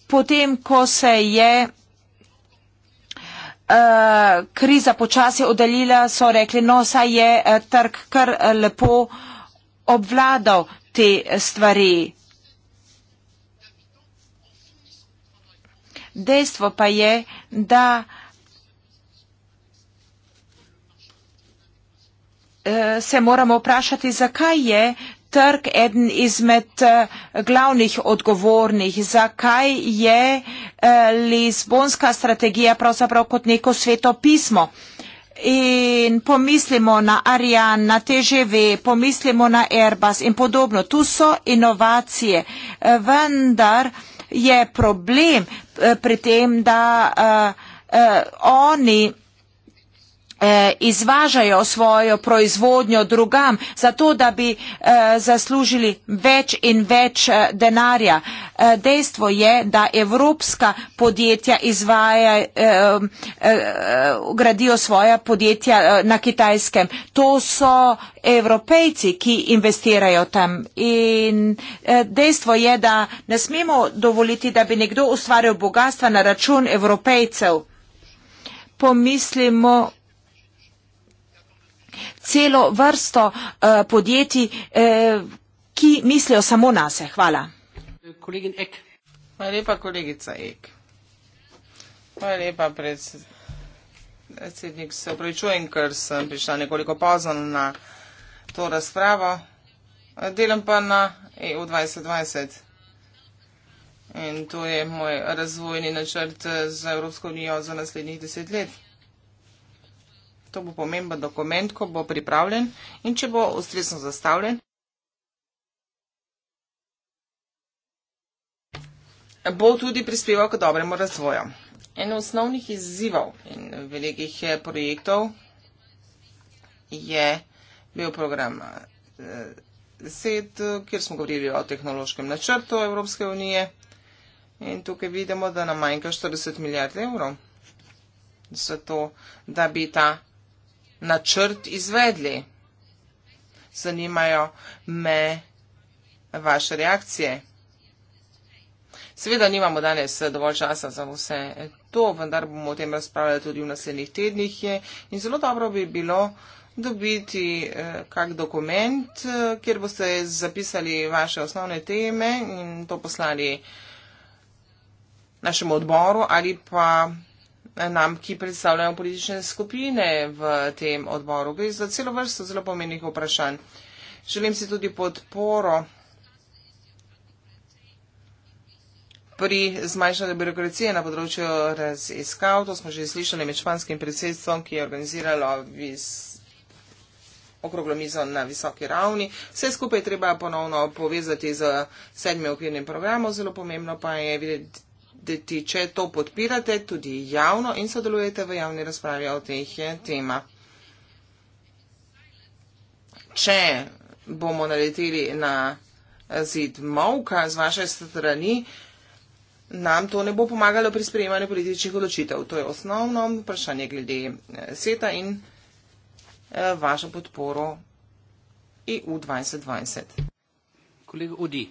Potem, ko se je kriza počasi oddaljila, so rekli, no, saj je trg kar lepo obvladal te stvari. Dejstvo pa je, da eh, se moramo vprašati, zakaj je trg eden izmed eh, glavnih odgovornih, zakaj je eh, Lizbonska strategija pravzaprav kot neko sveto pismo in pomislimo na Ariane, na TGV, pomislimo na Airbus in podobno. Tu so inovacije, eh, vendar je problem eh, pri tem, da uh, uh, oni Eh, izvažajo svojo proizvodnjo drugam, zato da bi eh, zaslužili več in več eh, denarja. Dejstvo je, da evropska podjetja izvaja, gradijo svoja podjetja na kitajskem. To so evropejci, ki investirajo tam. In dejstvo je, da ne smemo dovoliti, da bi nekdo ustvarjal bogatstva na račun evropejcev. Pomislimo, celo vrsto uh, podjetij, uh, ki mislijo samo na se. Hvala. Kolegin Ek. Hvala lepa, kolegica Ek. Hvala lepa, predsednik. Se opravičujem, ker sem prišla nekoliko pozno na to razpravo. Delam pa na EU 2020. In to je moj razvojni načrt za Evropsko unijo za naslednjih deset let. To bo pomemben dokument, ko bo pripravljen in če bo ustrezno zastavljen. bo tudi prispeval k dobremu razvoju. En osnovnih izzivov in velikih eh, projektov je bil program SED, eh, kjer smo govorili o tehnološkem načrtu Evropske unije in tukaj vidimo, da nam manjka 40 milijard evrov za to, da bi ta načrt izvedli. Zanimajo me vaše reakcije. Seveda nimamo danes dovolj časa za vse to, vendar bomo o tem razpravljali tudi v naslednjih tednih. Je. In zelo dobro bi bilo dobiti eh, kak dokument, eh, kjer boste zapisali vaše osnovne teme in to poslali našemu odboru ali pa nam, ki predstavljajo politične skupine v tem odboru. Gre za celo vrsto zelo pomenih vprašanj. Želim si tudi podporo pri zmanjšanju birokracije na področju raziskav. To smo že slišali med španskim predsedstvom, ki je organiziralo vis okroglo mizo na visoki ravni. Vse skupaj treba ponovno povezati z sedmim okvirnim programom. Zelo pomembno pa je videti videti, če to podpirate tudi javno in sodelujete v javni razpravi o teh eh, tema. Če bomo naleteli na zid mavka z vaše strani, nam to ne bo pomagalo pri sprejemanju političnih odločitev. To je osnovno vprašanje glede eh, SETA in eh, vašo podporo EU 2020. Kolega Udi.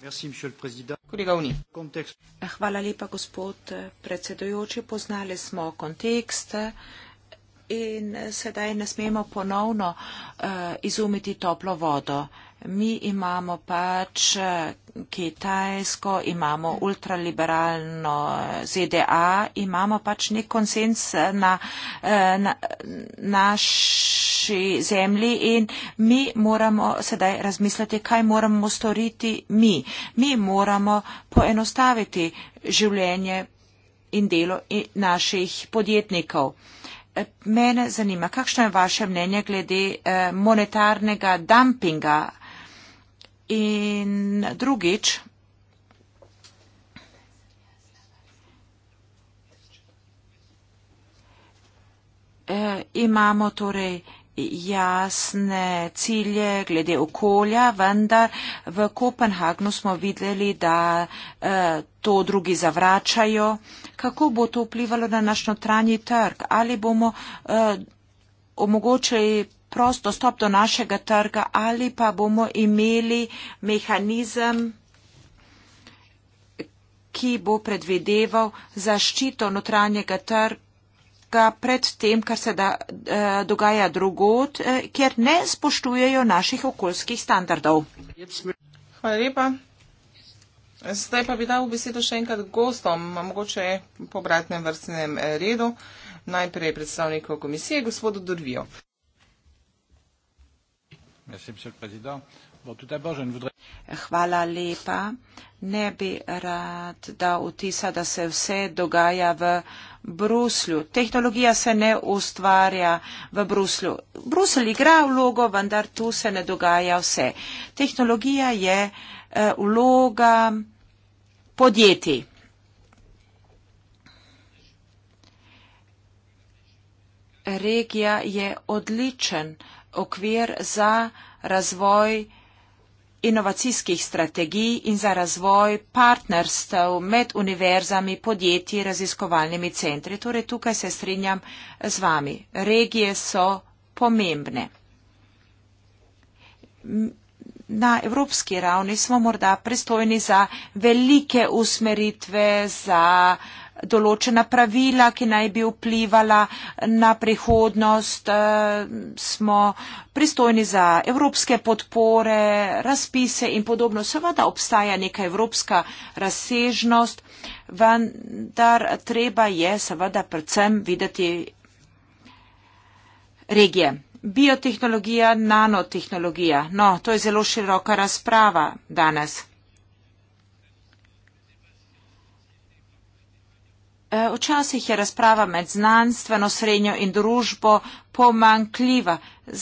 Merci, monsieur le président kolega Uni. Kontekst. Hvala lepa, gospod eh, predsedujoči. Poznali smo kontekst. Eh, in eh, sedaj ne smemo ponovno uh, izumiti toplo vodo. Mi imamo pač eh, Kitajsko, imamo ultraliberalno eh, ZDA, imamo pač nek konsens eh, na, na naši zemlji in mi moramo sedaj razmisliti, kaj moramo storiti mi. Mi moramo poenostaviti življenje in delo naših podjetnikov. Mene zanima, kakšno je vaše mnenje glede monetarnega dumpinga? In drugič, eh, imamo torej jasne cilje glede okolja, vendar v Kopenhagnu smo videli, da eh, to drugi zavračajo. Kako bo to vplivalo na naš notranji trg? Ali bomo eh, omogočili prost dostop do našega trga ali pa bomo imeli mehanizem, ki bo predvideval zaščito notranjega trga pred tem, kar se da, eh, dogaja drugot, eh, kjer ne spoštujejo naših okoljskih standardov. Hvala lepa. Zdaj pa bi dal besedo še enkrat gostom, mogoče po obratnem vrstnem eh, redu. Najprej predstavnikov komisije, gospodu Durvijo. Hvala lepa. Ne bi rad dal vtisa, da se vse dogaja v Bruslju. Tehnologija se ne ustvarja v Bruslju. Brusel igra vlogo, vendar tu se ne dogaja vse. Tehnologija je eh, vloga podjetij. Regija je odličen okvir za razvoj inovacijskih strategij in za razvoj partnerstv med univerzami, podjetji, raziskovalnimi centri. Torej, tukaj se strinjam z vami. Regije so pomembne. Na evropski ravni smo morda pristojni za velike usmeritve, za uh, določena pravila, ki naj bi vplivala na prihodnost. Eh, smo pristojni za evropske podpore, razpise in podobno. Seveda obstaja neka evropska razsežnost, vendar treba je seveda predvsem videti regije. Biotehnologija, nanotehnologija. No, to je zelo široka razprava danes. Eh, včasih je razprava med znanstveno, srednjo in družbo pomankljiva.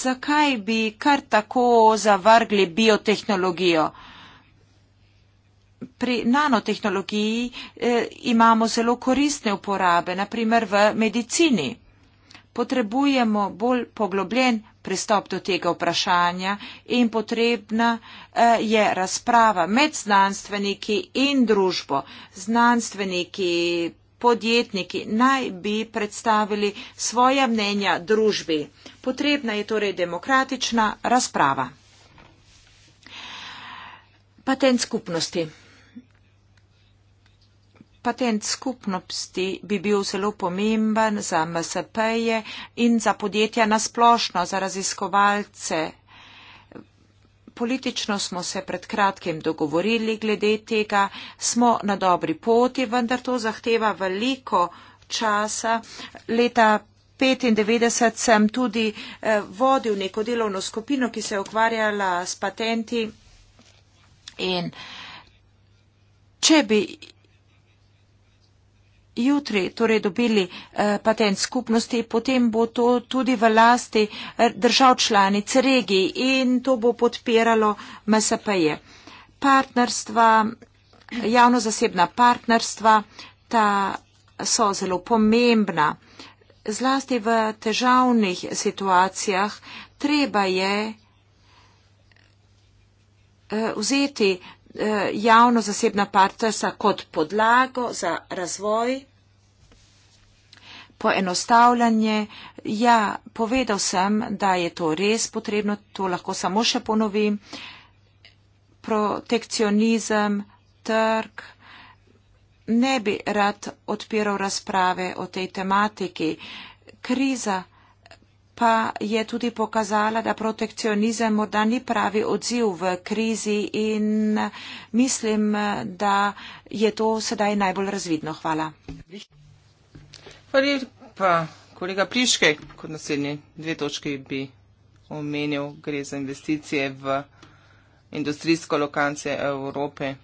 Zakaj bi kar tako zavrgli biotehnologijo? Pri nanotehnologiji eh, imamo zelo koristne uporabe, naprimer v medicini. Potrebujemo bolj poglobljen pristop do tega vprašanja in potrebna eh, je razprava med znanstveniki in družbo. Znanstveniki podjetniki naj bi predstavili svoja mnenja družbi. Potrebna je torej demokratična razprava. Patent skupnosti. Patent skupnosti bi bil zelo pomemben za MSP-je in za podjetja nasplošno, za raziskovalce politično smo se pred kratkim dogovorili glede tega, smo na dobri poti, vendar to zahteva veliko časa. Leta 1995 sem tudi eh, vodil neko delovno skupino, ki se je ukvarjala s patenti in če bi jutri torej dobili eh, patent skupnosti, potem bo to tudi v lasti eh, držav članic regij in to bo podpiralo MSP-je. Partnerstva, javno-zasebna partnerstva, ta so zelo pomembna. Zlasti v težavnih situacijah treba je eh, vzeti Eh, javno-zasebna partnerstva kot podlago za razvoj, poenostavljanje. Ja, povedal sem, da je to res potrebno, to lahko samo še ponovim. Protekcionizem, trg. Ne bi rad odpiral razprave o tej tematiki. Kriza pa je tudi pokazala, da protekcionizem morda ni pravi odziv v krizi in mislim, da je to sedaj najbolj razvidno. Hvala. Hvala pa kolega Priške, kot naslednji dve točki bi omenil, gre za investicije v industrijsko lokacije Evrope.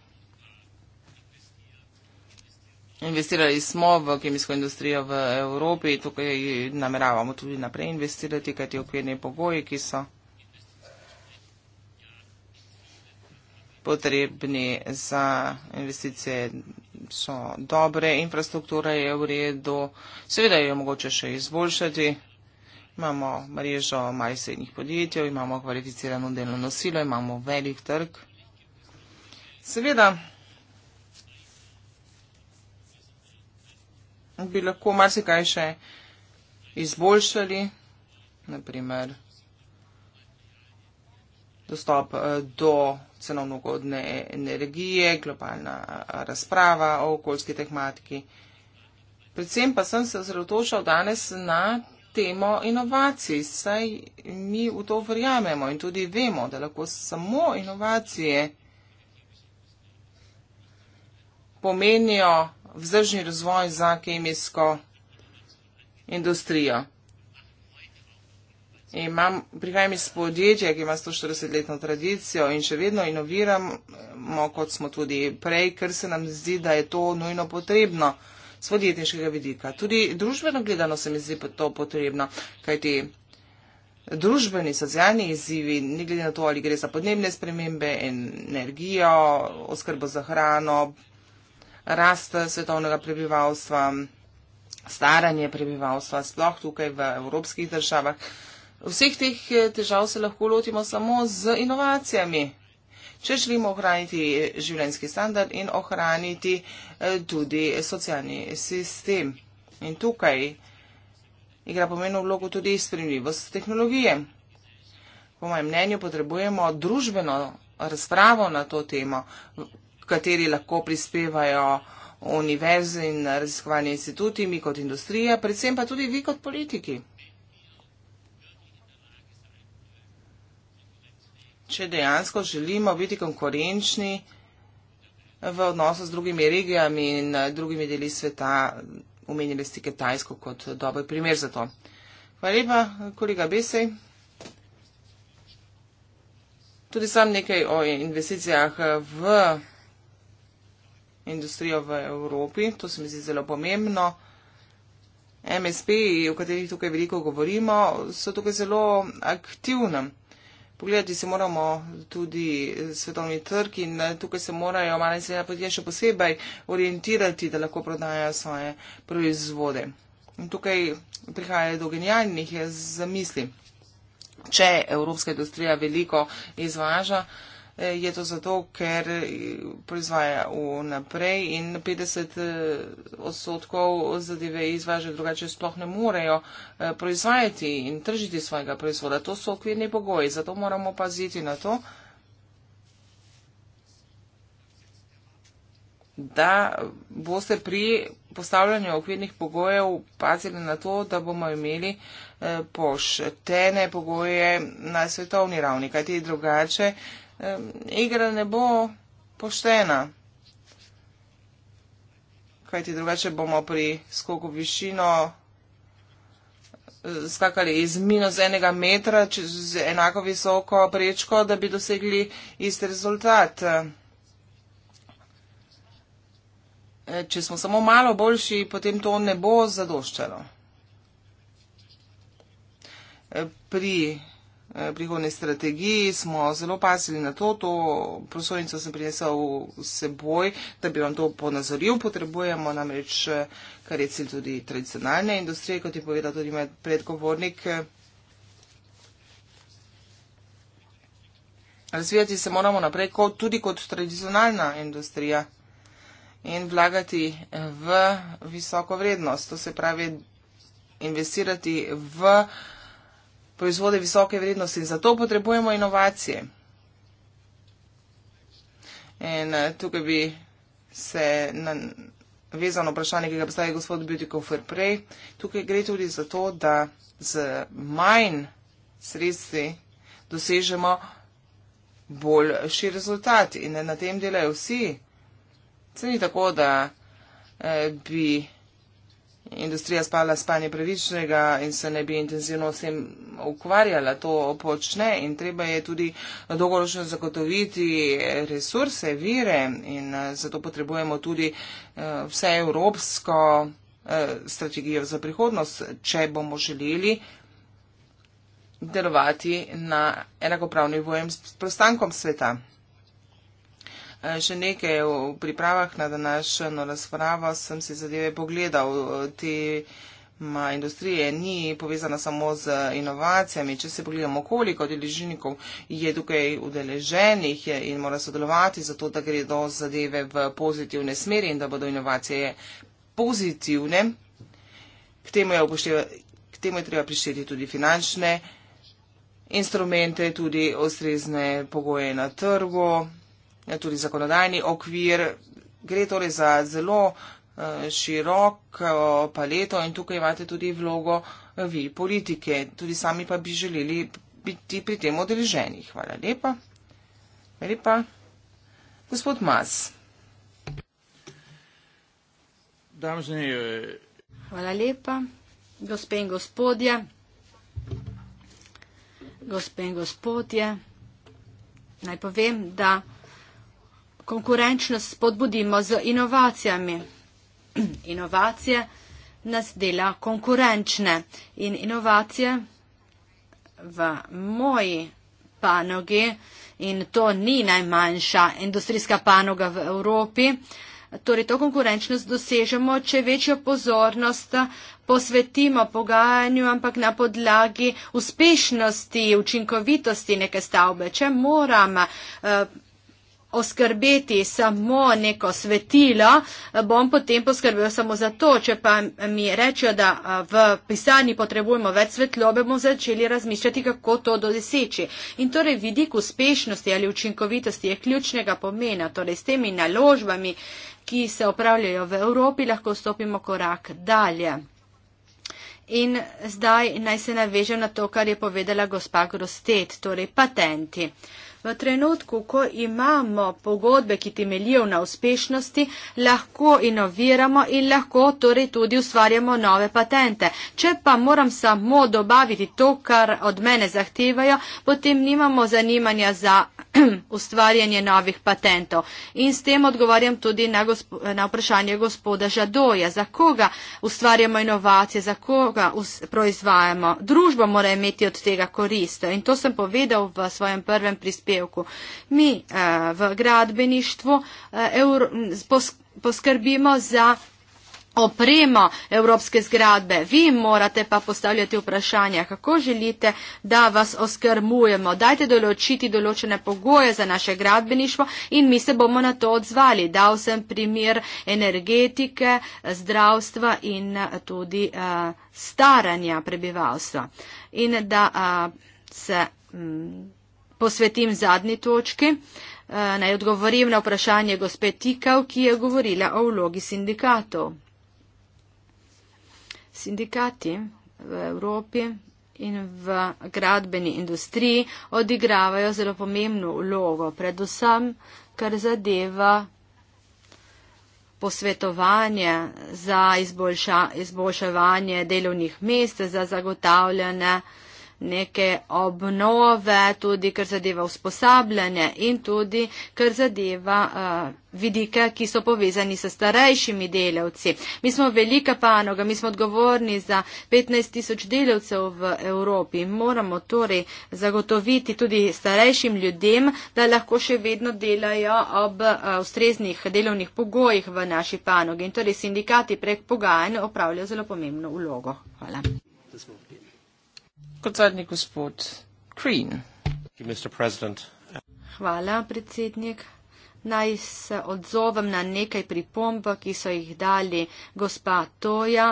Investirali smo v kemijsko industrijo v Evropi, tukaj nameravamo tudi naprej investirati, kaj ti okvirni pogoji, ki so potrebni za investicije, so dobre, infrastruktura je v redu, seveda jo mogoče še izboljšati. Imamo mrežo malih srednjih podjetij, imamo kvalificirano delovno silo, imamo velik trg. Seveda, bi lahko marsikaj še izboljšali, naprimer dostop eh, do cenovno ugodne energije, globalna eh, razprava o okoljski tematiki. Predvsem pa sem se zrotočal danes na temo inovacij, saj mi v to verjamemo in tudi vemo, da lahko samo inovacije pomenijo vzdržni razvoj za kemijsko industrijo. Imam, prihajam iz podjetja, ki ima 140-letno tradicijo in še vedno inoviramo, kot smo tudi prej, ker se nam zdi, da je to nujno potrebno s podjetniškega vidika. Tudi družbeno gledano se mi zdi pa to potrebno, kajti družbeni, socialni izzivi, ne glede na to, ali gre za podnebne spremembe, energijo, oskrbo za hrano, rast svetovnega prebivalstva, staranje prebivalstva, sploh tukaj v evropskih državah. Vseh teh eh, težav se lahko lotimo samo z inovacijami, če želimo ohraniti eh, življenski standard in ohraniti eh, tudi socialni sistem. In tukaj igra pomeno vlogo tudi spremljivost tehnologije. Po mojem mnenju potrebujemo družbeno razpravo na to temo, kateri lahko prispevajo univerze in raziskovanje instituti, mi kot industrija, predvsem pa tudi vi kot politiki. Če dejansko želimo biti konkurenčni v odnosu z drugimi regijami in eh, drugimi deli sveta, omenili ste Kitajsko kot dober primer za to. Hvala lepa, kolega Besej. Tudi sam nekaj o investicijah v industrijo v Evropi. To se mi zdi zelo pomembno. MSP, o katerih tukaj veliko govorimo, so tukaj zelo aktivne. Pogledati se moramo tudi svetovni trg in eh, tukaj se morajo male in srednje podjetja še posebej orientirati, da lahko prodajajo svoje proizvode. In tukaj prihaja do genialnih eh, zamisli. Če evropska industrija veliko izvaža, Eh, je to zato, ker eh, proizvaja vnaprej in 50 eh, odstotkov zadeve izvaža, drugače sploh ne morejo proizvajati in tržiti svojega proizvoda. To so okvirni pogoji, zato moramo paziti na to, da boste pri postavljanju okvirnih pogojev pazili na to, da bomo imeli poštene pogoje na svetovni ravni, kajti drugače eh, igra ne bo poštena. Kaj ti drugače bomo pri skoku višino eh, skakali iz minus enega metra, čez enako visoko prečko, da bi dosegli isti rezultat. Eh, če smo samo malo boljši, potem to ne bo zadoščalo. Eh, pri Eh, prihodnej strategiji, smo zelo pasili na to, to prosojnico sem prinesel seboj, da bi vam to ponazoril, potrebujemo namreč, eh, kar je cilj tudi tradicionalne industrije, kot je povedal tudi med predgovornik. Razvijati se moramo naprej kot, tudi kot tradicionalna industrija in vlagati v visoko vrednost, to se pravi investirati v uh, proizvode visoke vrednosti in zato potrebujemo inovacije. In eh, tukaj bi se navezano vprašanje, ki ga postavi gospod Beautiful prej, tukaj gre tudi za to, da z manj sredstvi dosežemo boljši rezultat. In eh, na tem delajo vsi. Se ni tako, da eh, bi industrija spala spanje pravičnega in se ne bi intenzivno s tem ukvarjala, to počne in treba je tudi dolgoročno zagotoviti resurse, vire in eh, zato potrebujemo tudi eh, vse evropsko eh, strategijo za prihodnost, če bomo želeli delovati na enakopravni vojem s prostankom sveta. Že nekaj v pripravah na današnjo razpravo sem si zadeve pogledal. Tema industrije ni povezana samo z inovacijami. Če se pogledamo, koliko deležnikov je tukaj udeleženih in mora sodelovati za to, da gre do zadeve v pozitivne smeri in da bodo inovacije pozitivne, k temu je, upošteva, k temu je treba prišteti tudi finančne instrumente, tudi ostrezne pogoje na trgu. Ja, tudi zakonodajni okvir. Gre torej za zelo eh, široko paleto in tukaj imate tudi vlogo eh, vi, politike. Tudi sami pa bi želeli biti pri tem odreženi. Hvala lepa. lepa. Gospod Mas. Eh, Hvala lepa, gospe in gospodje. Gospe in gospodje, naj povem, da konkurenčnost spodbudimo z inovacijami. Inovacije nas dela konkurenčne in inovacije v moji panogi in to ni najmanjša industrijska panoga v Evropi. Torej, to konkurenčnost dosežemo, če večjo pozornost posvetimo pogajanju, ampak na podlagi uspešnosti, učinkovitosti neke stavbe. Če moram eh, oskrbeti samo neko svetilo, bom potem poskrbel samo za to. Če pa mi rečejo, da v pisanji potrebujemo več svetlobe, bomo začeli razmišljati, kako to doseči. In torej vidik uspešnosti ali učinkovitosti je ključnega pomena. Torej s temi naložbami, ki se opravljajo v Evropi, lahko stopimo korak dalje. In zdaj naj se navežem na to, kar je povedala gospa Grostet, torej patenti. Uh, V trenutku, ko imamo pogodbe, ki temeljijo na uspešnosti, lahko inoviramo in lahko torej tudi ustvarjamo nove patente. Če pa moram samo dobaviti to, kar od mene zahtevajo, potem nimamo zanimanja za ustvarjanje novih patentov. In s tem odgovarjam tudi na, na vprašanje gospoda Žadoja, za koga ustvarjamo inovacije, za koga proizvajamo. Družba mora imeti od tega koristo. In to sem povedal v svojem prvem prispevku prispevku. Mi eh, v gradbeništvu eh, poskrbimo za opremo evropske zgradbe. Vi morate pa postavljati vprašanja, kako želite, da vas oskrmujemo. Dajte določiti določene pogoje za naše gradbeništvo in mi se bomo na to odzvali. Dal sem primer energetike, zdravstva in eh, tudi uh, staranja prebivalstva. In da uh, se. Um, posvetim zadnji točki. Eh, naj odgovorim na vprašanje gospe Tikav, ki je govorila o vlogi sindikatov. Sindikati v Evropi in v gradbeni industriji odigravajo zelo pomembno vlogo, predvsem kar zadeva posvetovanje za izboljša, izboljševanje delovnih mest, za zagotavljanje uh, neke obnove, tudi kar zadeva usposabljanje in tudi kar zadeva uh, vidike, ki so povezani s starejšimi delavci. Mi smo velika panoga, mi smo odgovorni za 15 tisoč delavcev v Evropi in moramo torej zagotoviti tudi starejšim ljudem, da lahko še vedno delajo ob uh, ustreznih delovnih pogojih v naši panogi. In torej sindikati prek pogajanj opravljajo zelo pomembno ulogo. Hvala. Da smo v pitanju kot zadnji gospod Green. Hvala, predsednik. Naj se odzovem na nekaj pripomb, ki so jih dali gospa Toja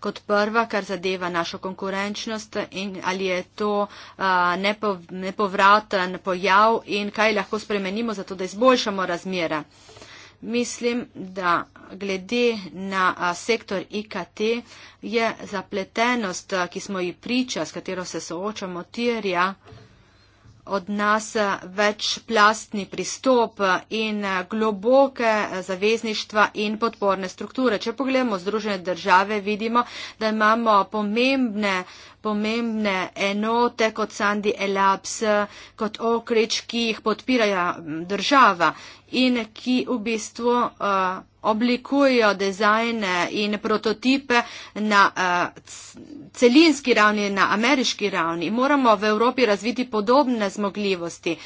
kot prva, kar zadeva našo konkurenčnost in ali je to a, nepov, nepovraten pojav in kaj lahko spremenimo, zato da izboljšamo razmere mislim, da glede na sektor IKT je zapletenost, ki smo ji priča, s katero se soočamo, terja od nas eh, večplastni pristop eh, in eh, globoke zavezništva in podporne strukture. Če pogledamo Združene države, vidimo, da imamo pomembne, pomembne enote kot Sandy Elaps, kot Okrič, ki jih podpirajo mm, država in ki v bistvu uh, oblikujejo dizajne in prototipe na uh, celinski ravni, na ameriški ravni. Moramo v Evropi razviti podobne zmogljivosti,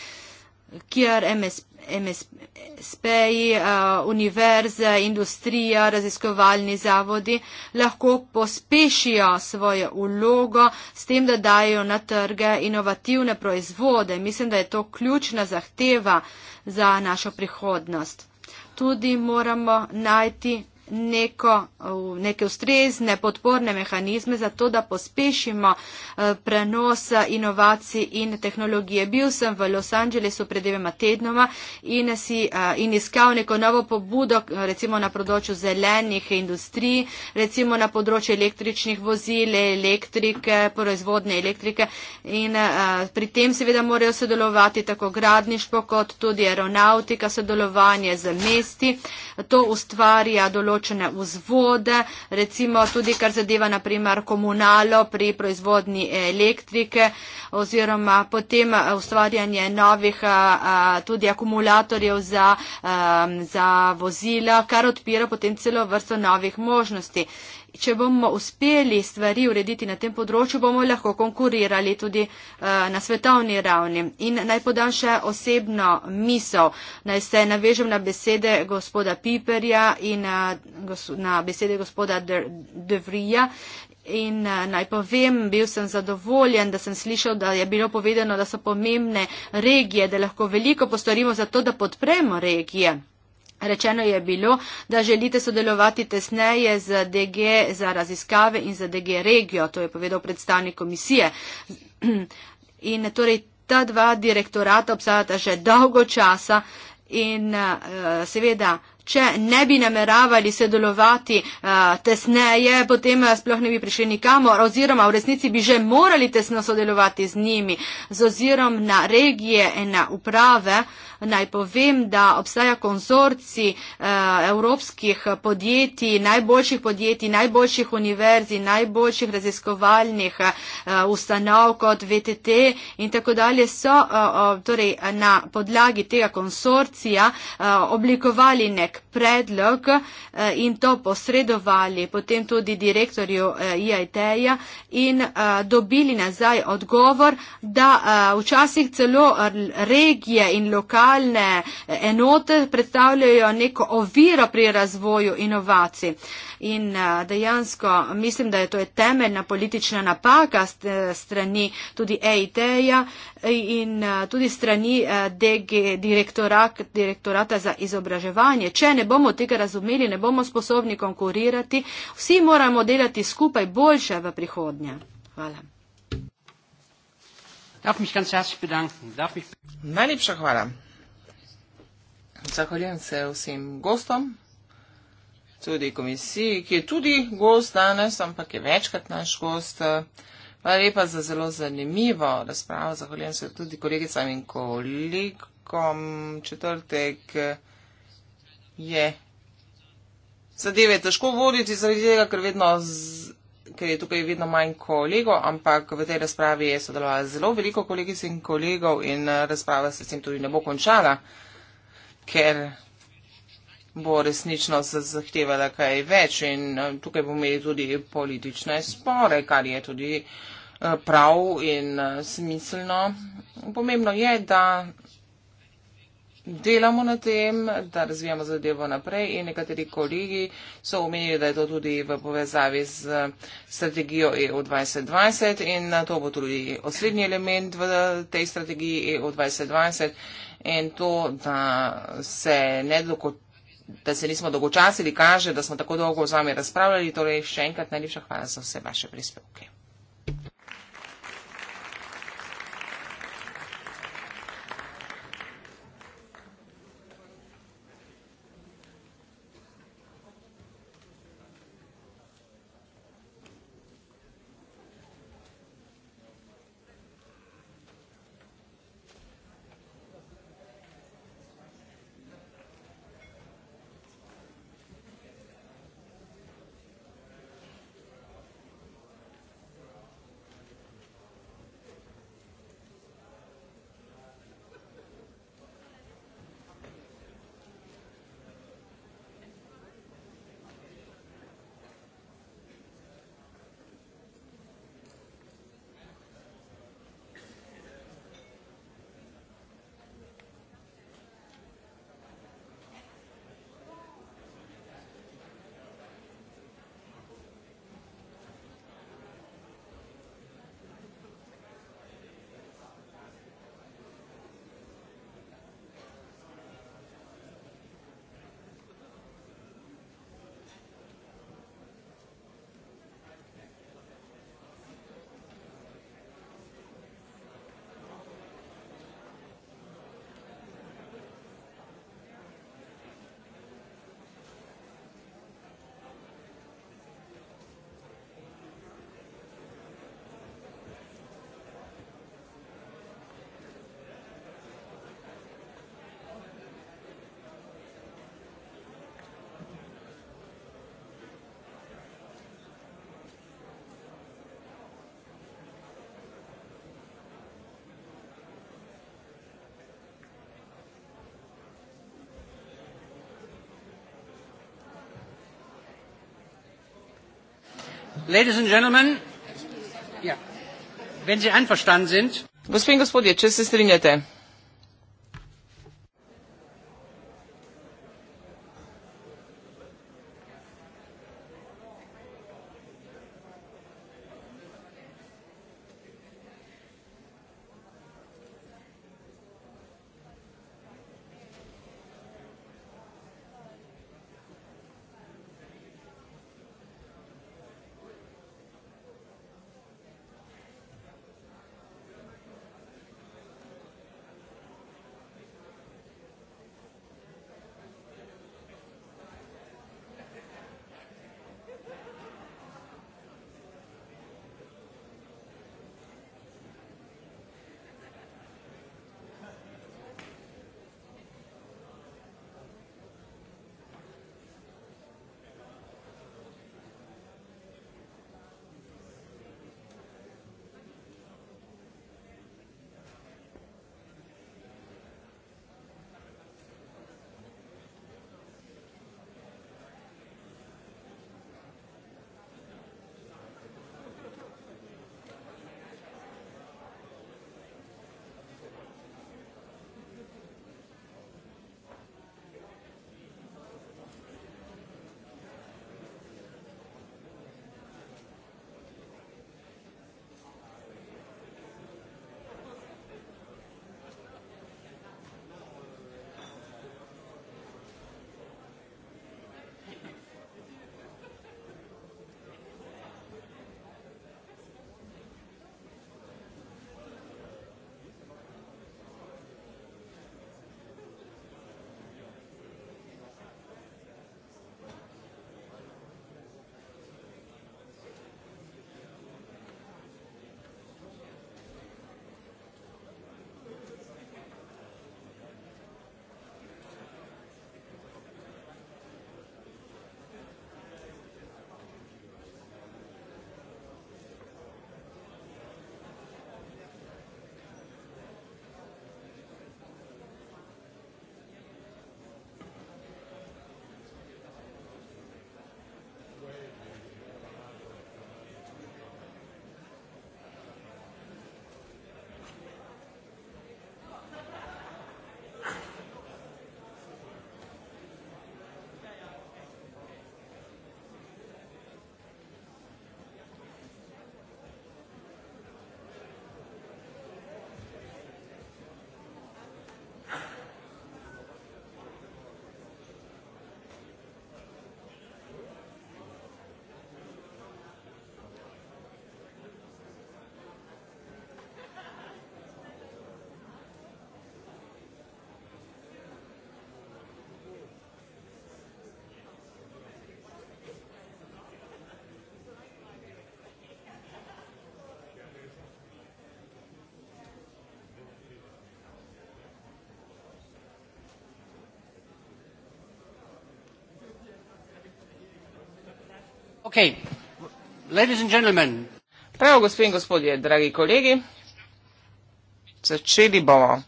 kjer MSP, MSP-ji, uh, eh, univerze, industrija, raziskovalni zavodi lahko pospešijo svojo ulogo s tem, da dajo na trge inovativne proizvode. Mislim, da je to ključna zahteva za našo prihodnost tudi moramo najti neko, neke ustrezne podporne mehanizme za to, da pospešimo eh, prenos eh, inovacij in tehnologije. Bil sem v Los Angelesu pred dvema tednoma in, si, eh, in iskal neko novo pobudo, recimo na področju zelenih industrij, recimo na področju električnih vozil, elektrike, proizvodne elektrike in pri tem seveda morajo sodelovati tako gradništvo kot tudi aeronautika, sodelovanje z mesti. To ustvarja določenje določene vzvode, recimo tudi kar zadeva naprimer komunalo pri proizvodni elektrike oziroma potem eh, ustvarjanje novih eh, eh, tudi akumulatorjev za, za vozila, kar odpira potem celo vrsto novih možnosti če bomo uspeli stvari urediti na tem področju, bomo lahko konkurirali tudi uh, na svetovni ravni. In naj podam še osebno misel, naj se navežem na besede gospoda Piperja in uh, gos na besede gospoda De Devrija. In eh, naj povem, bil sem zadovoljen, da sem slišal, da je bilo povedano, da so pomembne regije, da lahko veliko postorimo za to, da podpremo regije. Rečeno je bilo, da želite sodelovati tesneje z DG za raziskave in z DG regijo, to je povedal predstavnik komisije. In torej ta dva direktorata obstajata že dolgo časa in eh, seveda, če ne bi nameravali sodelovati eh, tesneje, potem eh, sploh ne bi prišli nikamor oziroma v resnici bi že morali tesno sodelovati z njimi, z ozirom na regije in na uprave naj povem, da obstaja konzorci eh, evropskih podjetij, najboljših podjetij, najboljših univerz, najboljših raziskovalnih eh, ustanov kot VTT in tako dalje so eh, torej, na podlagi tega konzorcija oblikovali nek predlog in to posredovali potem tudi direktorju IIT-ja in dobili nazaj odgovor, da včasih celo regije in lokalne lokalne enote predstavljajo neko oviro pri razvoju inovacij. In eh, dejansko mislim, da je to je temeljna politična napaka eh, strani tudi EIT-ja eh, in tudi strani DG direktorat, direktorata za izobraževanje. Če ne bomo tega razumeli, ne bomo sposobni konkurirati. Vsi moramo delati skupaj boljše v prihodnje. Hvala. Najlepša hvala. Zahvaljujem se vsem gostom, tudi komisiji, ki je tudi gost danes, ampak je večkrat naš gost. Hvala lepa za zelo zanimivo razpravo. Zahvaljujem se tudi kolegicam in kolikom. Četrtek je. Zadeve je težko voditi zaradi tega, ker, vedno z, ker je tukaj vedno manj kolegov, ampak v tej razpravi je sodelovalo zelo veliko kolegic in kolegov in eh, razprava se s tem tudi ne bo končala ker bo resnično se zahtevala kaj več in eh, tukaj bomo imeli tudi politične spore, kar je tudi eh, prav in eh, smiselno. Pomembno je, da delamo na tem, da razvijamo zadevo naprej in nekateri kolegi so omenili, da je to tudi v povezavi z strategijo EU 2020 in to bo tudi osrednji element v tej strategiji EU 2020 in to, da se, nedoko, da se nismo dolgočasili, kaže, da smo tako dolgo z vami razpravljali. Torej, še enkrat najlepša hvala za vse vaše prispevke. Ladies and gentlemen, yeah. Ja, wenn Sie einverstanden sind. Gospe in gospodje, če se strinjate. Okay. Ladies and gentlemen. Prav, gospod in gospodje, dragi kolegi, začeli bomo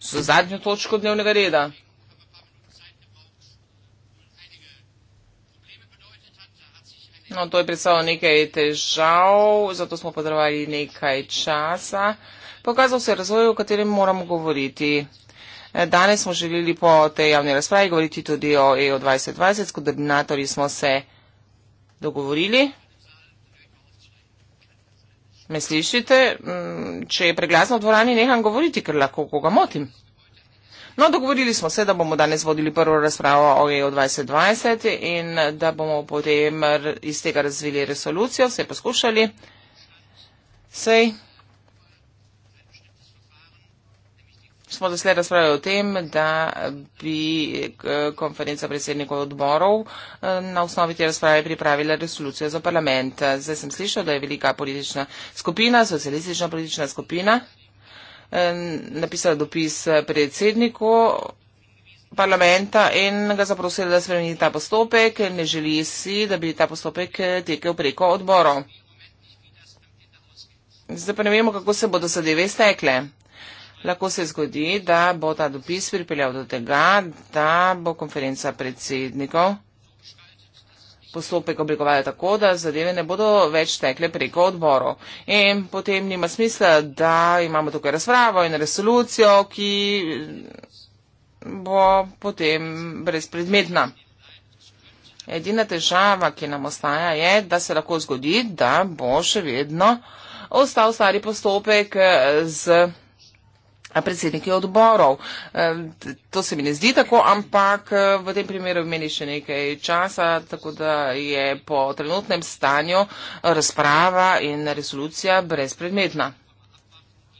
z zadnjo točko dnevnega reda. No, to je predstavljalo nekaj težav, zato smo podarovali nekaj časa. Pokazal se je razvoj, o katerem moramo govoriti. E, danes smo želeli po tej javni razpravi govoriti tudi o EU 2020, skoordinatorji smo se dogovorili. Me slišite, mm, če je preglasno v dvorani, neham govoriti, ker lahko koga motim. No, dogovorili smo se, da bomo danes vodili prvo razpravo o EU 2020 in da bomo potem iz tega razvili resolucijo, vse poskušali. Sej, smo doslej razpravljali o tem, da bi eh, konferenca predsednikov odborov eh, na osnovi te razprave pripravila resolucijo za parlament. Zdaj sem slišal, da je velika politična skupina, socialistična politična skupina, eh, napisala dopis predsedniku parlamenta in ga zaprosila, da spremeni ta postopek. Ne želi si, da bi ta postopek tekel preko odborov. Zdaj pa ne vemo, kako se bodo zadeve stekle lahko se zgodi, da bo ta dopis pripeljal do tega, da bo konferenca predsednikov postopek oblikovala tako, da zadeve ne bodo več tekle preko odborov. In potem nima smisla, da imamo tukaj razpravo in resolucijo, ki bo potem brezpredmetna. Edina težava, ki nam ostaja, je, da se lahko zgodi, da bo še vedno ostal stari postopek z predsedniki odborov. E, to se mi ne zdi tako, ampak e, v tem primeru meni še nekaj časa, tako da je po trenutnem stanju razprava in resolucija brezpredmetna.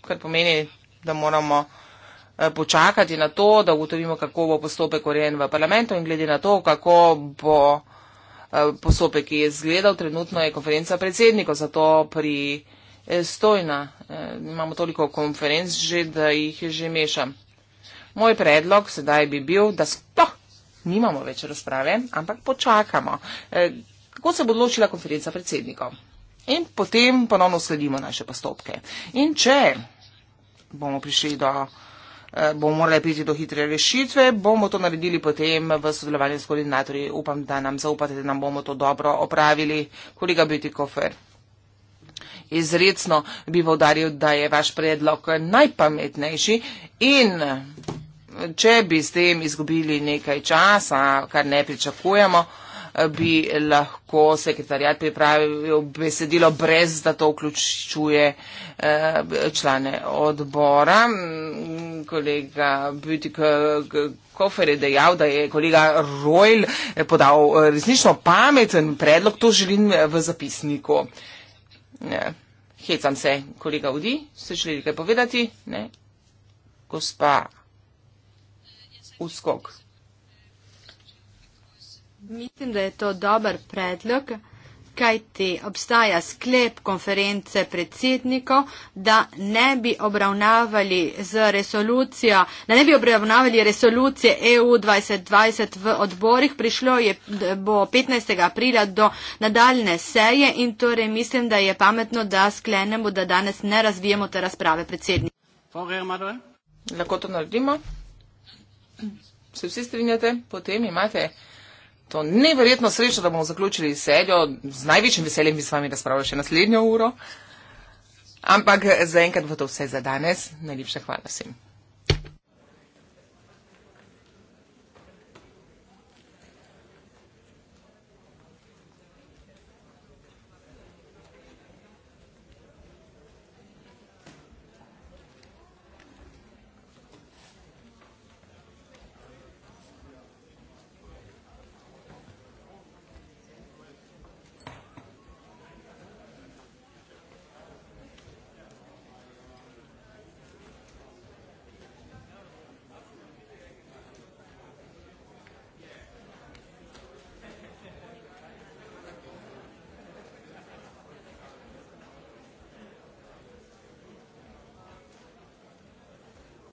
Kar pomeni, da moramo e, počakati na to, da ugotovimo, kako bo postopek urejen v parlamentu in glede na to, kako bo postopek izgledal, trenutno je konferenca predsednikov, zato pri stojna. Eh, imamo toliko konferenc že, da jih že mešam. Moj predlog sedaj bi bil, da sploh nimamo več razprave, ampak počakamo. Eh, Kako se bo odločila konferenca predsednikov? In potem ponovno sledimo naše postopke. In če bomo prišli do eh, bomo morali priti do hitre rešitve, bomo to naredili potem v sodelovanju s koordinatorji. Upam, da nam zaupate, da nam bomo to dobro opravili. Kolega Biti Kofer izredno bi povdaril, da je vaš predlog najpametnejši in če bi s tem izgubili nekaj časa, kar ne pričakujemo, bi lahko sekretarjat pripravil besedilo brez, da to vključuje eh, člane odbora. Kolega Kofer je dejal, da je kolega Rojl podal eh, resnično pameten predlog, to želim v zapisniku ne, hecam se, kolega vdi, ste želeli kaj povedati, ne, gospa, uskok. Mislim, da je to dober predlog kajti obstaja sklep konference predsednikov, da ne bi obravnavali z resolucijo, da ne bi obravnavali resolucije EU 2020 v odborih. Prišlo je bo 15. aprila do nadaljne seje in torej mislim, da je pametno, da sklenemo, da danes ne razvijemo te razprave predsednikov. Lahko to naredimo? Se vsi strinjate? Potem imate. To neverjetno srečo, da bomo zaključili sedjo. Z največjim veseljem bi s vami razpravljal še naslednjo uro. Ampak zaenkrat bo to vse za danes. Najlepša hvala vsem.